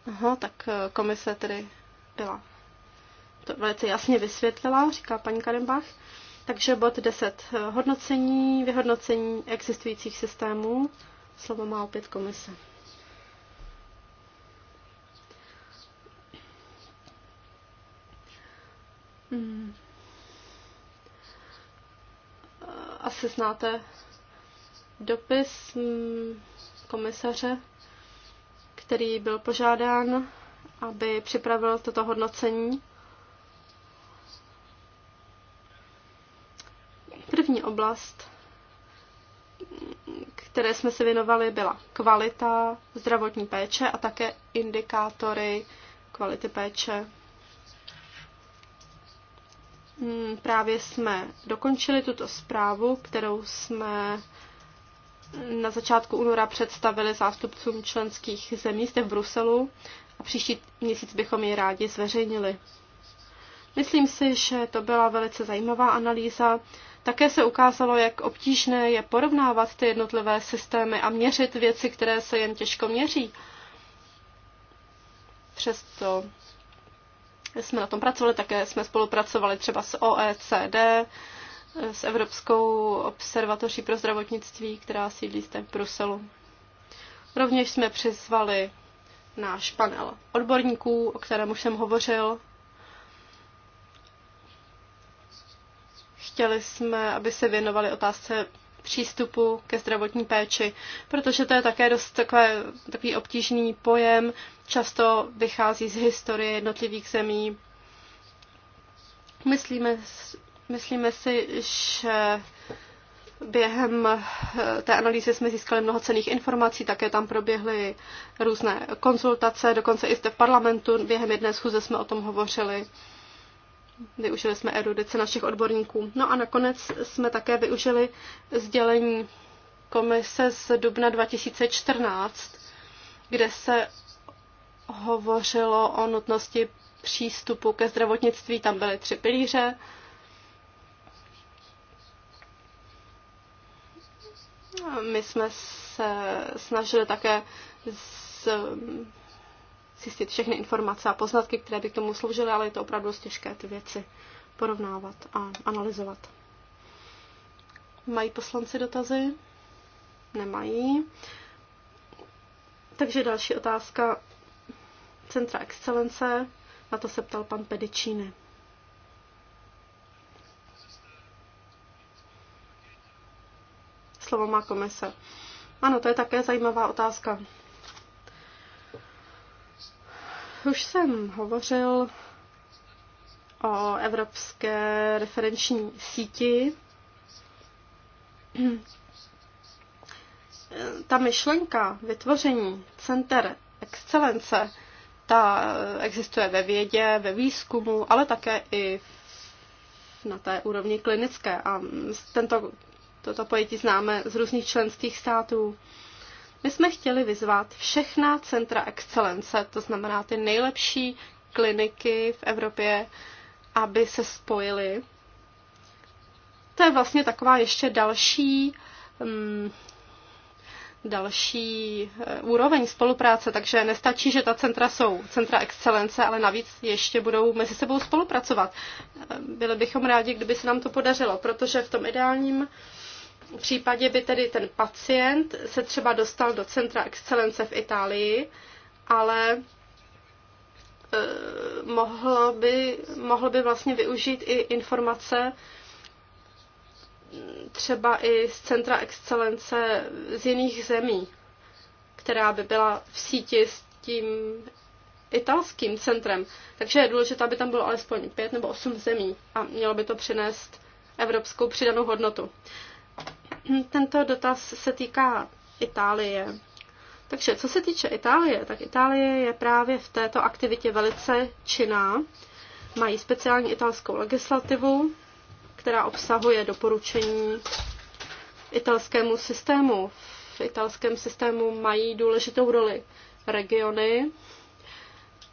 Speaker 2: Aha, tak eh, komise tedy byla. To velice jasně vysvětlila, říká paní Karimbach. Takže bod 10. Eh, hodnocení, vyhodnocení existujících systémů. Slovo má opět komise. Hmm. Eh, asi znáte dopis hmm, komisaře který byl požádán, aby připravil toto hodnocení. První oblast, které jsme se věnovali, byla kvalita zdravotní péče a také indikátory kvality péče. Hmm, právě jsme dokončili tuto zprávu, kterou jsme na začátku února představili zástupcům členských zemí zde v Bruselu a příští měsíc bychom ji rádi zveřejnili. Myslím si, že to byla velice zajímavá analýza. Také se ukázalo, jak obtížné je porovnávat ty jednotlivé systémy a měřit věci, které se jen těžko měří. Přesto jsme na tom pracovali, také jsme spolupracovali třeba s OECD, s Evropskou observatoří pro zdravotnictví, která sídlí zde v Bruselu. Rovněž jsme přizvali náš panel odborníků, o kterém už jsem hovořil. Chtěli jsme, aby se věnovali otázce přístupu ke zdravotní péči, protože to je také dost takové, takový obtížný pojem, často vychází z historie jednotlivých zemí. Myslíme Myslíme si, že během eh, té analýzy jsme získali mnoho cených informací, také tam proběhly různé konzultace, dokonce i zde v parlamentu během jedné schůze jsme o tom hovořili. Využili jsme erudice našich odborníků. No a nakonec jsme také využili sdělení komise z dubna 2014, kde se hovořilo o nutnosti přístupu ke zdravotnictví. Tam byly tři pilíře My jsme se snažili také z, zjistit všechny informace a poznatky, které by k tomu sloužily, ale je to opravdu dost těžké ty věci porovnávat a analyzovat. Mají poslanci dotazy? Nemají. Takže další otázka. Centra excelence, na to se ptal pan Pedicini. Slovo má komise. Ano, to je také zajímavá otázka. Už jsem hovořil o evropské referenční síti. Ta myšlenka vytvoření center excelence, ta existuje ve vědě, ve výzkumu, ale také i na té úrovni klinické. A tento Toto pojetí známe z různých členských států. My jsme chtěli vyzvat všechna centra excelence, to znamená ty nejlepší kliniky v Evropě, aby se spojily. To je vlastně taková ještě další um, další eh, úroveň spolupráce, takže nestačí, že ta centra jsou centra excelence, ale navíc ještě budou mezi sebou spolupracovat. Eh, byli bychom rádi, kdyby se nám to podařilo, protože v tom ideálním v případě by tedy ten pacient se třeba dostal do centra excelence v Itálii, ale e, mohl by, mohl by vlastně využít i informace třeba i z centra excelence z jiných zemí, která by byla v síti s tím italským centrem. Takže je důležité, aby tam bylo alespoň pět nebo osm zemí a mělo by to přinést evropskou přidanou hodnotu. Tento dotaz se týká Itálie. Takže co se týče Itálie, tak Itálie je právě v této aktivitě velice činná. Mají speciální italskou legislativu, která obsahuje doporučení italskému systému. V italském systému mají důležitou roli regiony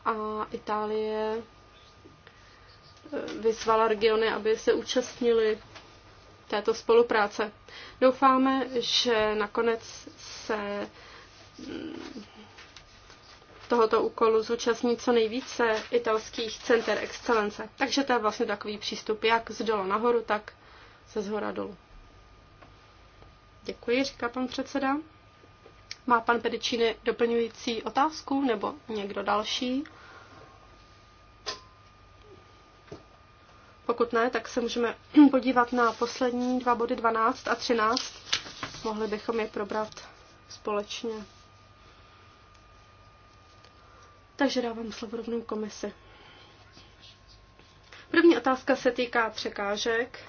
Speaker 2: a Itálie eh, vyzvala regiony, aby se účastnili této spolupráce. Doufáme, že nakonec se mm, tohoto úkolu zúčastní co nejvíce italských center excelence. Takže to je vlastně takový přístup jak z dola nahoru, tak ze zhora dolů. Děkuji, říká pan předseda. Má pan Pedicini doplňující otázku nebo někdo další? Pokud ne, tak se můžeme podívat na poslední dva body 12 a 13. Mohli bychom je probrat společně. Takže dávám slovo rovnou komisi. První otázka se týká překážek.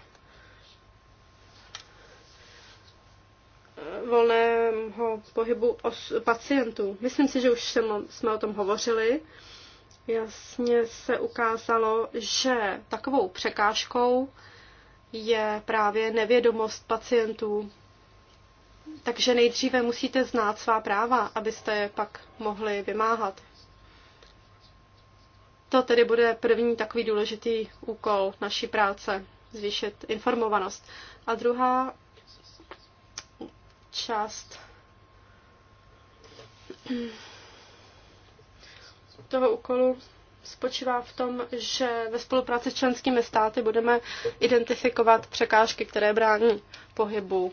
Speaker 2: Eh, volného pohybu os- pacientů. Myslím si, že už jsem, jsme o tom hovořili jasně se ukázalo, že takovou překážkou je právě nevědomost pacientů. Takže nejdříve musíte znát svá práva, abyste je pak mohli vymáhat. To tedy bude první takový důležitý úkol naší práce, zvýšit informovanost. A druhá část toho úkolu spočívá v tom, že ve spolupráci s členskými státy budeme identifikovat překážky, které brání pohybu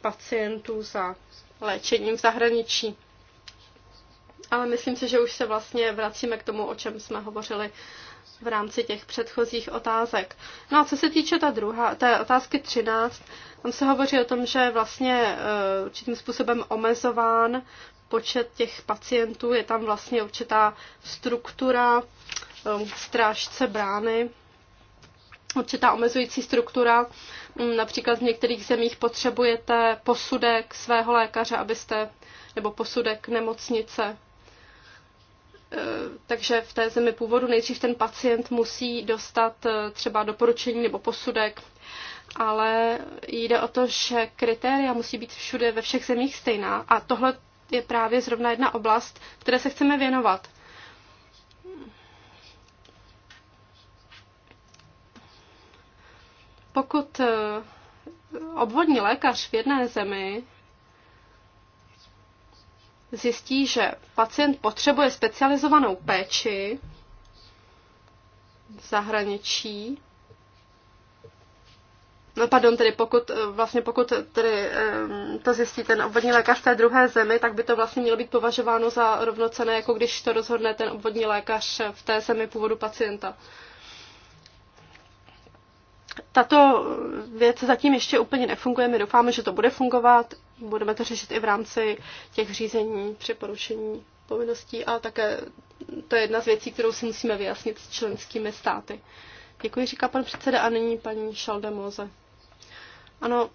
Speaker 2: pacientů za léčením v zahraničí. Ale myslím si, že už se vlastně vracíme k tomu, o čem jsme hovořili v rámci těch předchozích otázek. No a co se týče ta druhá, té otázky 13, tam se hovoří o tom, že je vlastně eh, určitým způsobem omezován počet těch pacientů, je tam vlastně určitá struktura um, strážce brány, určitá omezující struktura. Mm, například v některých zemích potřebujete posudek svého lékaře, abyste, nebo posudek nemocnice. E, takže v té zemi původu nejdřív ten pacient musí dostat e, třeba doporučení nebo posudek, ale jde o to, že kritéria musí být všude ve všech zemích stejná a tohle je právě zrovna jedna oblast, které se chceme věnovat. Pokud eh, obvodní lékař v jedné zemi zjistí, že pacient potřebuje specializovanou péči v zahraničí, No pardon, tedy pokud, eh, vlastně pokud tedy, eh, to zjistí ten obvodní lékař té druhé zemi, tak by to vlastně mělo být považováno za rovnocené, jako když to rozhodne ten obvodní lékař eh, v té zemi původu pacienta. Tato věc zatím ještě úplně nefunguje, my doufáme, že to bude fungovat, budeme to řešit i v rámci těch řízení při porušení povinností a také to je jedna z věcí, kterou si musíme vyjasnit s členskými státy. Děkuji, říká pan předseda a nyní paní Šaldemoze. Ano,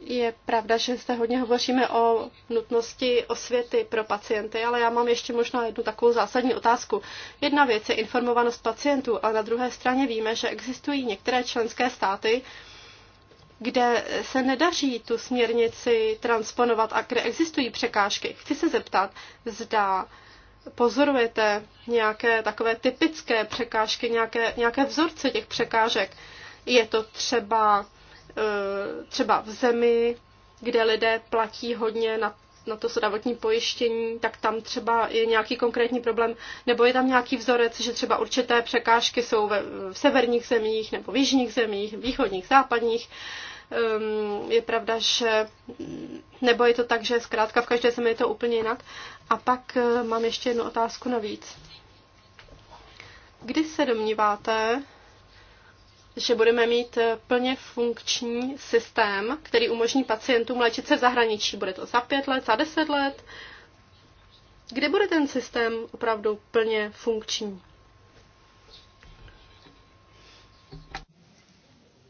Speaker 2: je pravda, že zde hodně hovoříme o nutnosti osvěty pro pacienty, ale já mám ještě možná jednu takovou zásadní otázku. Jedna věc je informovanost pacientů, ale na druhé straně víme, že existují některé členské státy, kde se nedaří tu směrnici transponovat a kde existují překážky. Chci se zeptat, zda pozorujete nějaké takové typické překážky, nějaké, nějaké vzorce těch překážek. Je to třeba Eh, třeba v zemi, kde lidé platí hodně na, na to zdravotní pojištění, tak tam třeba je nějaký konkrétní problém, nebo je tam nějaký vzorec, že třeba určité překážky jsou ve, v severních zemích, nebo v jižních zemích, východních, západních. Ehm, je pravda, že nebo je to tak, že zkrátka v každé zemi je to úplně jinak. A pak eh, mám ještě jednu otázku navíc. Kdy se domníváte, že budeme mít eh, plně funkční systém, který umožní pacientům léčit se v zahraničí. Bude to za pět let, za deset let? Kde bude ten systém opravdu plně funkční?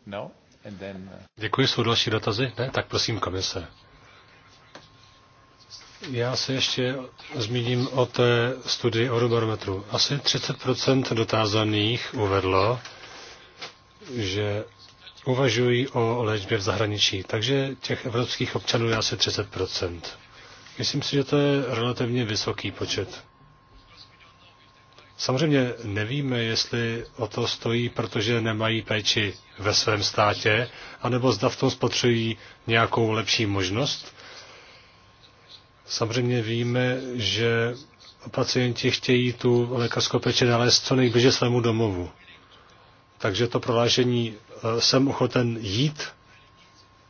Speaker 2: No, and then... Uh,
Speaker 1: Děkuji, jsou další dotazy? Ne? Tak prosím, komise. Já se ještě zmíním o té studii o rubarometru. Asi 30 dotázaných uvedlo, že uvažují o léčbě v zahraničí. Takže těch evropských občanů je asi 30 Myslím si, že to je relativně vysoký počet. Samozřejmě nevíme, jestli o to stojí, protože nemají péči ve svém státě, anebo zda v tom spotřebují nějakou lepší možnost. Samozřejmě víme, že pacienti chtějí tu lékařskou péči nalézt co nejbliže svému domovu takže to prohlášení e, jsem ochoten jít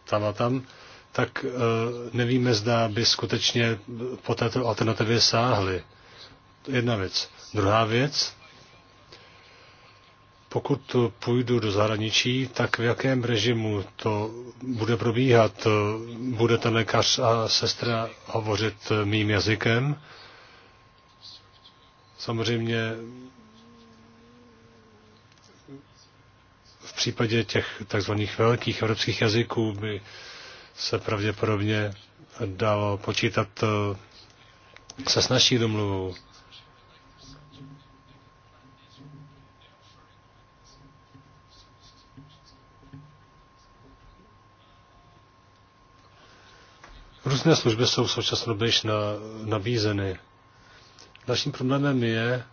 Speaker 1: tam a tam, tak e, nevíme, zda by skutečně e, po této alternativě sáhli. Jedna věc. Druhá věc, pokud půjdu do zahraničí, tak v jakém režimu to bude probíhat? Bude ten lékař a sestra hovořit mým jazykem? Samozřejmě v případě těch takzvaných velkých evropských jazyků by se pravděpodobně dalo počítat eh, se snažší domluvou. Různé služby jsou v současné době již na, nabízeny. Dalším problémem je,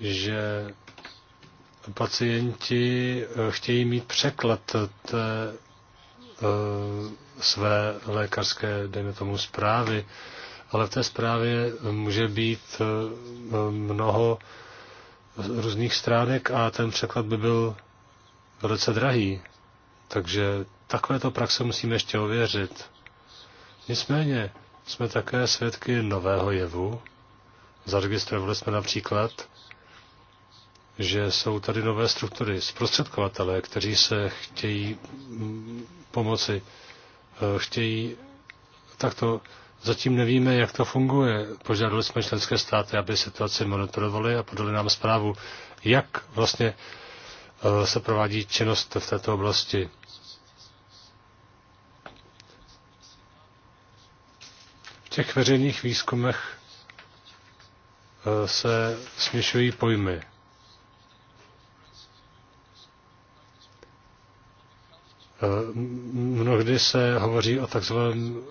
Speaker 1: že pacienti eh, chtějí mít překlad té eh, své lékařské, dejme tomu, zprávy, ale v té zprávě může být eh, mnoho různých stránek a ten překlad by byl velice drahý. Takže takovéto praxe musíme ještě ověřit. Nicméně jsme také svědky nového jevu. Zaregistrovali jsme například, že jsou tady nové struktury, zprostředkovatelé, kteří se chtějí mm, pomoci, eh, chtějí takto. Zatím nevíme, jak to funguje. Požádali jsme členské státy, aby situaci monitorovali a podali nám zprávu, jak vlastně eh, se provádí činnost v této oblasti. V těch veřejných výzkumech eh, se směšují pojmy. Eh, mnohdy se hovoří o takzvaném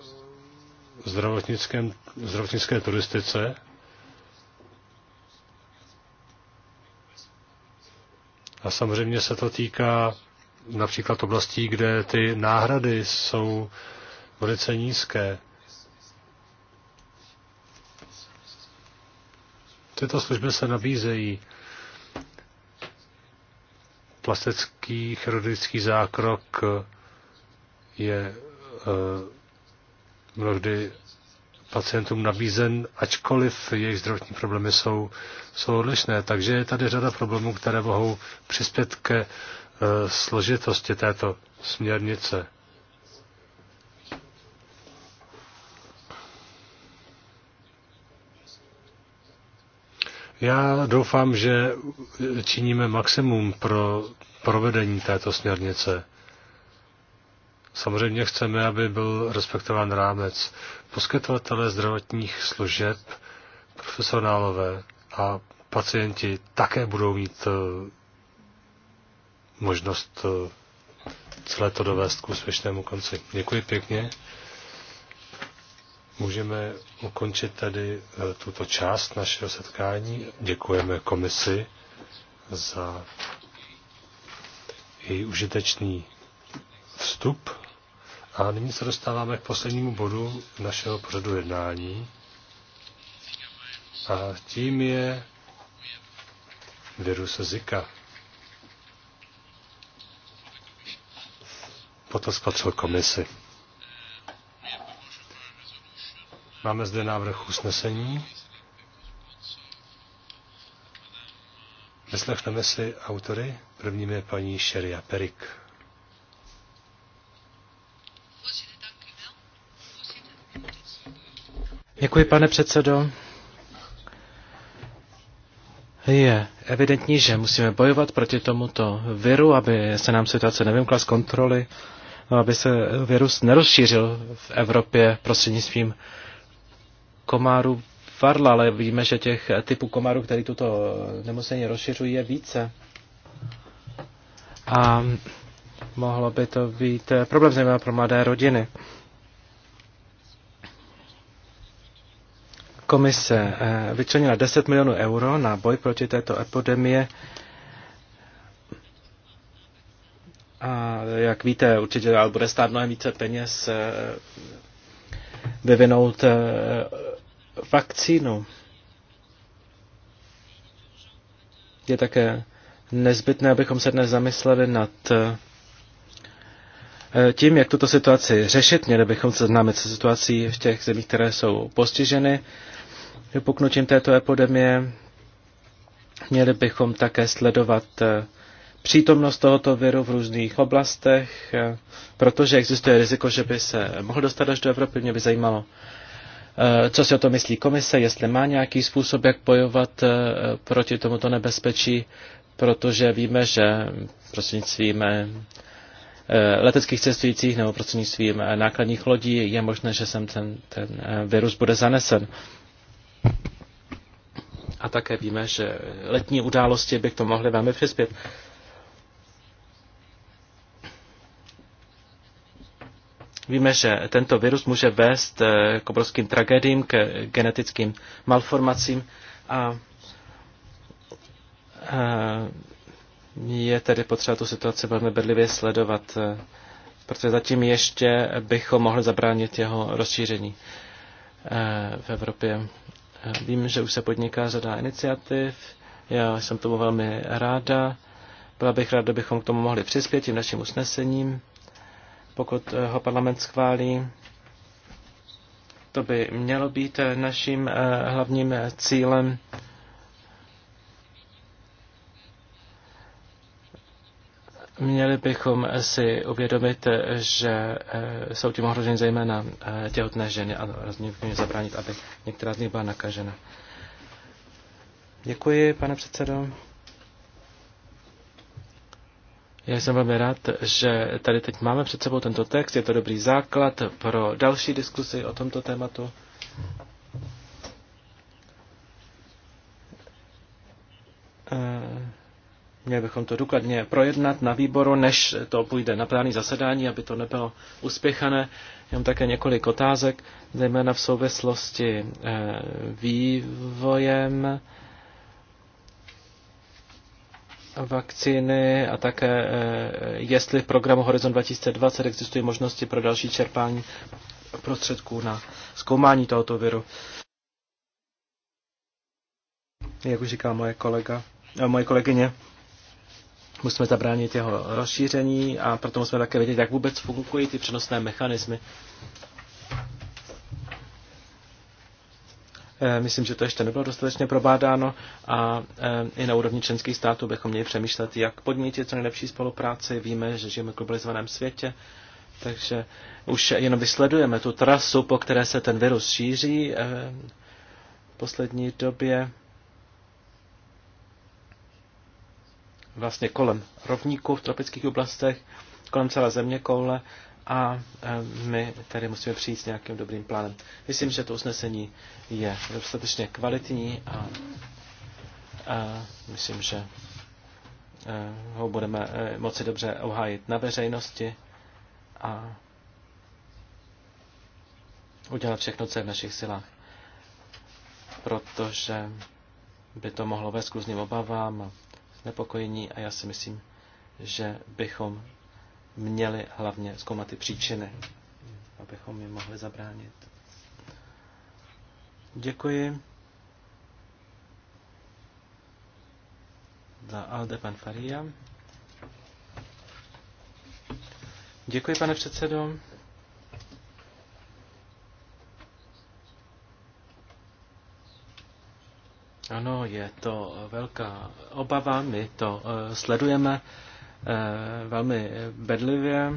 Speaker 1: zdravotnickém, zdravotnické turistice. A samozřejmě se to týká například oblastí, kde ty náhrady jsou velice nízké. Tyto služby se nabízejí plastický chirurgický zákrok je eh, mnohdy pacientům nabízen, ačkoliv jejich zdravotní problémy jsou, jsou odlišné. Takže je tady řada problémů, které mohou přispět ke eh, složitosti této směrnice. Já doufám, že činíme maximum pro provedení této směrnice. Samozřejmě chceme, aby byl respektován rámec. Poskytovatelé zdravotních služeb, profesionálové a pacienti také budou mít eh, možnost eh, celé to dovést k úspěšnému konci. Děkuji pěkně. Můžeme ukončit tady eh, tuto část našeho setkání. Děkujeme komisi za její užitečný vstup. A nyní se dostáváme k poslednímu bodu našeho pořadu jednání. A tím je virus Zika. Potom spatřil komisi. Máme zde návrh usnesení. Vyslechneme si autory. Prvním je paní Šeria Perik.
Speaker 3: Děkuji, pane předsedo. Je evidentní, že musíme bojovat proti tomuto viru, aby se nám situace nevymkla z kontroly, aby se virus nerozšířil v Evropě prostřednictvím Komáru varla, ale víme, že těch typů komáru, který tuto nemocení rozšiřují, je více. A mohlo by to být problém zejména pro mladé rodiny. Komise eh, vyčlenila 10 milionů euro na boj proti této epidemie. A jak víte, určitě bude stát mnohem více peněz eh, vyvinout eh, vakcínu. Je také nezbytné, abychom se dnes zamysleli nad eh, tím, jak tuto situaci řešit. Měli bychom se známit se situací v těch zemích, které jsou postiženy vypuknutím této epidemie. Měli bychom také sledovat eh, přítomnost tohoto viru v různých oblastech, eh, protože existuje riziko, že by se mohl dostat až do Evropy. Mě by zajímalo, Eh, co si o to myslí komise, jestli má nějaký způsob, jak bojovat eh, proti tomuto nebezpečí, protože víme, že prostřednictvím eh, leteckých cestujících nebo prostřednictvím nákladních lodí je možné, že sem ten, ten virus bude zanesen. A také víme, že letní události by k tomu mohly velmi přispět. Víme, že tento virus může vést eh, k obrovským tragédiím, k genetickým malformacím a eh, je tedy potřeba tu situaci velmi bedlivě sledovat, eh, protože zatím ještě bychom mohli zabránit jeho rozšíření v Evropě. Vím, že už se podniká řada iniciativ, já jsem tomu velmi ráda. Byla bych ráda, bychom k tomu mohli přispět tím naším usnesením pokud eh, ho parlament schválí. To by mělo být eh, naším eh, hlavním cílem. Měli bychom si uvědomit, že jsou tím ohroženy zejména těhotné ženy a rozhodně bychom zabránit, aby některá z nich byla nakažena. Děkuji, pane předsedo. Já jsem velmi rád, že tady teď máme před sebou tento text. Je to dobrý základ pro další diskusy o tomto tématu. Eh, měli bychom to důkladně projednat na výboru, než to půjde na plánní zasedání, aby to nebylo uspěchané. Mám také několik otázek, zejména v souvislosti eh, vývojem vakcíny a také, eh, jestli v programu Horizon 2020 existují možnosti pro další čerpání prostředků na zkoumání tohoto viru. Jak už říká moje kolega, eh, moje kolegyně, musíme zabránit jeho rozšíření a proto musíme také vědět, jak vůbec fungují ty přenosné mechanismy Eh, myslím, že to ještě nebylo dostatečně probádáno a eh, i na úrovni členských států bychom měli přemýšlet, jak podnítit co nejlepší spolupráci. Víme, že žijeme v globalizovaném světě, takže už jenom vysledujeme tu trasu, po které se ten virus šíří eh, v poslední době. Vlastně kolem rovníků v tropických oblastech, kolem celé země koule a e, my tady musíme přijít s nějakým dobrým plánem. Myslím, že to usnesení je dostatečně kvalitní a, a myslím, že e, ho budeme e, moci dobře ohájit na veřejnosti a udělat všechno, co je v našich silách. Protože by to mohlo vést k různým obavám a znepokojení a já si myslím, že bychom měli hlavně zkoumat ty příčiny, abychom je mohli zabránit. Děkuji. Za Alde pan Faria. Děkuji, pane předsedo. Ano, je to velká obava, my to uh, sledujeme. Eh, velmi bedlivě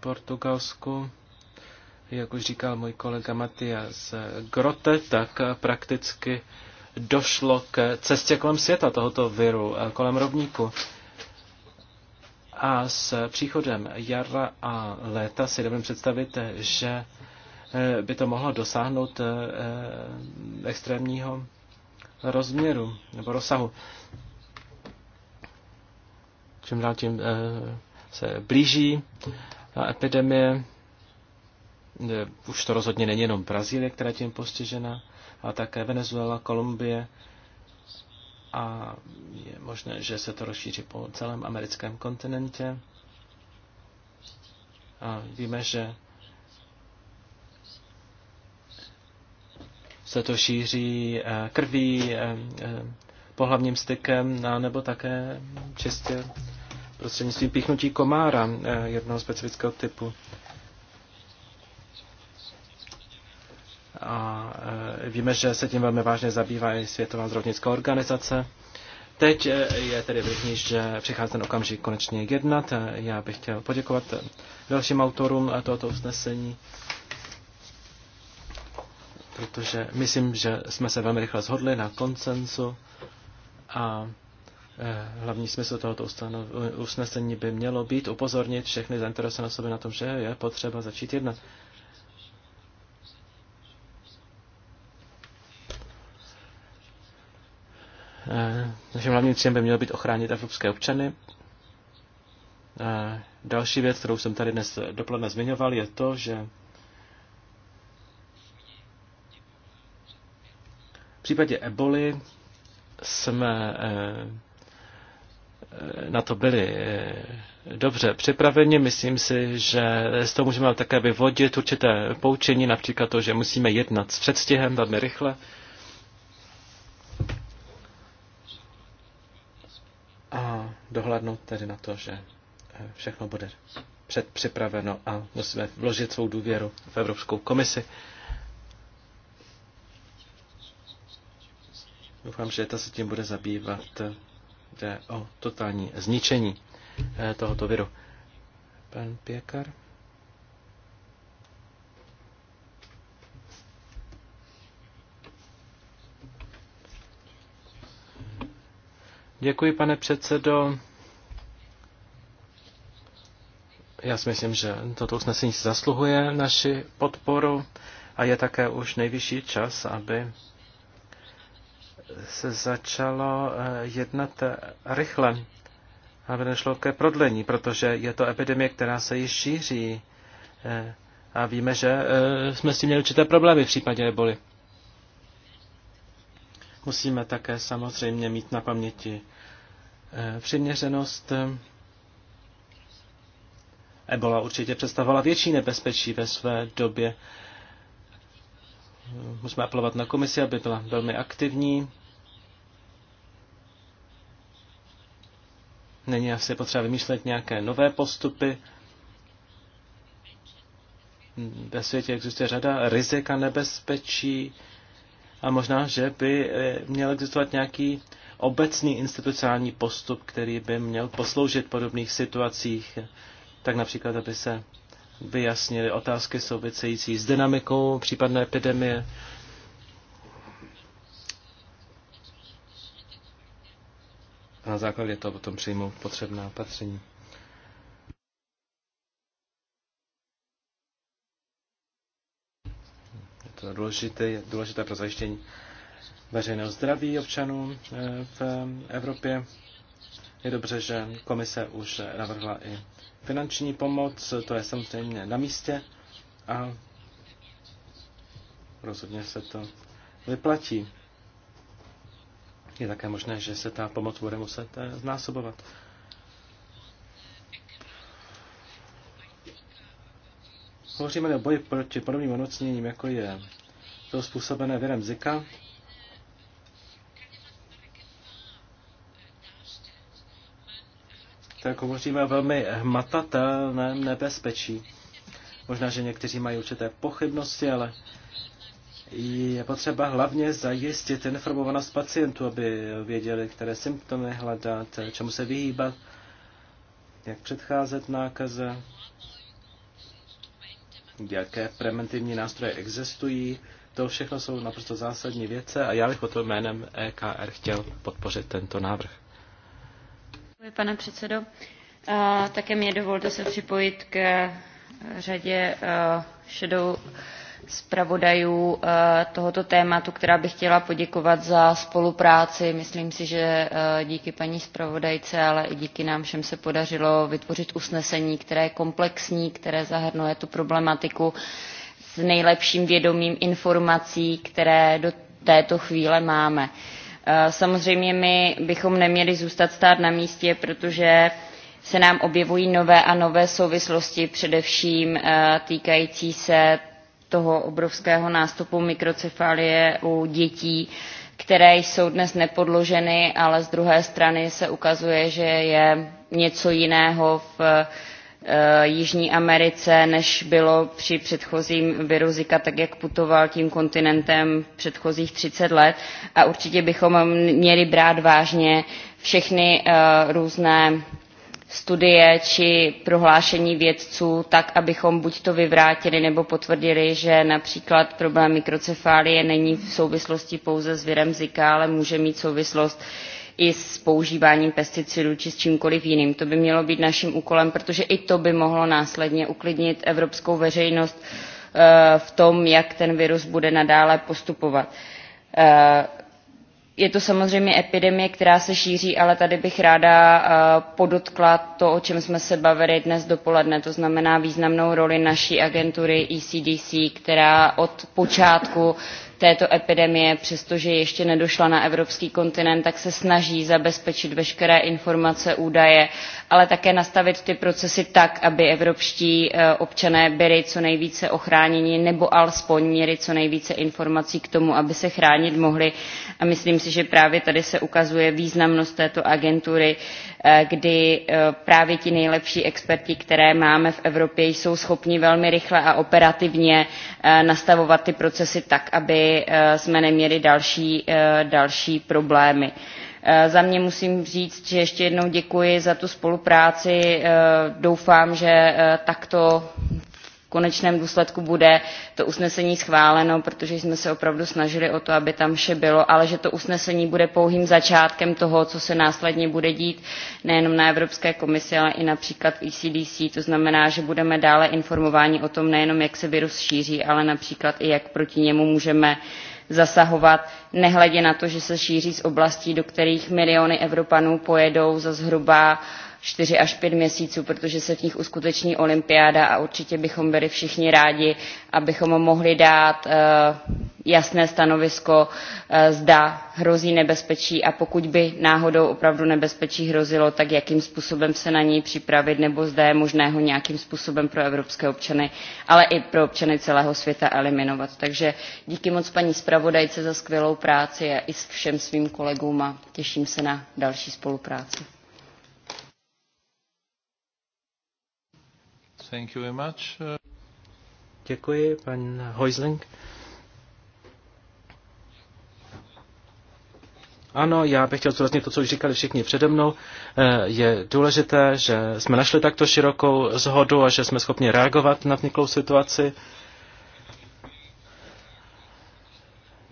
Speaker 3: Portugalsku. Jak už říkal můj kolega Matias Grote, tak prakticky došlo k cestě kolem světa tohoto viru, eh, kolem rovníku. A s příchodem jara a léta si dovedeme představit, že eh, by to mohlo dosáhnout extrémního rozměru nebo rozsahu čím dál tím eh, se blíží ta epidemie. Už to rozhodně není jenom Brazílie, která je tím postižena, ale také Venezuela, Kolumbie a je možné, že se to rozšíří po celém americkém kontinentě. A víme, že se to šíří eh, krví, eh, pohlavním stykem, nebo také čistě prostřednictvím píchnutí komára eh, jednoho specifického typu. A eh, víme, že se tím velmi vážně zabývá i Světová zdravotnická organizace. Teď eh, je tedy vlivní, že přichází ten okamžik konečně jednat. Já bych chtěl poděkovat dalším autorům tohoto usnesení, protože myslím, že jsme se velmi rychle shodli na koncensu a Eh, hlavní smysl tohoto usnesení by mělo být upozornit všechny zainteresované osoby na tom, že je potřeba začít jednat. Eh, naším hlavním cílem by mělo být ochránit evropské občany. Eh, další věc, kterou jsem tady dnes dopoledne zmiňoval, je to, že v případě eboli jsme na to byli eh, dobře připraveni. Myslím si, že z toho můžeme také vyvodit určité poučení, například to, že musíme jednat s předstihem velmi rychle. A dohlednout tedy na to, že eh, všechno bude předpřipraveno a musíme vložit svou důvěru v Evropskou komisi. Doufám, že ta se tím bude zabývat eh, jde o totální zničení eh, tohoto viru. Pan Pěkar. Děkuji, pane předsedo. Já si myslím, že toto usnesení zasluhuje naši podporu a je také už nejvyšší čas, aby se začalo eh, jednat eh, rychle, aby nešlo ke prodlení, protože je to epidemie, která se již šíří eh, a víme, že jsme s tím měli určité problémy v případě eboli. Musíme také samozřejmě mít na paměti přiměřenost. Ebola určitě představovala větší nebezpečí ve své době. Musíme apelovat na komisi, aby byla velmi aktivní Není asi potřeba vymýšlet nějaké nové postupy. Ve světě existuje řada rizika nebezpečí a možná, že by eh, měl existovat nějaký obecný institucionální postup, který by měl posloužit v podobných situacích, tak například, aby se vyjasnily otázky související s dynamikou případné epidemie na základě toho potom přijmout potřebná opatření. Je to důležité, je důležité pro zajištění veřejného zdraví občanů eh, v Evropě. Je dobře, že komise už navrhla i finanční pomoc, to je samozřejmě na místě a rozhodně se to vyplatí. Je také možné, že se ta pomoc bude muset eh, znásobovat. Hovoříme o boji proti podobným onocněním, jako je to způsobené virem Zika. Tak hovoříme o velmi hmatatelném nebezpečí. Možná, že někteří mají určité pochybnosti, ale je potřeba hlavně zajistit informovanost pacientů, aby věděli, které symptomy hledat, čemu se vyhýbat, jak předcházet nákaze, jaké preventivní nástroje existují. To všechno jsou naprosto zásadní věce a já bych potom jménem EKR chtěl podpořit tento návrh.
Speaker 4: Děkuji, pane předsedo. Také mě dovolte se připojit k eh, řadě eh, šedou zpravodajů eh, tohoto tématu, která bych chtěla poděkovat za spolupráci. Myslím si, že eh, díky paní zpravodajce, ale i díky nám všem se podařilo vytvořit usnesení, které je komplexní, které zahrnuje tu problematiku s nejlepším vědomím informací, které do této chvíle máme. Eh, samozřejmě my bychom neměli zůstat stát na místě, protože se nám objevují nové a nové souvislosti, především týkající se toho obrovského nástupu mikrocefalie u dětí které jsou dnes nepodloženy ale z druhé strany se ukazuje že je něco jiného v eh, jižní americe než bylo při předchozím viru zika tak jak putoval tím kontinentem předchozích třicet let a určitě bychom měli brát vážně všechny eh, různé studie či prohlášení vědců tak abychom buď to vyvrátili nebo potvrdili že například problém mikrocefálie není v souvislosti pouze s virem zika ale může mít souvislost i s používáním pesticidů či s čímkoliv jiným. to by mělo být naším úkolem protože i to by mohlo následně uklidnit evropskou veřejnost eh, v tom jak ten virus bude nadále postupovat eh, je to samozřejmě epidemie která se šíří ale tady bych ráda eh, podotkla to o čem jsme se bavili dnes dopoledne to znamená významnou roli naší agentury ecdc která od počátku této epidemie přestože ještě nedošla na evropský kontinent tak se snaží zabezpečit veškeré informace údaje ale také nastavit ty procesy tak aby evropští eh, občané byli co nejvíce ochráněni nebo alespoň měli co nejvíce informací k tomu aby se chránit mohli a myslím si že právě tady se ukazuje významnost této agentury eh, kdy eh, právě ti nejlepší experti které máme v evropě jsou schopni velmi rychle a operativně nastavovat ty procesy tak abychom neměli další, další problémy. Eh, za mě musím říct že ještě jednou děkuji za tu spolupráci eh, doufám že eh, takto v konečném důsledku bude to usnesení schváleno protože jsme se opravdu snažili o to aby tam vše bylo ale že to usnesení bude pouhým začátkem toho co se následně bude dít nejenom na evropské komisi ale i například v ecdc to znamená že budeme dále informováni o tom nejenom jak se virus šíří ale například i jak proti němu můžeme zasahovat, nehledě na to, že se šíří z oblastí, do kterých miliony Evropanů pojedou za zhruba čtyři až pět měsíců protože se v nich uskuteční olympiáda a určitě bychom byli všichni rádi abychom mohli dát eh, jasné stanovisko eh, zda hrozí nebezpečí a pokud by náhodou opravdu nebezpečí hrozilo tak jakým způsobem se na něj připravit nebo zda je možné ho nějakým způsobem pro evropské občany ale i pro občany celého světa eliminovat. takže díky moc paní zpravodajce za skvělou práci a i všem svým kolegům a těším se na další spolupráci.
Speaker 3: Thank you very much. Děkuji, pan Heusling. Ano, já bych chtěl zdůraznit to, co už říkali všichni přede mnou. Eh, je důležité, že jsme našli takto širokou zhodu a že jsme schopni reagovat na vzniklou situaci.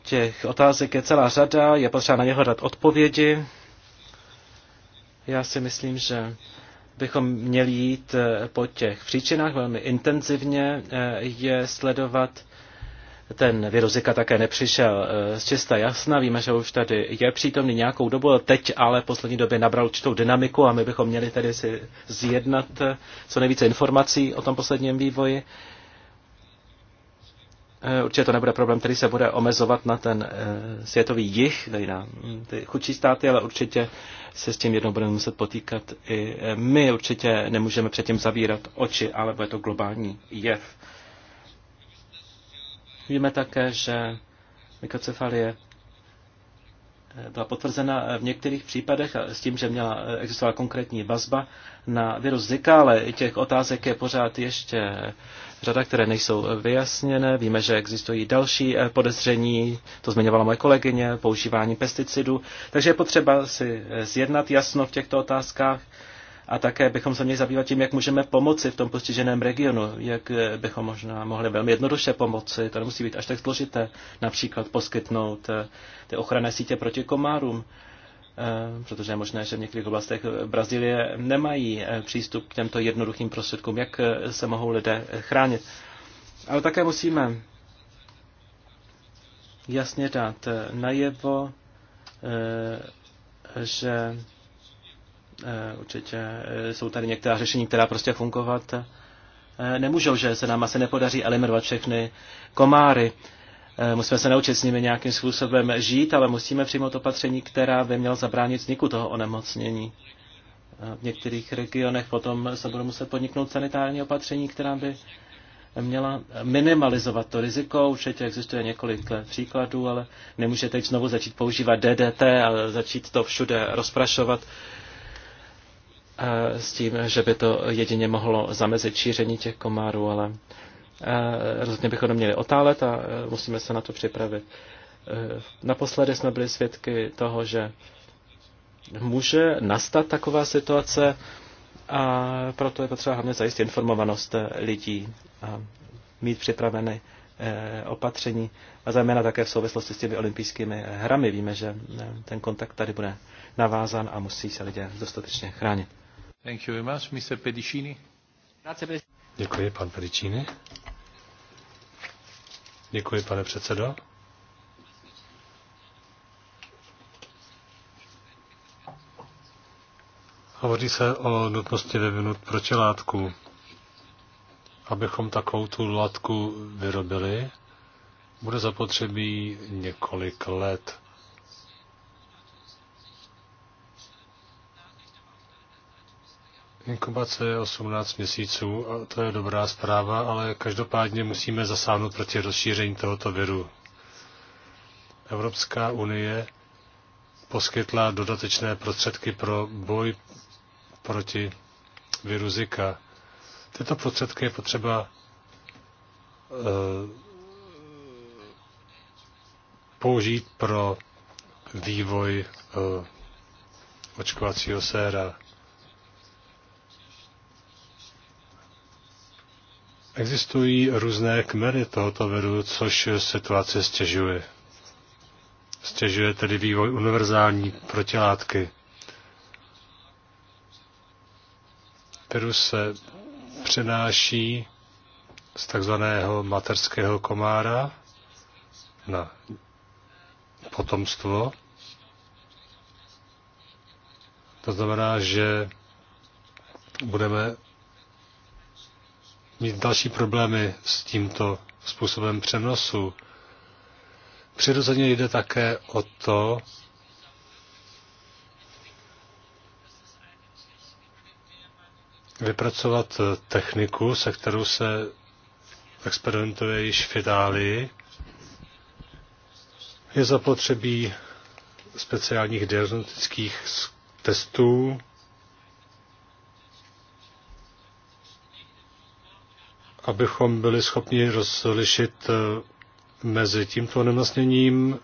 Speaker 3: Těch otázek je celá řada, je potřeba na něho dát odpovědi. Já si myslím, že bychom měli jít eh, po těch příčinách velmi intenzivně, eh, je sledovat. Ten virus také nepřišel eh, z čista jasna, víme, že už tady je přítomný nějakou dobu, teď ale v poslední době nabral určitou dynamiku a my bychom měli tedy si zjednat co nejvíce informací o tom posledním vývoji. Eh, určitě to nebude problém, který se bude omezovat na ten eh, světový jih, tedy na mm, ty chudší státy, ale určitě se s tím jednou budeme muset potýkat i eh, my. Určitě nemůžeme předtím zavírat oči, ale bude to globální jev. Víme také, že mikrocefalie byla potvrzena v některých případech s tím, že měla existovala konkrétní vazba na virus Zika, ale i těch otázek je pořád ještě řada, které nejsou vyjasněné. Víme, že existují další eh, podezření, to zmiňovala moje kolegyně, používání pesticidů. Takže je potřeba si eh, zjednat jasno v těchto otázkách a také bychom se měli zabývat tím, jak můžeme pomoci v tom postiženém regionu, jak eh, bychom možná mohli velmi jednoduše pomoci, to nemusí být až tak složité, například poskytnout ty ochranné sítě proti komárům, Eh, protože je možné, že v některých oblastech Brazílie nemají eh, přístup k těmto jednoduchým prostředkům, jak eh, se mohou lidé chránit. Ale také musíme jasně dát najevo, že určitě jsou tady některá řešení, která prostě fungovat nemůžou, že se nám asi nepodaří eliminovat všechny komáry. Eh, musíme se naučit s nimi nějakým způsobem žít, ale musíme přijmout opatření, která by měla zabránit vzniku toho onemocnění. Eh, v některých regionech potom se budou muset podniknout sanitární opatření, která by měla minimalizovat to riziko. Určitě existuje několik eh, příkladů, ale nemůže teď znovu začít používat DDT a začít to všude rozprašovat s tím, že by to jedině mohlo zamezit šíření těch komárů, ale Eh, rozhodně bychom neměli otálet a eh, musíme se na to připravit. Eh, naposledy jsme byli svědky toho, že může nastat taková situace a proto je potřeba hlavně zajistit informovanost lidí a mít připraveny opatření a zejména také v souvislosti s těmi olympijskými hrami. Víme, že ten kontakt tady bude navázan a musí se lidé dostatečně chránit. Thank
Speaker 1: you very much, Mr. Pedicini. Děkuji, pan Pedicini. Děkuji, pane předsedo. Hovoří se o nutnosti vyvinout protilátku. Abychom takovou tu látku vyrobili, bude zapotřebí několik let. Inkubace je 18 měsíců, a to je dobrá zpráva, ale každopádně musíme zasáhnout proti rozšíření tohoto viru. Evropská unie poskytla dodatečné prostředky pro boj proti viru Zika. Tyto prostředky je potřeba e, použít pro vývoj e, očkovacího séra. Existují různé kmery tohoto viru, což situace stěžuje. Stěžuje tedy vývoj univerzální protilátky. Virus se přenáší z takzvaného materského komára na potomstvo. To znamená, že budeme mít další problémy s tímto způsobem přenosu. Přirozeně jde také o to, vypracovat techniku, se kterou se experimentuje již v Itálii. Je zapotřebí speciálních diagnostických testů, abychom byli schopni rozlišit eh, mezi tímto onemocněním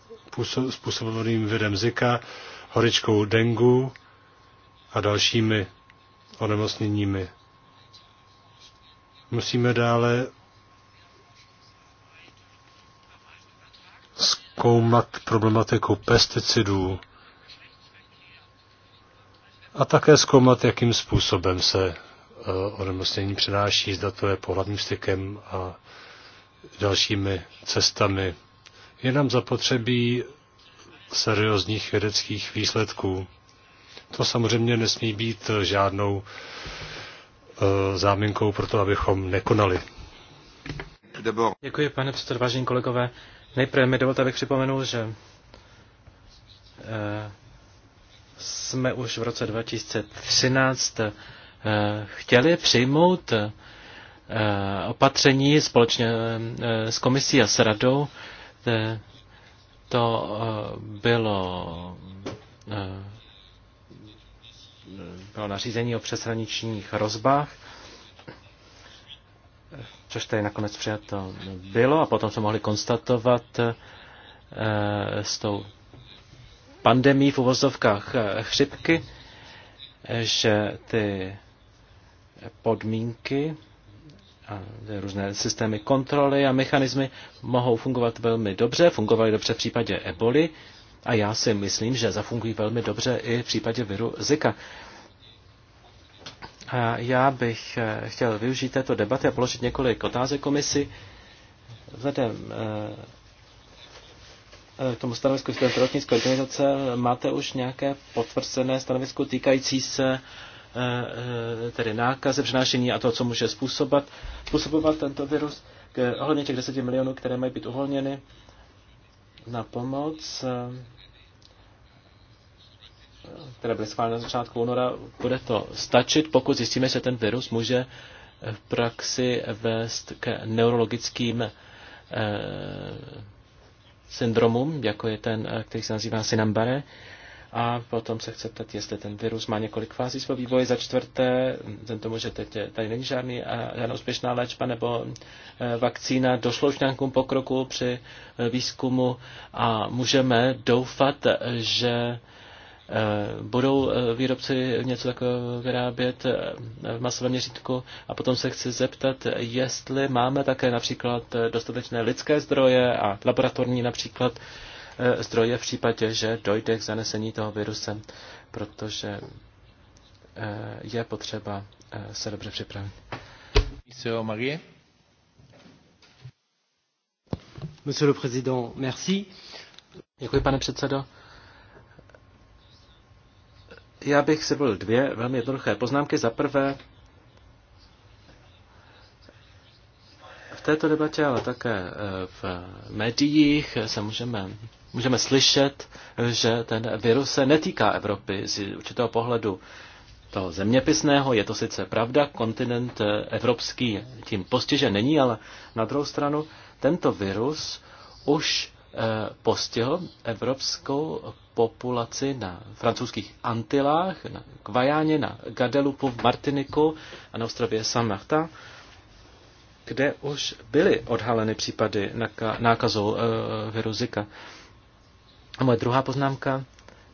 Speaker 1: způsobovaným virem Zika, horičkou dengu a dalšími onemocněními. Musíme dále zkoumat problematiku pesticidů a také zkoumat, jakým způsobem se Eh, onemocnění přenáší, zda to je pohlavním stykem a dalšími cestami. Je nám zapotřebí seriózních vědeckých výsledků. To samozřejmě nesmí být žádnou eh, záminkou pro to, abychom nekonali.
Speaker 3: Děkuji, pane předsedo, vážení kolegové. Nejprve mi dovolte, abych připomenul, že eh, jsme už v roce 2013 chtěli přijmout eh, opatření společně eh, s komisí a s radou. Eh, to bylo, bylo nařízení o přeshraničních rozbách, což tady nakonec přijato bylo a potom se mohli konstatovat s tou pandemí v uvozovkách chřipky, že ty podmínky a různé systémy kontroly a mechanismy mohou fungovat velmi dobře, fungovaly dobře v případě eboli a já si myslím, že zafungují velmi dobře i v případě viru Zika. A já bych eh, chtěl využít této debaty a položit několik otázek komisi vzhledem eh, eh, k tomu stanovisku zdravotnické organizace máte už nějaké potvrzené stanovisko týkající se Eh, eh, tedy nákaze, přenášení a to, co může způsobat, způsobovat tento virus. K, ohledně těch 10 milionů, které mají být uvolněny na pomoc, eh, které byly schváleny na začátku února, bude to stačit, pokud zjistíme, že ten virus může v praxi vést k neurologickým syndromům, jako je ten, který se nazývá Sinambare. A potom se chce ptat, jestli ten virus má několik fází svého vývoje. Za čtvrté, ten tomu, že teď tady není žádný, žádná úspěšná léčba nebo e, vakcína, došlo už nějakému pokroku při e, výzkumu a můžeme doufat, že e, budou výrobci něco takového vyrábět v masovém měřítku a potom se chci zeptat, jestli máme také například dostatečné lidské zdroje a laboratorní například Eh, zdroje v případě, že dojde k zanesení toho viruse, protože eh, je potřeba eh, se dobře připravit. Marie. Monsieur le Président, merci. Děkuji, pane předsedo. Já bych si byl dvě velmi jednoduché poznámky. Za prvé, v této debatě, ale také v médiích se můžeme můžeme slyšet, že ten virus se netýká Evropy z určitého pohledu toho zeměpisného. Je to sice pravda, kontinent evropský tím postižen není, ale na druhou stranu tento virus už eh, postihl evropskou populaci na francouzských Antilách, na Kvajáně, na Gadelupu, v Martiniku a na ostrově San Marta, kde už byly odhaleny případy nákazou eh, viru Zika. A moje druhá poznámka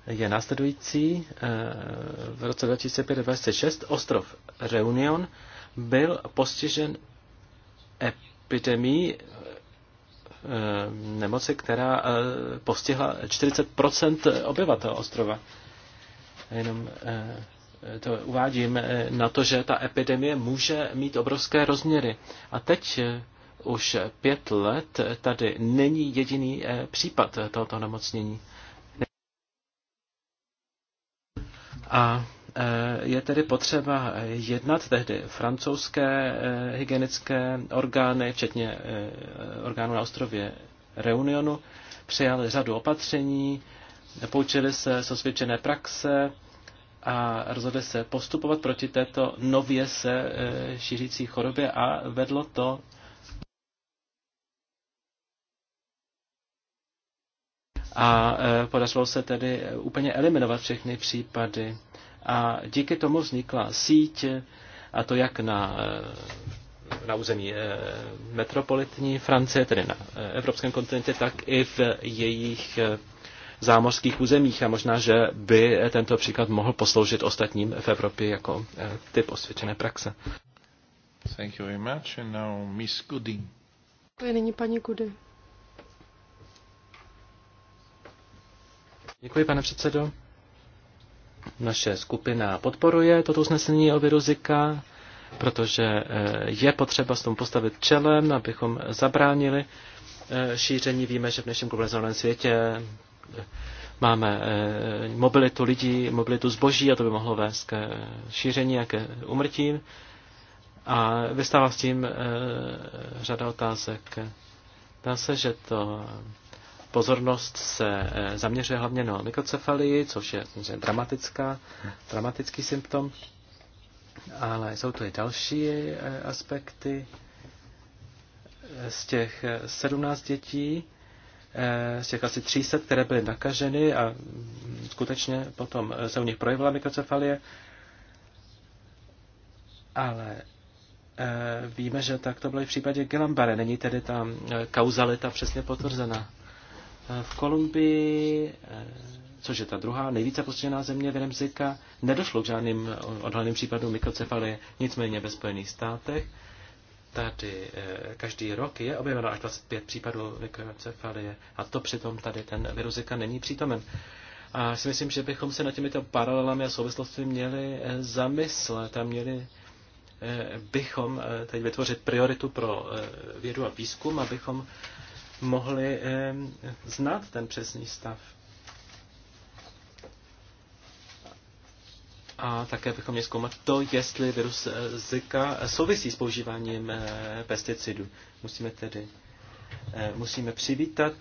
Speaker 3: je následující. E, v roce 2005-2006 ostrov Reunion byl postižen epidemii e, nemoci, která e, postihla 40 obyvatel ostrova. Jenom to uvádím na to, že ta epidemie může mít obrovské rozměry. A teď už pět let tady není jediný eh, případ tohoto nemocnění. A eh, je tedy potřeba jednat tehdy francouzské eh, hygienické orgány, včetně orgánů na ostrově Reunionu, přijali řadu opatření, poučili se s osvědčené praxe a rozhodli se postupovat proti této nově se šířící chorobě a vedlo to a e, podařilo se tedy e, úplně eliminovat všechny případy. A díky tomu vznikla síť, a to jak na, e, na území metropolitní Francie, tedy na evropském kontinentě, tak i v jejich zámořských územích. A možná, že by tento příklad mohl posloužit ostatním v Evropě jako typ osvědčené praxe.
Speaker 2: Thank you very much. And
Speaker 3: now Miss Gooding.
Speaker 2: Nyní paní Gooding.
Speaker 3: Děkuji, pane předsedo. Naše skupina podporuje toto usnesení o viru Zika, protože eh, je potřeba s tom postavit čelem, abychom zabránili eh, šíření. Víme, že v dnešním globalizovaném světě eh, máme mobilitu lidí, mobilitu zboží a to by mohlo vést ke šíření a ke umrtím. A vystává s tím řada otázek. Dá se, že to pozornost se eh, zaměřuje hlavně na mikrocefalii, což je samozřejmě dramatická, dramatický symptom, ale jsou tu i další eh, aspekty. Eh, z těch 17 dětí, z těch asi 300, které byly nakaženy a mm, skutečně potom se u nich projevila mikrocefalie, ale víme, že tak to bylo i v případě Gelambare Není tedy ta kauzalita přesně potvrzená v Kolumbii, eh, což je ta druhá nejvíce postižená země virem Zika, nedošlo k žádným odhaleným případům mikrocefalie, nicméně ve Spojených státech. Tady eh, každý rok je objeveno až 25 případů mikrocefalie a to přitom tady ten virus Zika není přítomen. A já si myslím, že bychom se nad těmito paralelami a souvislostmi měli eh, zamyslet a měli bychom teď vytvořit prioritu pro vědu a výzkum, abychom mohli eh, znát ten přesný stav. A také bychom měli zkoumat to, jestli virus eh, Zika souvisí s používáním eh, pesticidů. Musíme tedy musíme přivítat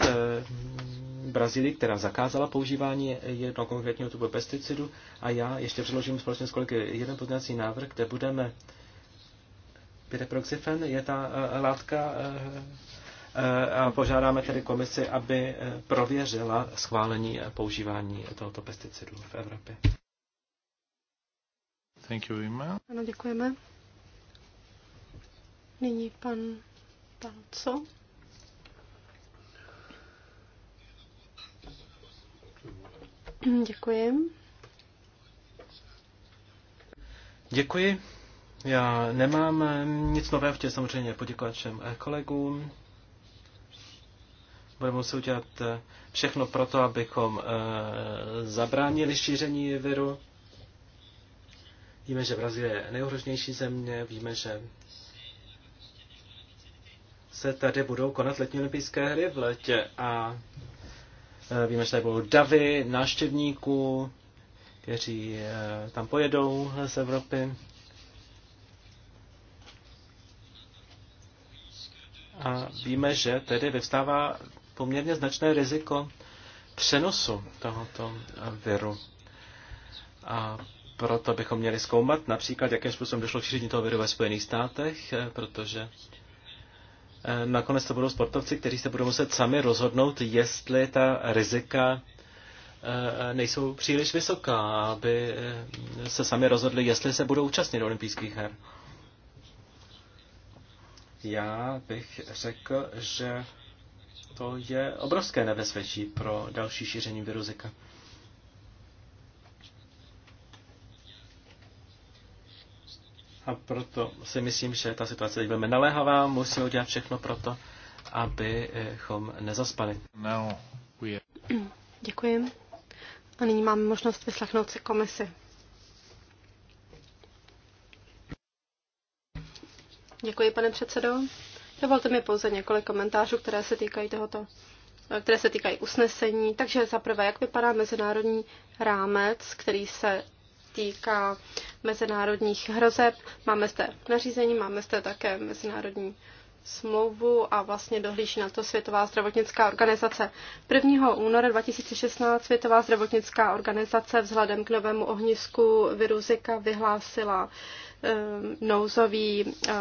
Speaker 3: Brazílii, která zakázala používání jednoho konkrétního typu pesticidu. A já ještě předložím společně s kolegy jeden pozměňovací návrh, kde budeme Pyreproxifen je ta látka, Eh, a požádáme tedy komisi, aby eh, prověřila schválení používání tohoto pesticidu v Evropě.
Speaker 1: Thank you, Ima.
Speaker 2: Ano, děkujeme. Nyní pan Palco. Děkuji.
Speaker 3: Děkuji. Já nemám eh, nic nového, chtěl samozřejmě poděkovat všem kolegům budeme muset udělat eh, všechno pro to, abychom eh, zabránili šíření viru. Víme, že Brazílie je nejohrožnější země, víme, že se tady budou konat letní olympijské hry v letě a eh, víme, že tady budou davy návštěvníků, kteří tam pojedou z Evropy. A víme, že tedy vyvstává poměrně značné riziko přenosu tohoto viru. A proto bychom měli zkoumat například, jakým způsobem došlo k šíření toho viru ve Spojených státech, eh, protože eh, nakonec to budou sportovci, kteří se budou muset sami rozhodnout, jestli ta rizika eh, nejsou příliš vysoká, aby se sami rozhodli, jestli se budou účastnit olympijských her. Já bych řekl, že to je obrovské nebezpečí pro další šíření viru Zika. A proto si myslím, že ta situace je velmi naléhavá, musíme udělat všechno to, abychom nezaspali. No,
Speaker 2: Děkuji. A nyní máme možnost vyslechnout si komisi. Děkuji, pane předsedo. Dovolte mi pouze několik komentářů, které se týkají tohoto které se týkají usnesení. Takže za prvé, jak vypadá mezinárodní rámec, který se týká mezinárodních hrozeb. Máme zde nařízení, máme zde také mezinárodní smlouvu a vlastně dohlíží na to Světová zdravotnická organizace. 1. února 2016 Světová zdravotnická organizace vzhledem k novému ohnisku viru Zika vyhlásila Eh, nouzový, eh,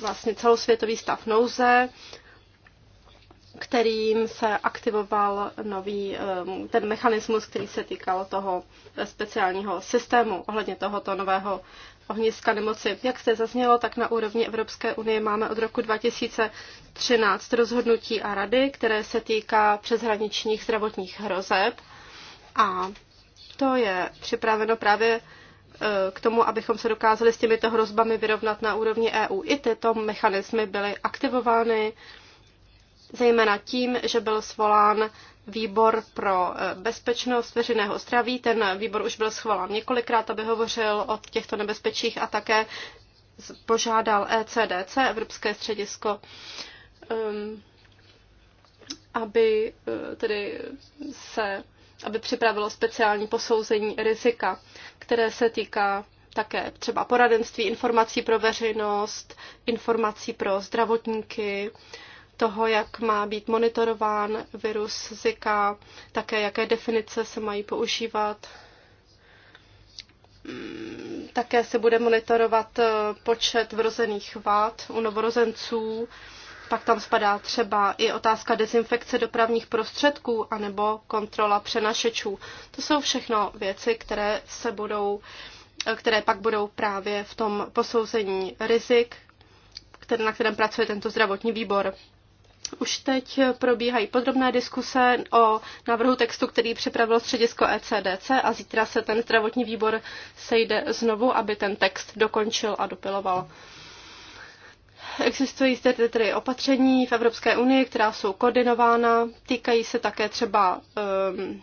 Speaker 2: vlastně celosvětový stav nouze, kterým se aktivoval nový eh, ten mechanismus, který se týkal toho speciálního systému ohledně tohoto nového ohniska nemoci. Jak se zaznělo, tak na úrovni Evropské unie máme od roku 2013 rozhodnutí a rady, které se týká přeshraničních zdravotních hrozeb. A to je připraveno právě k tomu, abychom se dokázali s těmito hrozbami vyrovnat na úrovni EU. I tyto mechanismy byly aktivovány, zejména tím, že byl svolán výbor pro eh, bezpečnost veřejného zdraví. Ten výbor už byl schválen několikrát, aby hovořil o těchto nebezpečích a také požádal ECDC, Evropské středisko, ehm, aby eh, tedy se aby připravilo speciální posouzení rizika, které se týká také třeba poradenství, informací pro veřejnost, informací pro zdravotníky, toho, jak má být monitorován virus Zika, také jaké definice se mají používat. Mm, také se bude monitorovat eh, počet vrozených vád u novorozenců, pak tam spadá třeba i otázka dezinfekce dopravních prostředků anebo kontrola přenašečů. To jsou všechno věci, které se budou, které pak budou právě v tom posouzení rizik, které, na kterém pracuje tento zdravotní výbor. Už teď probíhají podrobné diskuse o návrhu textu, který připravilo středisko ECDC a zítra se ten zdravotní výbor sejde znovu, aby ten text dokončil a dopiloval. Hmm. Existují zde tedy opatření v Evropské unii, která jsou koordinována, týkají se také třeba um,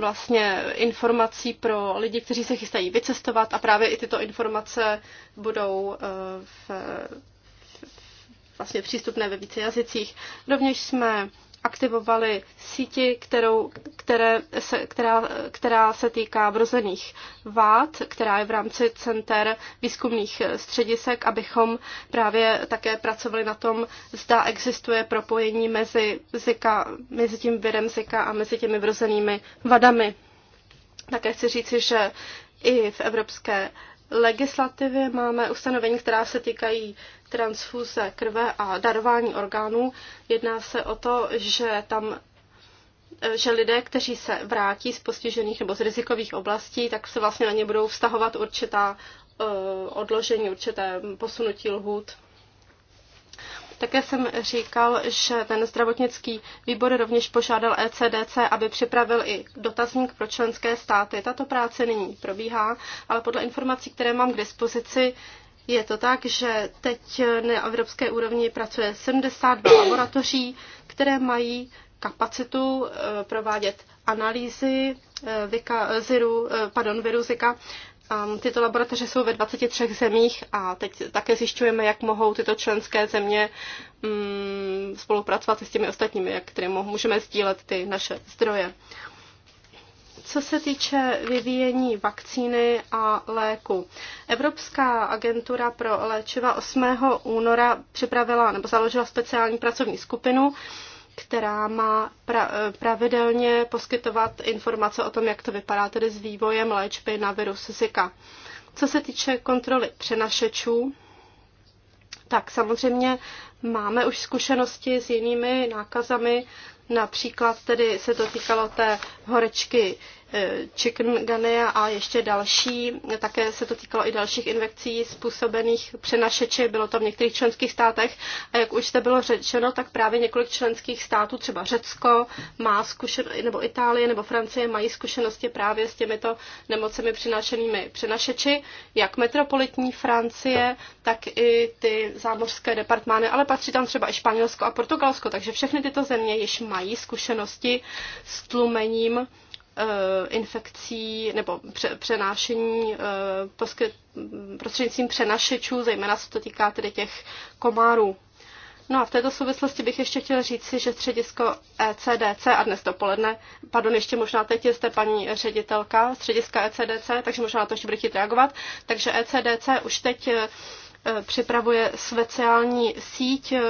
Speaker 2: vlastně informací pro lidi, kteří se chystají vycestovat a právě i tyto informace budou eh, v, vlastně přístupné ve více jazycích. Rovněž jsme aktivovali síti, kterou, které se, která, která se týká vrozených vád, která je v rámci center výzkumných středisek, abychom právě také pracovali na tom, zda existuje propojení mezi, Zika, mezi tím virem Zika a mezi těmi vrozenými vadami. Také chci říci, že i v Evropské legislativy máme ustanovení, která se týkají transfuze krve a darování orgánů. Jedná se o to, že tam že lidé, kteří se vrátí z postižených nebo z rizikových oblastí, tak se vlastně na ně budou vztahovat určitá eh, odložení, určité posunutí lhůt. Také jsem říkal, že ten zdravotnický výbor rovněž požádal ECDC, aby připravil i dotazník pro členské státy. Tato práce nyní probíhá, ale podle informací, které mám k dispozici, je to tak, že teď na evropské úrovni pracuje 72 laboratoří, které mají kapacitu eh, provádět analýzy vika, eh, ziru, eh, pardon, viru Zika Um, tyto laboratoře jsou ve 23 zemích a teď také zjišťujeme, jak mohou tyto členské země um, spolupracovat s těmi ostatními, jak které můžeme sdílet ty naše zdroje. Co se týče vyvíjení vakcíny a léku, Evropská agentura pro léčiva 8. února připravila nebo založila speciální pracovní skupinu, která má pra, pravidelně poskytovat informace o tom, jak to vypadá tedy s vývojem léčby na virus Zika. Co se týče kontroly přenašečů, tak samozřejmě máme už zkušenosti s jinými nákazami, například tedy se to týkalo té horečky E, chicken gania a ještě další. Také se to týkalo i dalších infekcí způsobených přenašeči, bylo to v některých členských státech. A jak už jste bylo řečeno, tak právě několik členských států, třeba Řecko, má zkušenosti, nebo Itálie, nebo Francie, mají zkušenosti právě s těmito nemocemi přinášenými přenašeči, jak metropolitní Francie, tak i ty zámořské departmány, ale patří tam třeba i Španělsko a Portugalsko, takže všechny tyto země již mají zkušenosti s tlumením Eh, infekcí nebo přenášení eh, prostřednictvím přenašečů, zejména se to týká tedy těch komárů. No a v této souvislosti bych ještě chtěla si, že středisko ECDC a dnes dopoledne, pardon, ještě možná teď jste paní ředitelka střediska ECDC, takže možná na to ještě bude chtít reagovat. Takže ECDC už teď eh, připravuje speciální síť um,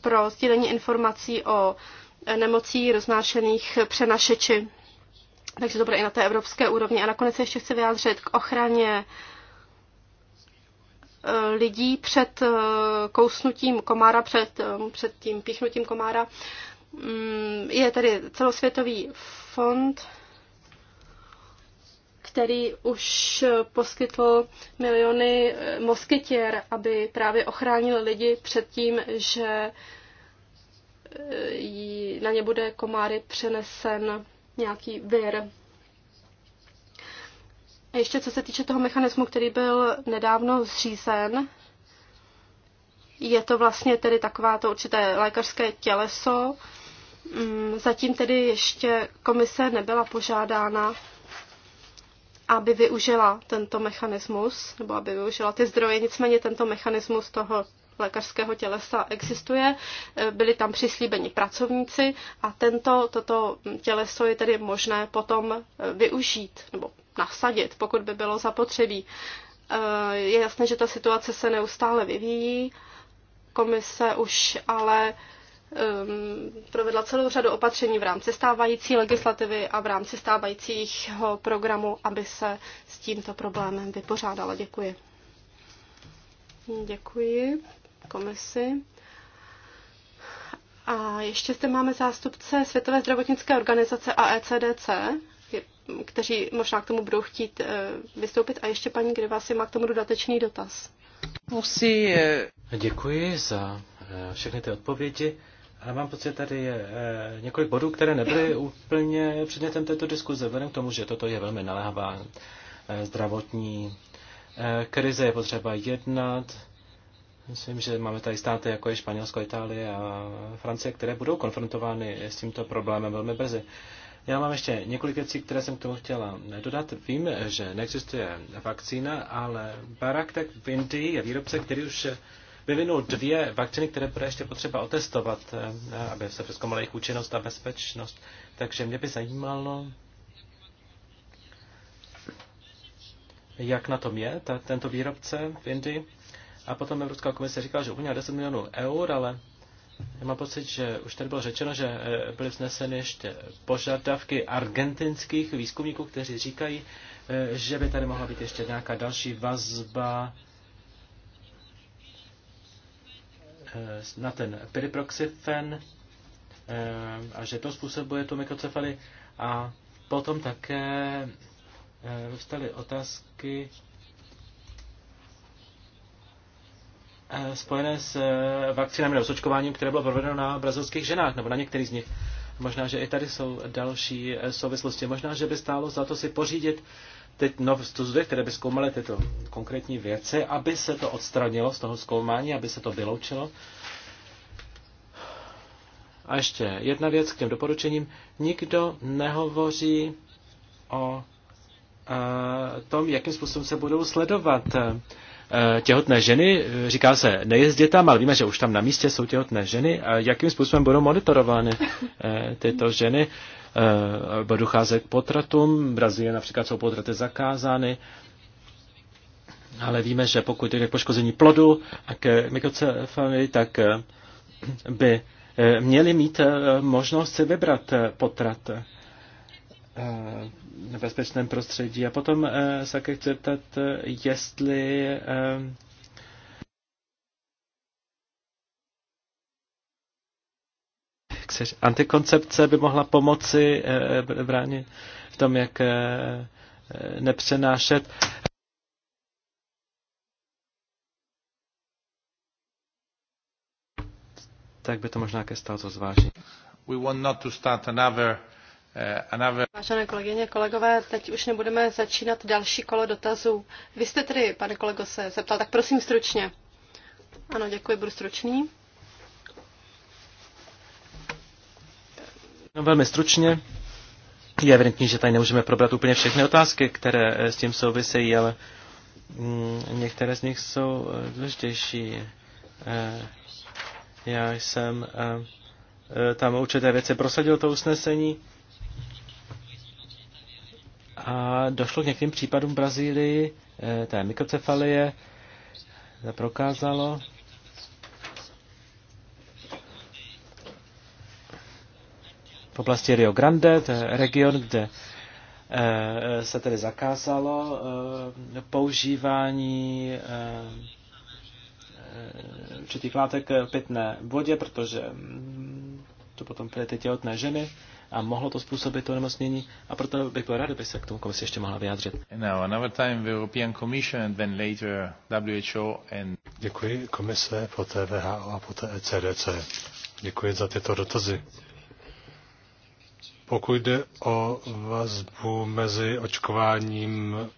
Speaker 2: pro sdílení informací o nemocí roznášených přenašeči. Takže to bude i na té evropské úrovni. A nakonec ještě chci vyjádřit k ochraně eh, lidí před eh, kousnutím komára, před, eh, před tím píchnutím komára. Mm, je tady celosvětový fond, který už poskytl miliony moskytěr, aby právě ochránil lidi před tím, že na ně bude komáry přenesen nějaký vir. A ještě co se týče toho mechanismu, který byl nedávno zřízen, je to vlastně tedy taková to určité lékařské těleso. Mm, zatím tedy ještě komise nebyla požádána, aby využila tento mechanismus, nebo aby využila ty zdroje, nicméně tento mechanismus toho lékařského tělesa existuje. Eh, Byli tam přislíbeni pracovníci a tento, toto těleso je tedy možné potom eh, využít nebo nasadit, pokud by bylo zapotřebí. Eh, je jasné, že ta situace se neustále vyvíjí. Komise už ale ehm, provedla celou řadu opatření v rámci stávající legislativy a v rámci stávajícího programu, aby se s tímto problémem vypořádala. Děkuji. Děkuji komisi. A ještě zde máme zástupce Světové zdravotnické organizace a ECDC, kteří možná k tomu budou chtít eh, vystoupit. A ještě paní Grivasi má k tomu dodatečný dotaz.
Speaker 3: Musí. Eh, Děkuji za eh, všechny ty odpovědi. Ale mám pocit, tady je několik bodů, které nebyly úplně předmětem této diskuze, vzhledem k tomu, že toto je velmi naléhavá zdravotní krize, je potřeba jednat Myslím, že máme tady státy, jako je Španělsko, Itálie a Francie, které budou konfrontovány s tímto problémem velmi brzy. Já mám ještě několik věcí, které jsem k tomu chtěla dodat. Vím, že neexistuje vakcína, ale Baraktek v Indii je výrobce, který už vyvinul dvě vakcíny, které bude ještě potřeba otestovat, eh, aby se přeskomala jejich účinnost a bezpečnost. Takže mě by zajímalo, jak na tom je ta, tento výrobce v Indii. A potom Evropská komise říkala, že uměla 10 milionů eur, ale já mám pocit, že už tady bylo řečeno, že eh, byly vzneseny ještě požadavky argentinských výzkumníků, kteří říkají, eh, že by tady mohla být ještě nějaká další vazba eh, na ten piriproxifen a že to způsobuje tu mikrocefaly. A potom také vstaly otázky Eh, spojené s eh, vakcinami nebo s očkováním, které bylo provedeno na brazilských ženách nebo na některých z nich. Možná, že i tady jsou další eh, souvislosti. Možná, že by stálo za to si pořídit teď nové studie, které by zkoumaly tyto konkrétní věci, aby se to odstranilo z toho zkoumání, aby se to vyloučilo. A ještě jedna věc k těm doporučením. Nikdo nehovoří o tom, jakým způsobem se budou sledovat Eh, těhotné ženy, eh, říká se nejezdě tam, ale víme, že už tam na místě jsou těhotné ženy a jakým způsobem budou monitorovány eh, tyto ženy, Budou docházet k potratům, v Brazílii například jsou potraty zakázány, ale víme, že pokud je poškození plodu a k mikrocefalii, tak by měli mít možnost si vybrat potrat nebezpečném prostředí. A potom eh, se také chci zeptat, eh, jestli eh, antikoncepce by mohla pomoci bránit v tom, jak nepřenášet. Tak by to možná ke stalo zvážit. We want not to start another Eh,
Speaker 2: Vážené kolegyně, kolegové, teď už nebudeme začínat další kolo dotazů. Vy jste tedy, pane kolego, se zeptal, tak prosím stručně. Ano, děkuji, budu stručný.
Speaker 3: No, velmi stručně. Je evidentní, že tady nemůžeme probrat úplně všechny otázky, které eh, s tím souvisejí, ale mm, některé z nich jsou eh, důležitější. Já jsem tam určité věci prosadil to usnesení a došlo k některým případům v Brazílii eh, té mikrocefalie, se prokázalo. V oblasti Rio Grande, to je region, kde eh, se tedy zakázalo eh, používání určitých látek v pitné vodě, protože mm, to potom byly ty těhotné ženy a mohlo to způsobit to onemocnění a proto bych byl rád, kdyby se k tomu komisi ještě mohla vyjádřit.
Speaker 1: Děkuji komise, poté VHO a poté ECDC. Děkuji za tyto dotazy. Pokud jde o vazbu mezi očkováním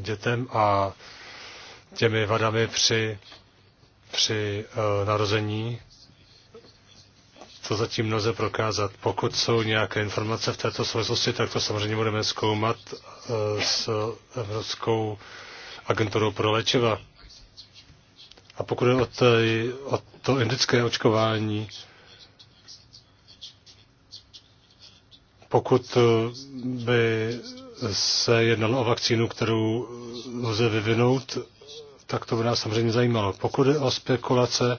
Speaker 1: dětem a těmi vadami při, při narození, to zatím nelze prokázat. Pokud jsou nějaké informace v této souvislosti, tak to samozřejmě budeme zkoumat eh, s eh, Evropskou agenturou pro léčiva. A pokud je o, té, o to indické očkování, pokud eh, by se jednalo o vakcínu, kterou lze vyvinout, tak to by nás samozřejmě zajímalo. Pokud je o spekulace,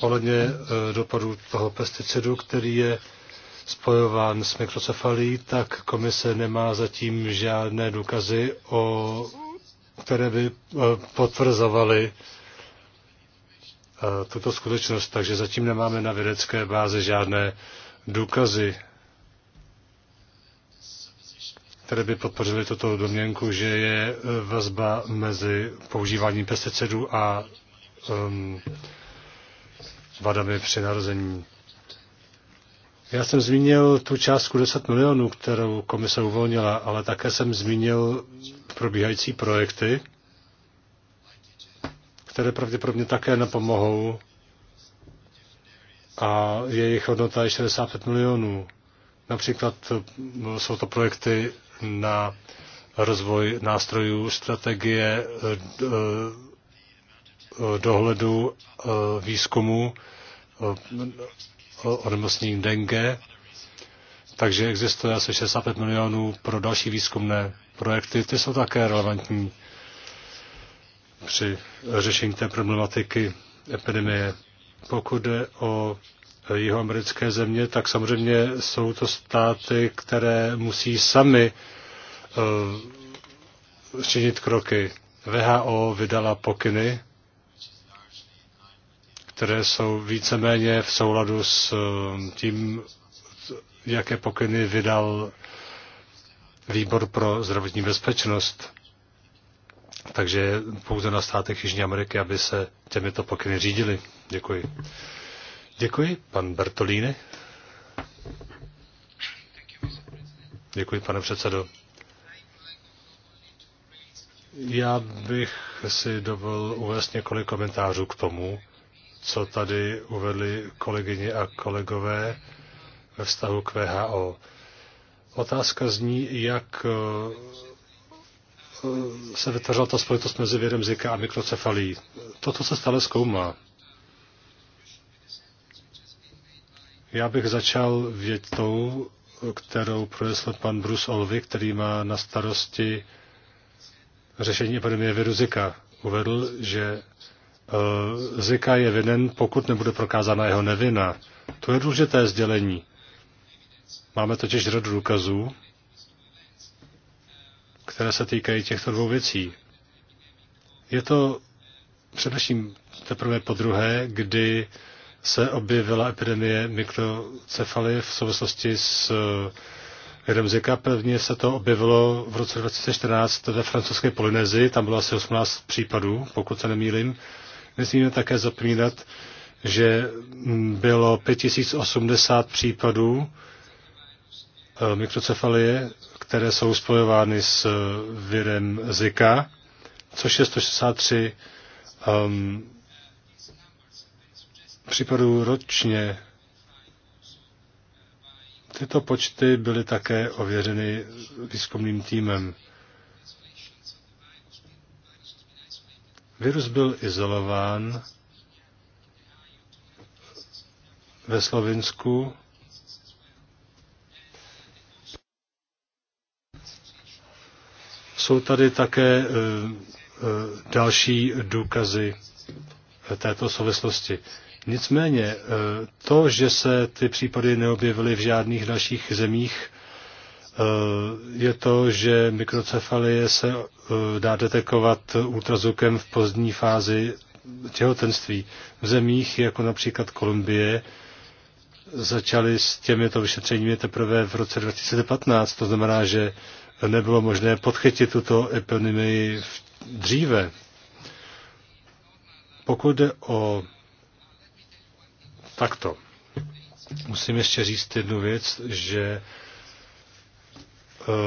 Speaker 1: ohledně eh, dopadu toho pesticidu, který je spojován s mikrocefalí, tak komise nemá zatím žádné důkazy, o, které by eh, potvrzovaly eh, tuto skutečnost, takže zatím nemáme na vědecké bázi žádné důkazy, které by podpořily tuto domněnku, že je vazba mezi používáním pesticidů a um, vadami při narození. Já jsem zmínil tu částku 10 milionů, kterou komise uvolnila, ale také jsem zmínil probíhající projekty, které pravděpodobně také napomohou a jejich hodnota je 65 milionů. Například no, jsou to projekty na rozvoj nástrojů, strategie, eh, dohledu eh, výzkumu eh, onemocnění dengue, takže existuje asi 65 milionů pro další výzkumné projekty. Ty jsou také relevantní při řešení té problematiky epidemie. Pokud jde o jihoamerické země, tak samozřejmě jsou to státy, které musí sami eh, činit kroky. VHO vydala pokyny které jsou víceméně v souladu s eh, tím, jaké pokyny vydal Výbor pro zdravotní bezpečnost. Takže pouze na státech Jižní Ameriky, aby se těmito pokyny řídili. Děkuji. Děkuji, pan Bertolíny. Děkuji, pane předsedo. Já bych si dovolil uvést několik komentářů k tomu, co tady uvedli kolegyně a kolegové ve vztahu k VHO. Otázka zní, jak eh, se vytvořila ta spojitost mezi vědem Zika a mikrocefalí. co se stále zkoumá. Já bych začal větou, kterou pronesl pan Bruce Olvy, který má na starosti řešení epidemie viru Zika. Uvedl, že Eh, Zika je vinen, pokud nebude prokázána jeho nevina. To je důležité sdělení. Máme totiž řadu důkazů, které se týkají těchto dvou věcí. Je to především teprve po druhé, kdy se objevila epidemie mikrocefalie v souvislosti s virem eh, Zika. Pevně se to objevilo v roce 2014 ve francouzské Polynezii, tam bylo asi 18 případů, pokud se nemýlím. Nesmíme také zapomínat, že bylo 5080 případů eh, mikrocefalie, které jsou spojovány s eh, virem Zika, což je 163 um, ehm, případů ročně. Tyto počty byly také ověřeny výzkumným týmem. Virus byl izolován ve Slovinsku jsou tady také eh, eh, další důkazy této souvislosti. Nicméně eh, to, že se ty případy neobjevily v žádných dalších zemích, Eh, je to, že mikrocefalie se eh, dá detekovat ultrazvukem v pozdní fázi těhotenství. V zemích, jako například Kolumbie, začaly s těmito vyšetřeními teprve v roce 2015. To znamená, že nebylo možné podchytit tuto epidemii dříve. Pokud jde o takto, musím ještě říct jednu věc, že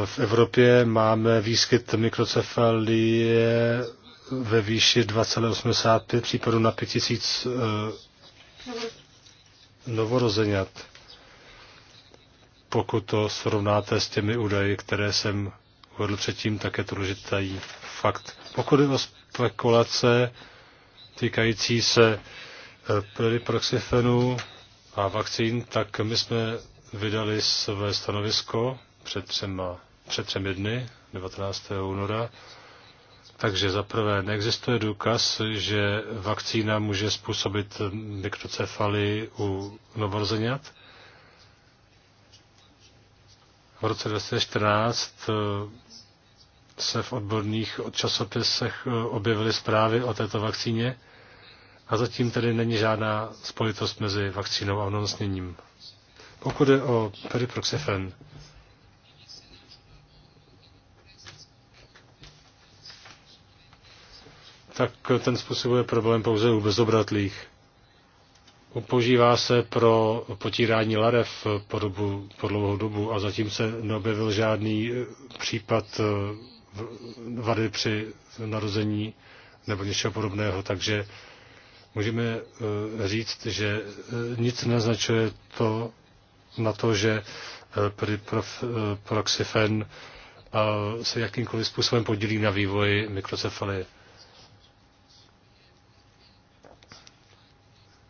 Speaker 1: v Evropě máme výskyt mikrocefalie ve výši 2,85 případů na 5000 eh, novorozenat, Pokud to srovnáte s těmi údaji, které jsem uvedl předtím, tak je to důležitý fakt. Pokud je o spekulace týkající se eh, periproxifenu a vakcín, tak my jsme vydali své stanovisko před, třema, před třemi dny, 19. února. Takže zaprvé neexistuje důkaz, že vakcína může způsobit mikrocefaly u novorozeňat. V roce 2014 eh, se v odborných časopisech eh, objevily zprávy o této vakcíně a zatím tedy není žádná spojitost mezi vakcínou a onemocněním. Pokud je o periproxifen, tak ten způsobuje problém pouze u bezobratlých. Upožívá se pro potírání larev po, dobu, po dlouhou dobu a zatím se neobjevil žádný případ eh, vady při narození nebo něčeho podobného, takže můžeme eh, říct, že eh, nic naznačuje to na to, že proxifen se jakýmkoliv způsobem podílí na vývoji mikrocefalie.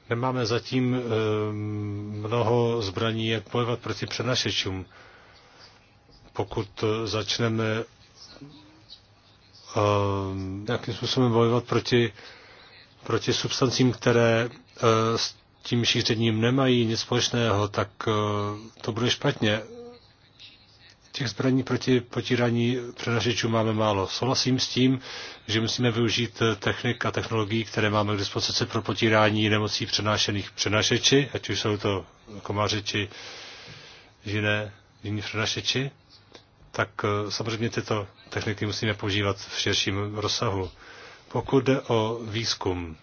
Speaker 1: Nemáme zatím eh, mnoho zbraní, jak bojovat proti přenašečům. Pokud eh, začneme eh, nějakým způsobem bojovat proti, proti substancím, které s tím šířením nemají nic společného, tak to bude špatně. Těch zbraní proti potírání přenašečů máme málo. Souhlasím s tím, že musíme využít eh, technik a technologií, které máme k dispozici pro potírání nemocí přenášených přenašeči, ať už jsou to komáři jiné, jiní přenašeči, tak eh, samozřejmě tyto techniky musíme používat v širším rozsahu. Pokud jde o výzkum,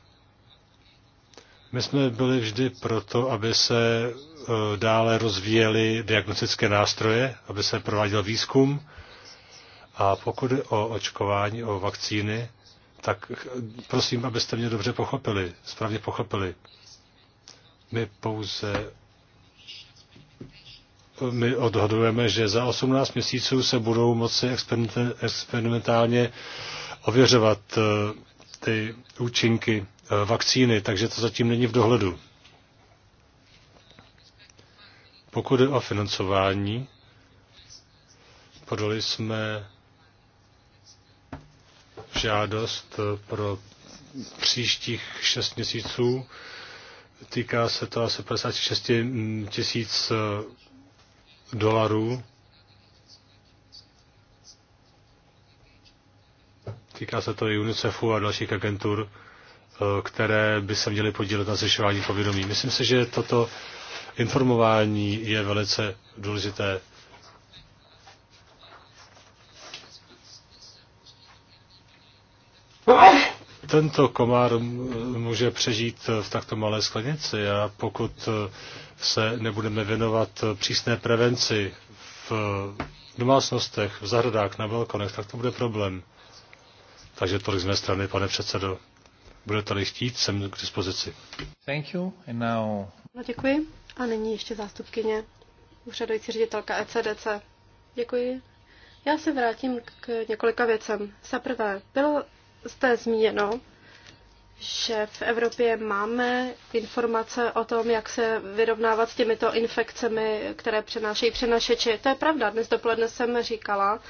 Speaker 1: my jsme byli vždy proto, aby se e, dále rozvíjely diagnostické nástroje, aby se prováděl výzkum. A pokud je o očkování, o vakcíny, tak prosím, abyste mě dobře pochopili, správně pochopili. My pouze my odhodujeme, že za 18 měsíců se budou moci experimentálně ověřovat e, ty účinky Eh, vakcíny, takže to zatím není v dohledu. Pokud je o financování, podali jsme žádost pro příštích 6 měsíců. Týká se to asi 56 tisíc eh, dolarů. Týká se to i UNICEFu a dalších agentur. Eh, které by se měly podílet na zvyšování povědomí. Myslím si, že toto informování je velice důležité. Tento komár může přežít v takto malé sklenici a pokud se nebudeme věnovat přísné prevenci v domácnostech, v zahradách, na balkonech, tak to bude problém. Takže tolik z mé strany, pane předsedo budete-li chtít, jsem k dispozici. Thank you. And now...
Speaker 2: No, děkuji. A nyní ještě zástupkyně, úřadující ředitelka ECDC. Děkuji. Já se vrátím k několika věcem. Za prvé, bylo zde zmíněno, že v Evropě máme informace o tom, jak se vyrovnávat s těmito infekcemi, které přenášejí přenašeči. To je pravda. Dnes dopoledne jsem říkala,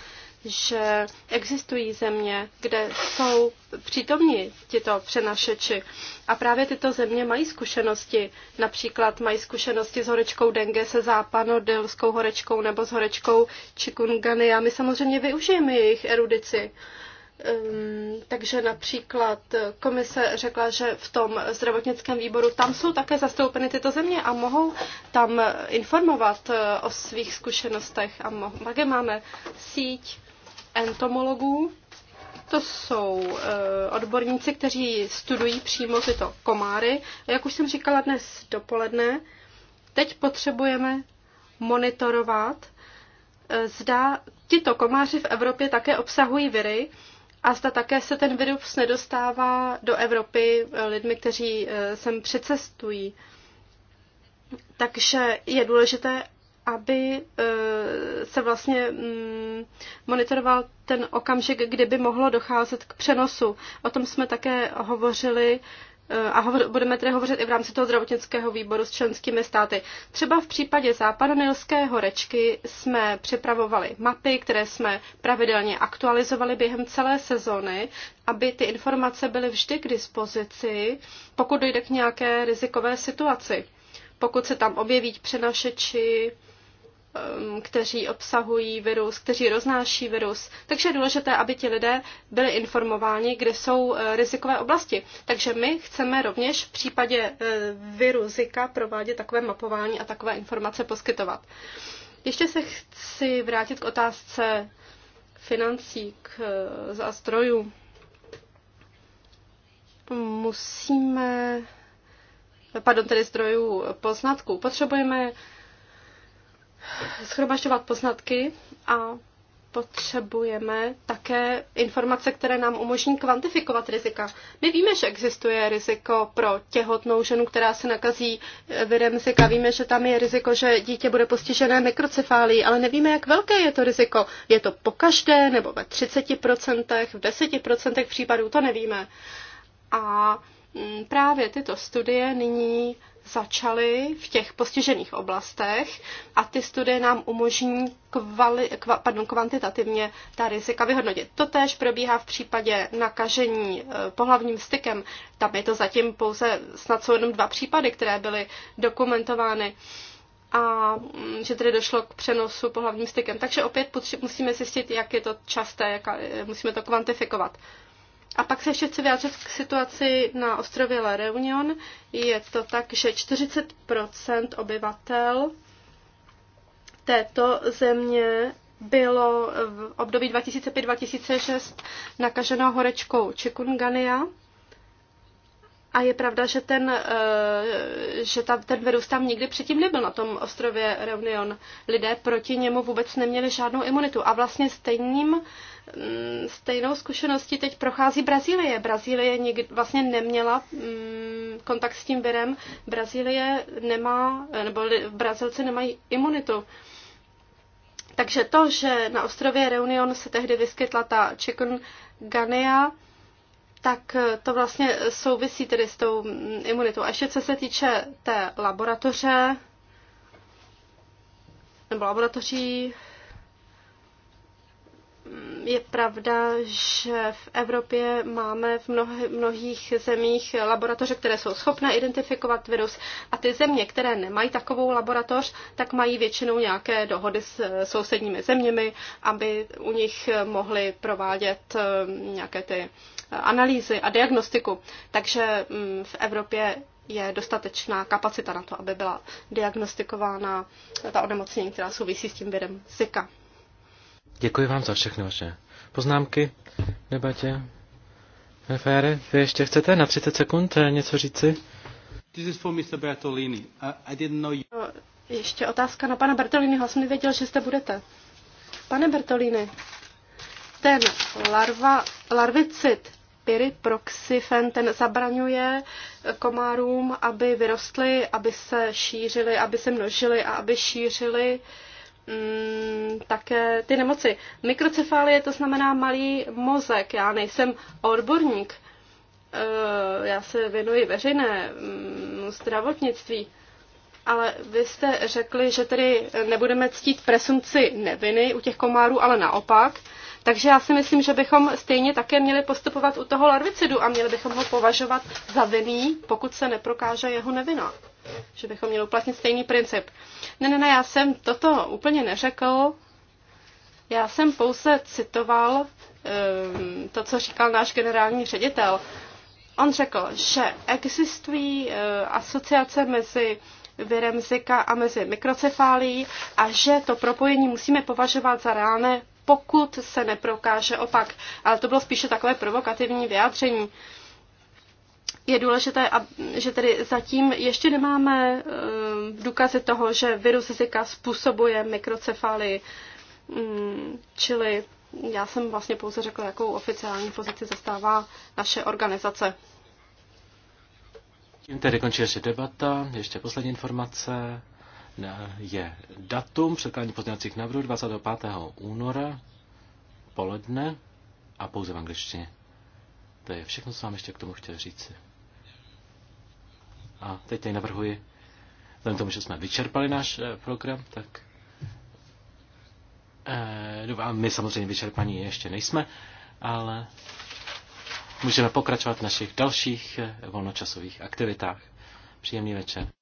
Speaker 2: že existují země, kde jsou přítomní tito přenašeči. A právě tyto země mají zkušenosti. Například mají zkušenosti s horečkou dengue, se západno-delskou horečkou nebo s horečkou chikungunya. My samozřejmě využijeme jejich erudici. Um, takže například komise řekla, že v tom zdravotnickém výboru tam jsou také zastoupeny tyto země a mohou tam informovat eh, o svých zkušenostech. A také máme síť entomologů. To jsou eh, odborníci, kteří studují přímo tyto komáry. A jak už jsem říkala dnes dopoledne, teď potřebujeme monitorovat, eh, zda tyto komáři v Evropě také obsahují viry a zda také se ten virus nedostává do Evropy eh, lidmi, kteří sem přicestují. Takže je důležité, aby eh, se vlastně mm, monitoroval ten okamžik, kdy by mohlo docházet k přenosu. O tom jsme také hovořili eh, a budeme tedy hovořit i v rámci toho zdravotnického výboru s členskými státy. Třeba v případě západonilské horečky jsme připravovali mapy, které jsme pravidelně aktualizovali během celé sezony, aby ty informace byly vždy k dispozici, pokud dojde k nějaké rizikové situaci. Pokud se tam objeví přenašeči, Um, kteří obsahují virus, kteří roznáší virus. Takže je důležité, aby ti lidé byli informováni, kde jsou uh, rizikové oblasti. Takže my chceme rovněž v případě uh, viru Zika provádět takové mapování a takové informace poskytovat. Ještě se chci vrátit k otázce financí, k uh, zástrojů. Musíme, pardon, tedy zdrojů poznatků. Potřebujeme schromažďovat poznatky a potřebujeme také informace, které nám umožní kvantifikovat rizika. My víme, že existuje riziko pro těhotnou ženu, která se nakazí virem Zika. Víme, že tam je riziko, že dítě bude postižené mikrocefálí, ale nevíme, jak velké je to riziko. Je to po každé, nebo ve 30%, v 10% případů, to nevíme. A mm, právě tyto studie nyní začaly v těch postižených oblastech a ty studie nám umožní kvali, kva, pardon, kvantitativně ta rizika vyhodnotit. To též probíhá v případě nakažení eh, pohlavním stykem. Tam je to zatím pouze, snad jsou jenom dva případy, které byly dokumentovány a mm, že tedy došlo k přenosu pohlavním stykem. Takže opět musíme zjistit, jak je to časté, jak, eh, musíme to kvantifikovat. A pak se ještě chci vyjádřit k situaci na ostrově La Reunion. Je to tak, že 40 obyvatel této země bylo v období 2005-2006 nakaženo horečkou chikungunya a je pravda, že ten, eh, že ta, ten virus tam nikdy předtím nebyl na tom ostrově Reunion. Lidé proti němu vůbec neměli žádnou imunitu. A vlastně stejným, mm, stejnou zkušeností teď prochází Brazílie. Brazílie nikdy, vlastně neměla mm, kontakt s tím virem. Brazílie nemá, nebo Brazilci nemají imunitu. Takže to, že na ostrově Reunion se tehdy vyskytla ta chikungunya, tak eh, to vlastně souvisí tedy s tou mm, imunitou. A ještě co se týče té laboratoře, nebo laboratoří, mm, je pravda, že v Evropě máme v mnohých zemích laboratoře, které jsou schopné identifikovat virus a ty země, které nemají takovou laboratoř, tak mají většinou nějaké dohody s eh, sousedními zeměmi, aby u nich mohly provádět eh, nějaké ty analýzy a diagnostiku. Takže mm, v Evropě je dostatečná kapacita na to, aby byla diagnostikována ta onemocnění, která souvisí s tím virem Zika.
Speaker 3: Děkuji vám za všechny vaše poznámky debatě. Fére, vy ještě chcete na 30 sekund něco říci? This is for Mr. Bertolini. Uh, I, didn't know you...
Speaker 2: No, ještě otázka na pana Bertoliniho. Jsem nevěděl, že jste budete. Pane Bertolini, ten larva, larvicid pyriproxifen, ten zabraňuje komárům, aby vyrostly, aby se šířily, aby se množily a aby šířily mm, také ty nemoci. Mikrocefálie to znamená malý mozek. Já nejsem odborník, eh, já se věnuji veřejné mm, zdravotnictví, ale vy jste řekli, že tedy nebudeme ctít presumci neviny u těch komárů, ale naopak – takže já si myslím, že bychom stejně také měli postupovat u toho larvicidu a měli bychom ho považovat za vinný, pokud se neprokáže jeho nevina. Že bychom měli uplatnit stejný princip. Ne, ne, ne, já jsem toto úplně neřekl. Já jsem pouze citoval um, to, co říkal náš generální ředitel. On řekl, že existují uh, asociace mezi virem Zika a mezi mikrocefálií a že to propojení musíme považovat za reálné pokud se neprokáže opak. Ale to bylo spíše takové provokativní vyjádření. Je důležité, že tedy zatím ještě nemáme eh, důkazy toho, že virus Zika způsobuje mikrocefaly, mm, čili já jsem vlastně pouze řekla, jakou oficiální pozici zastává naše organizace.
Speaker 3: Tím tedy končí ještě debata, ještě poslední informace je datum předkládání pozměňovacích návrhů 25. února poledne a pouze v angličtině. To je všechno, co vám ještě k tomu chtěl říct. A teď tady navrhuji, vzhledem tomu, že jsme vyčerpali náš eh, program, tak eh, no a my samozřejmě vyčerpaní ještě nejsme, ale můžeme pokračovat v našich dalších eh, volnočasových aktivitách. Příjemný večer.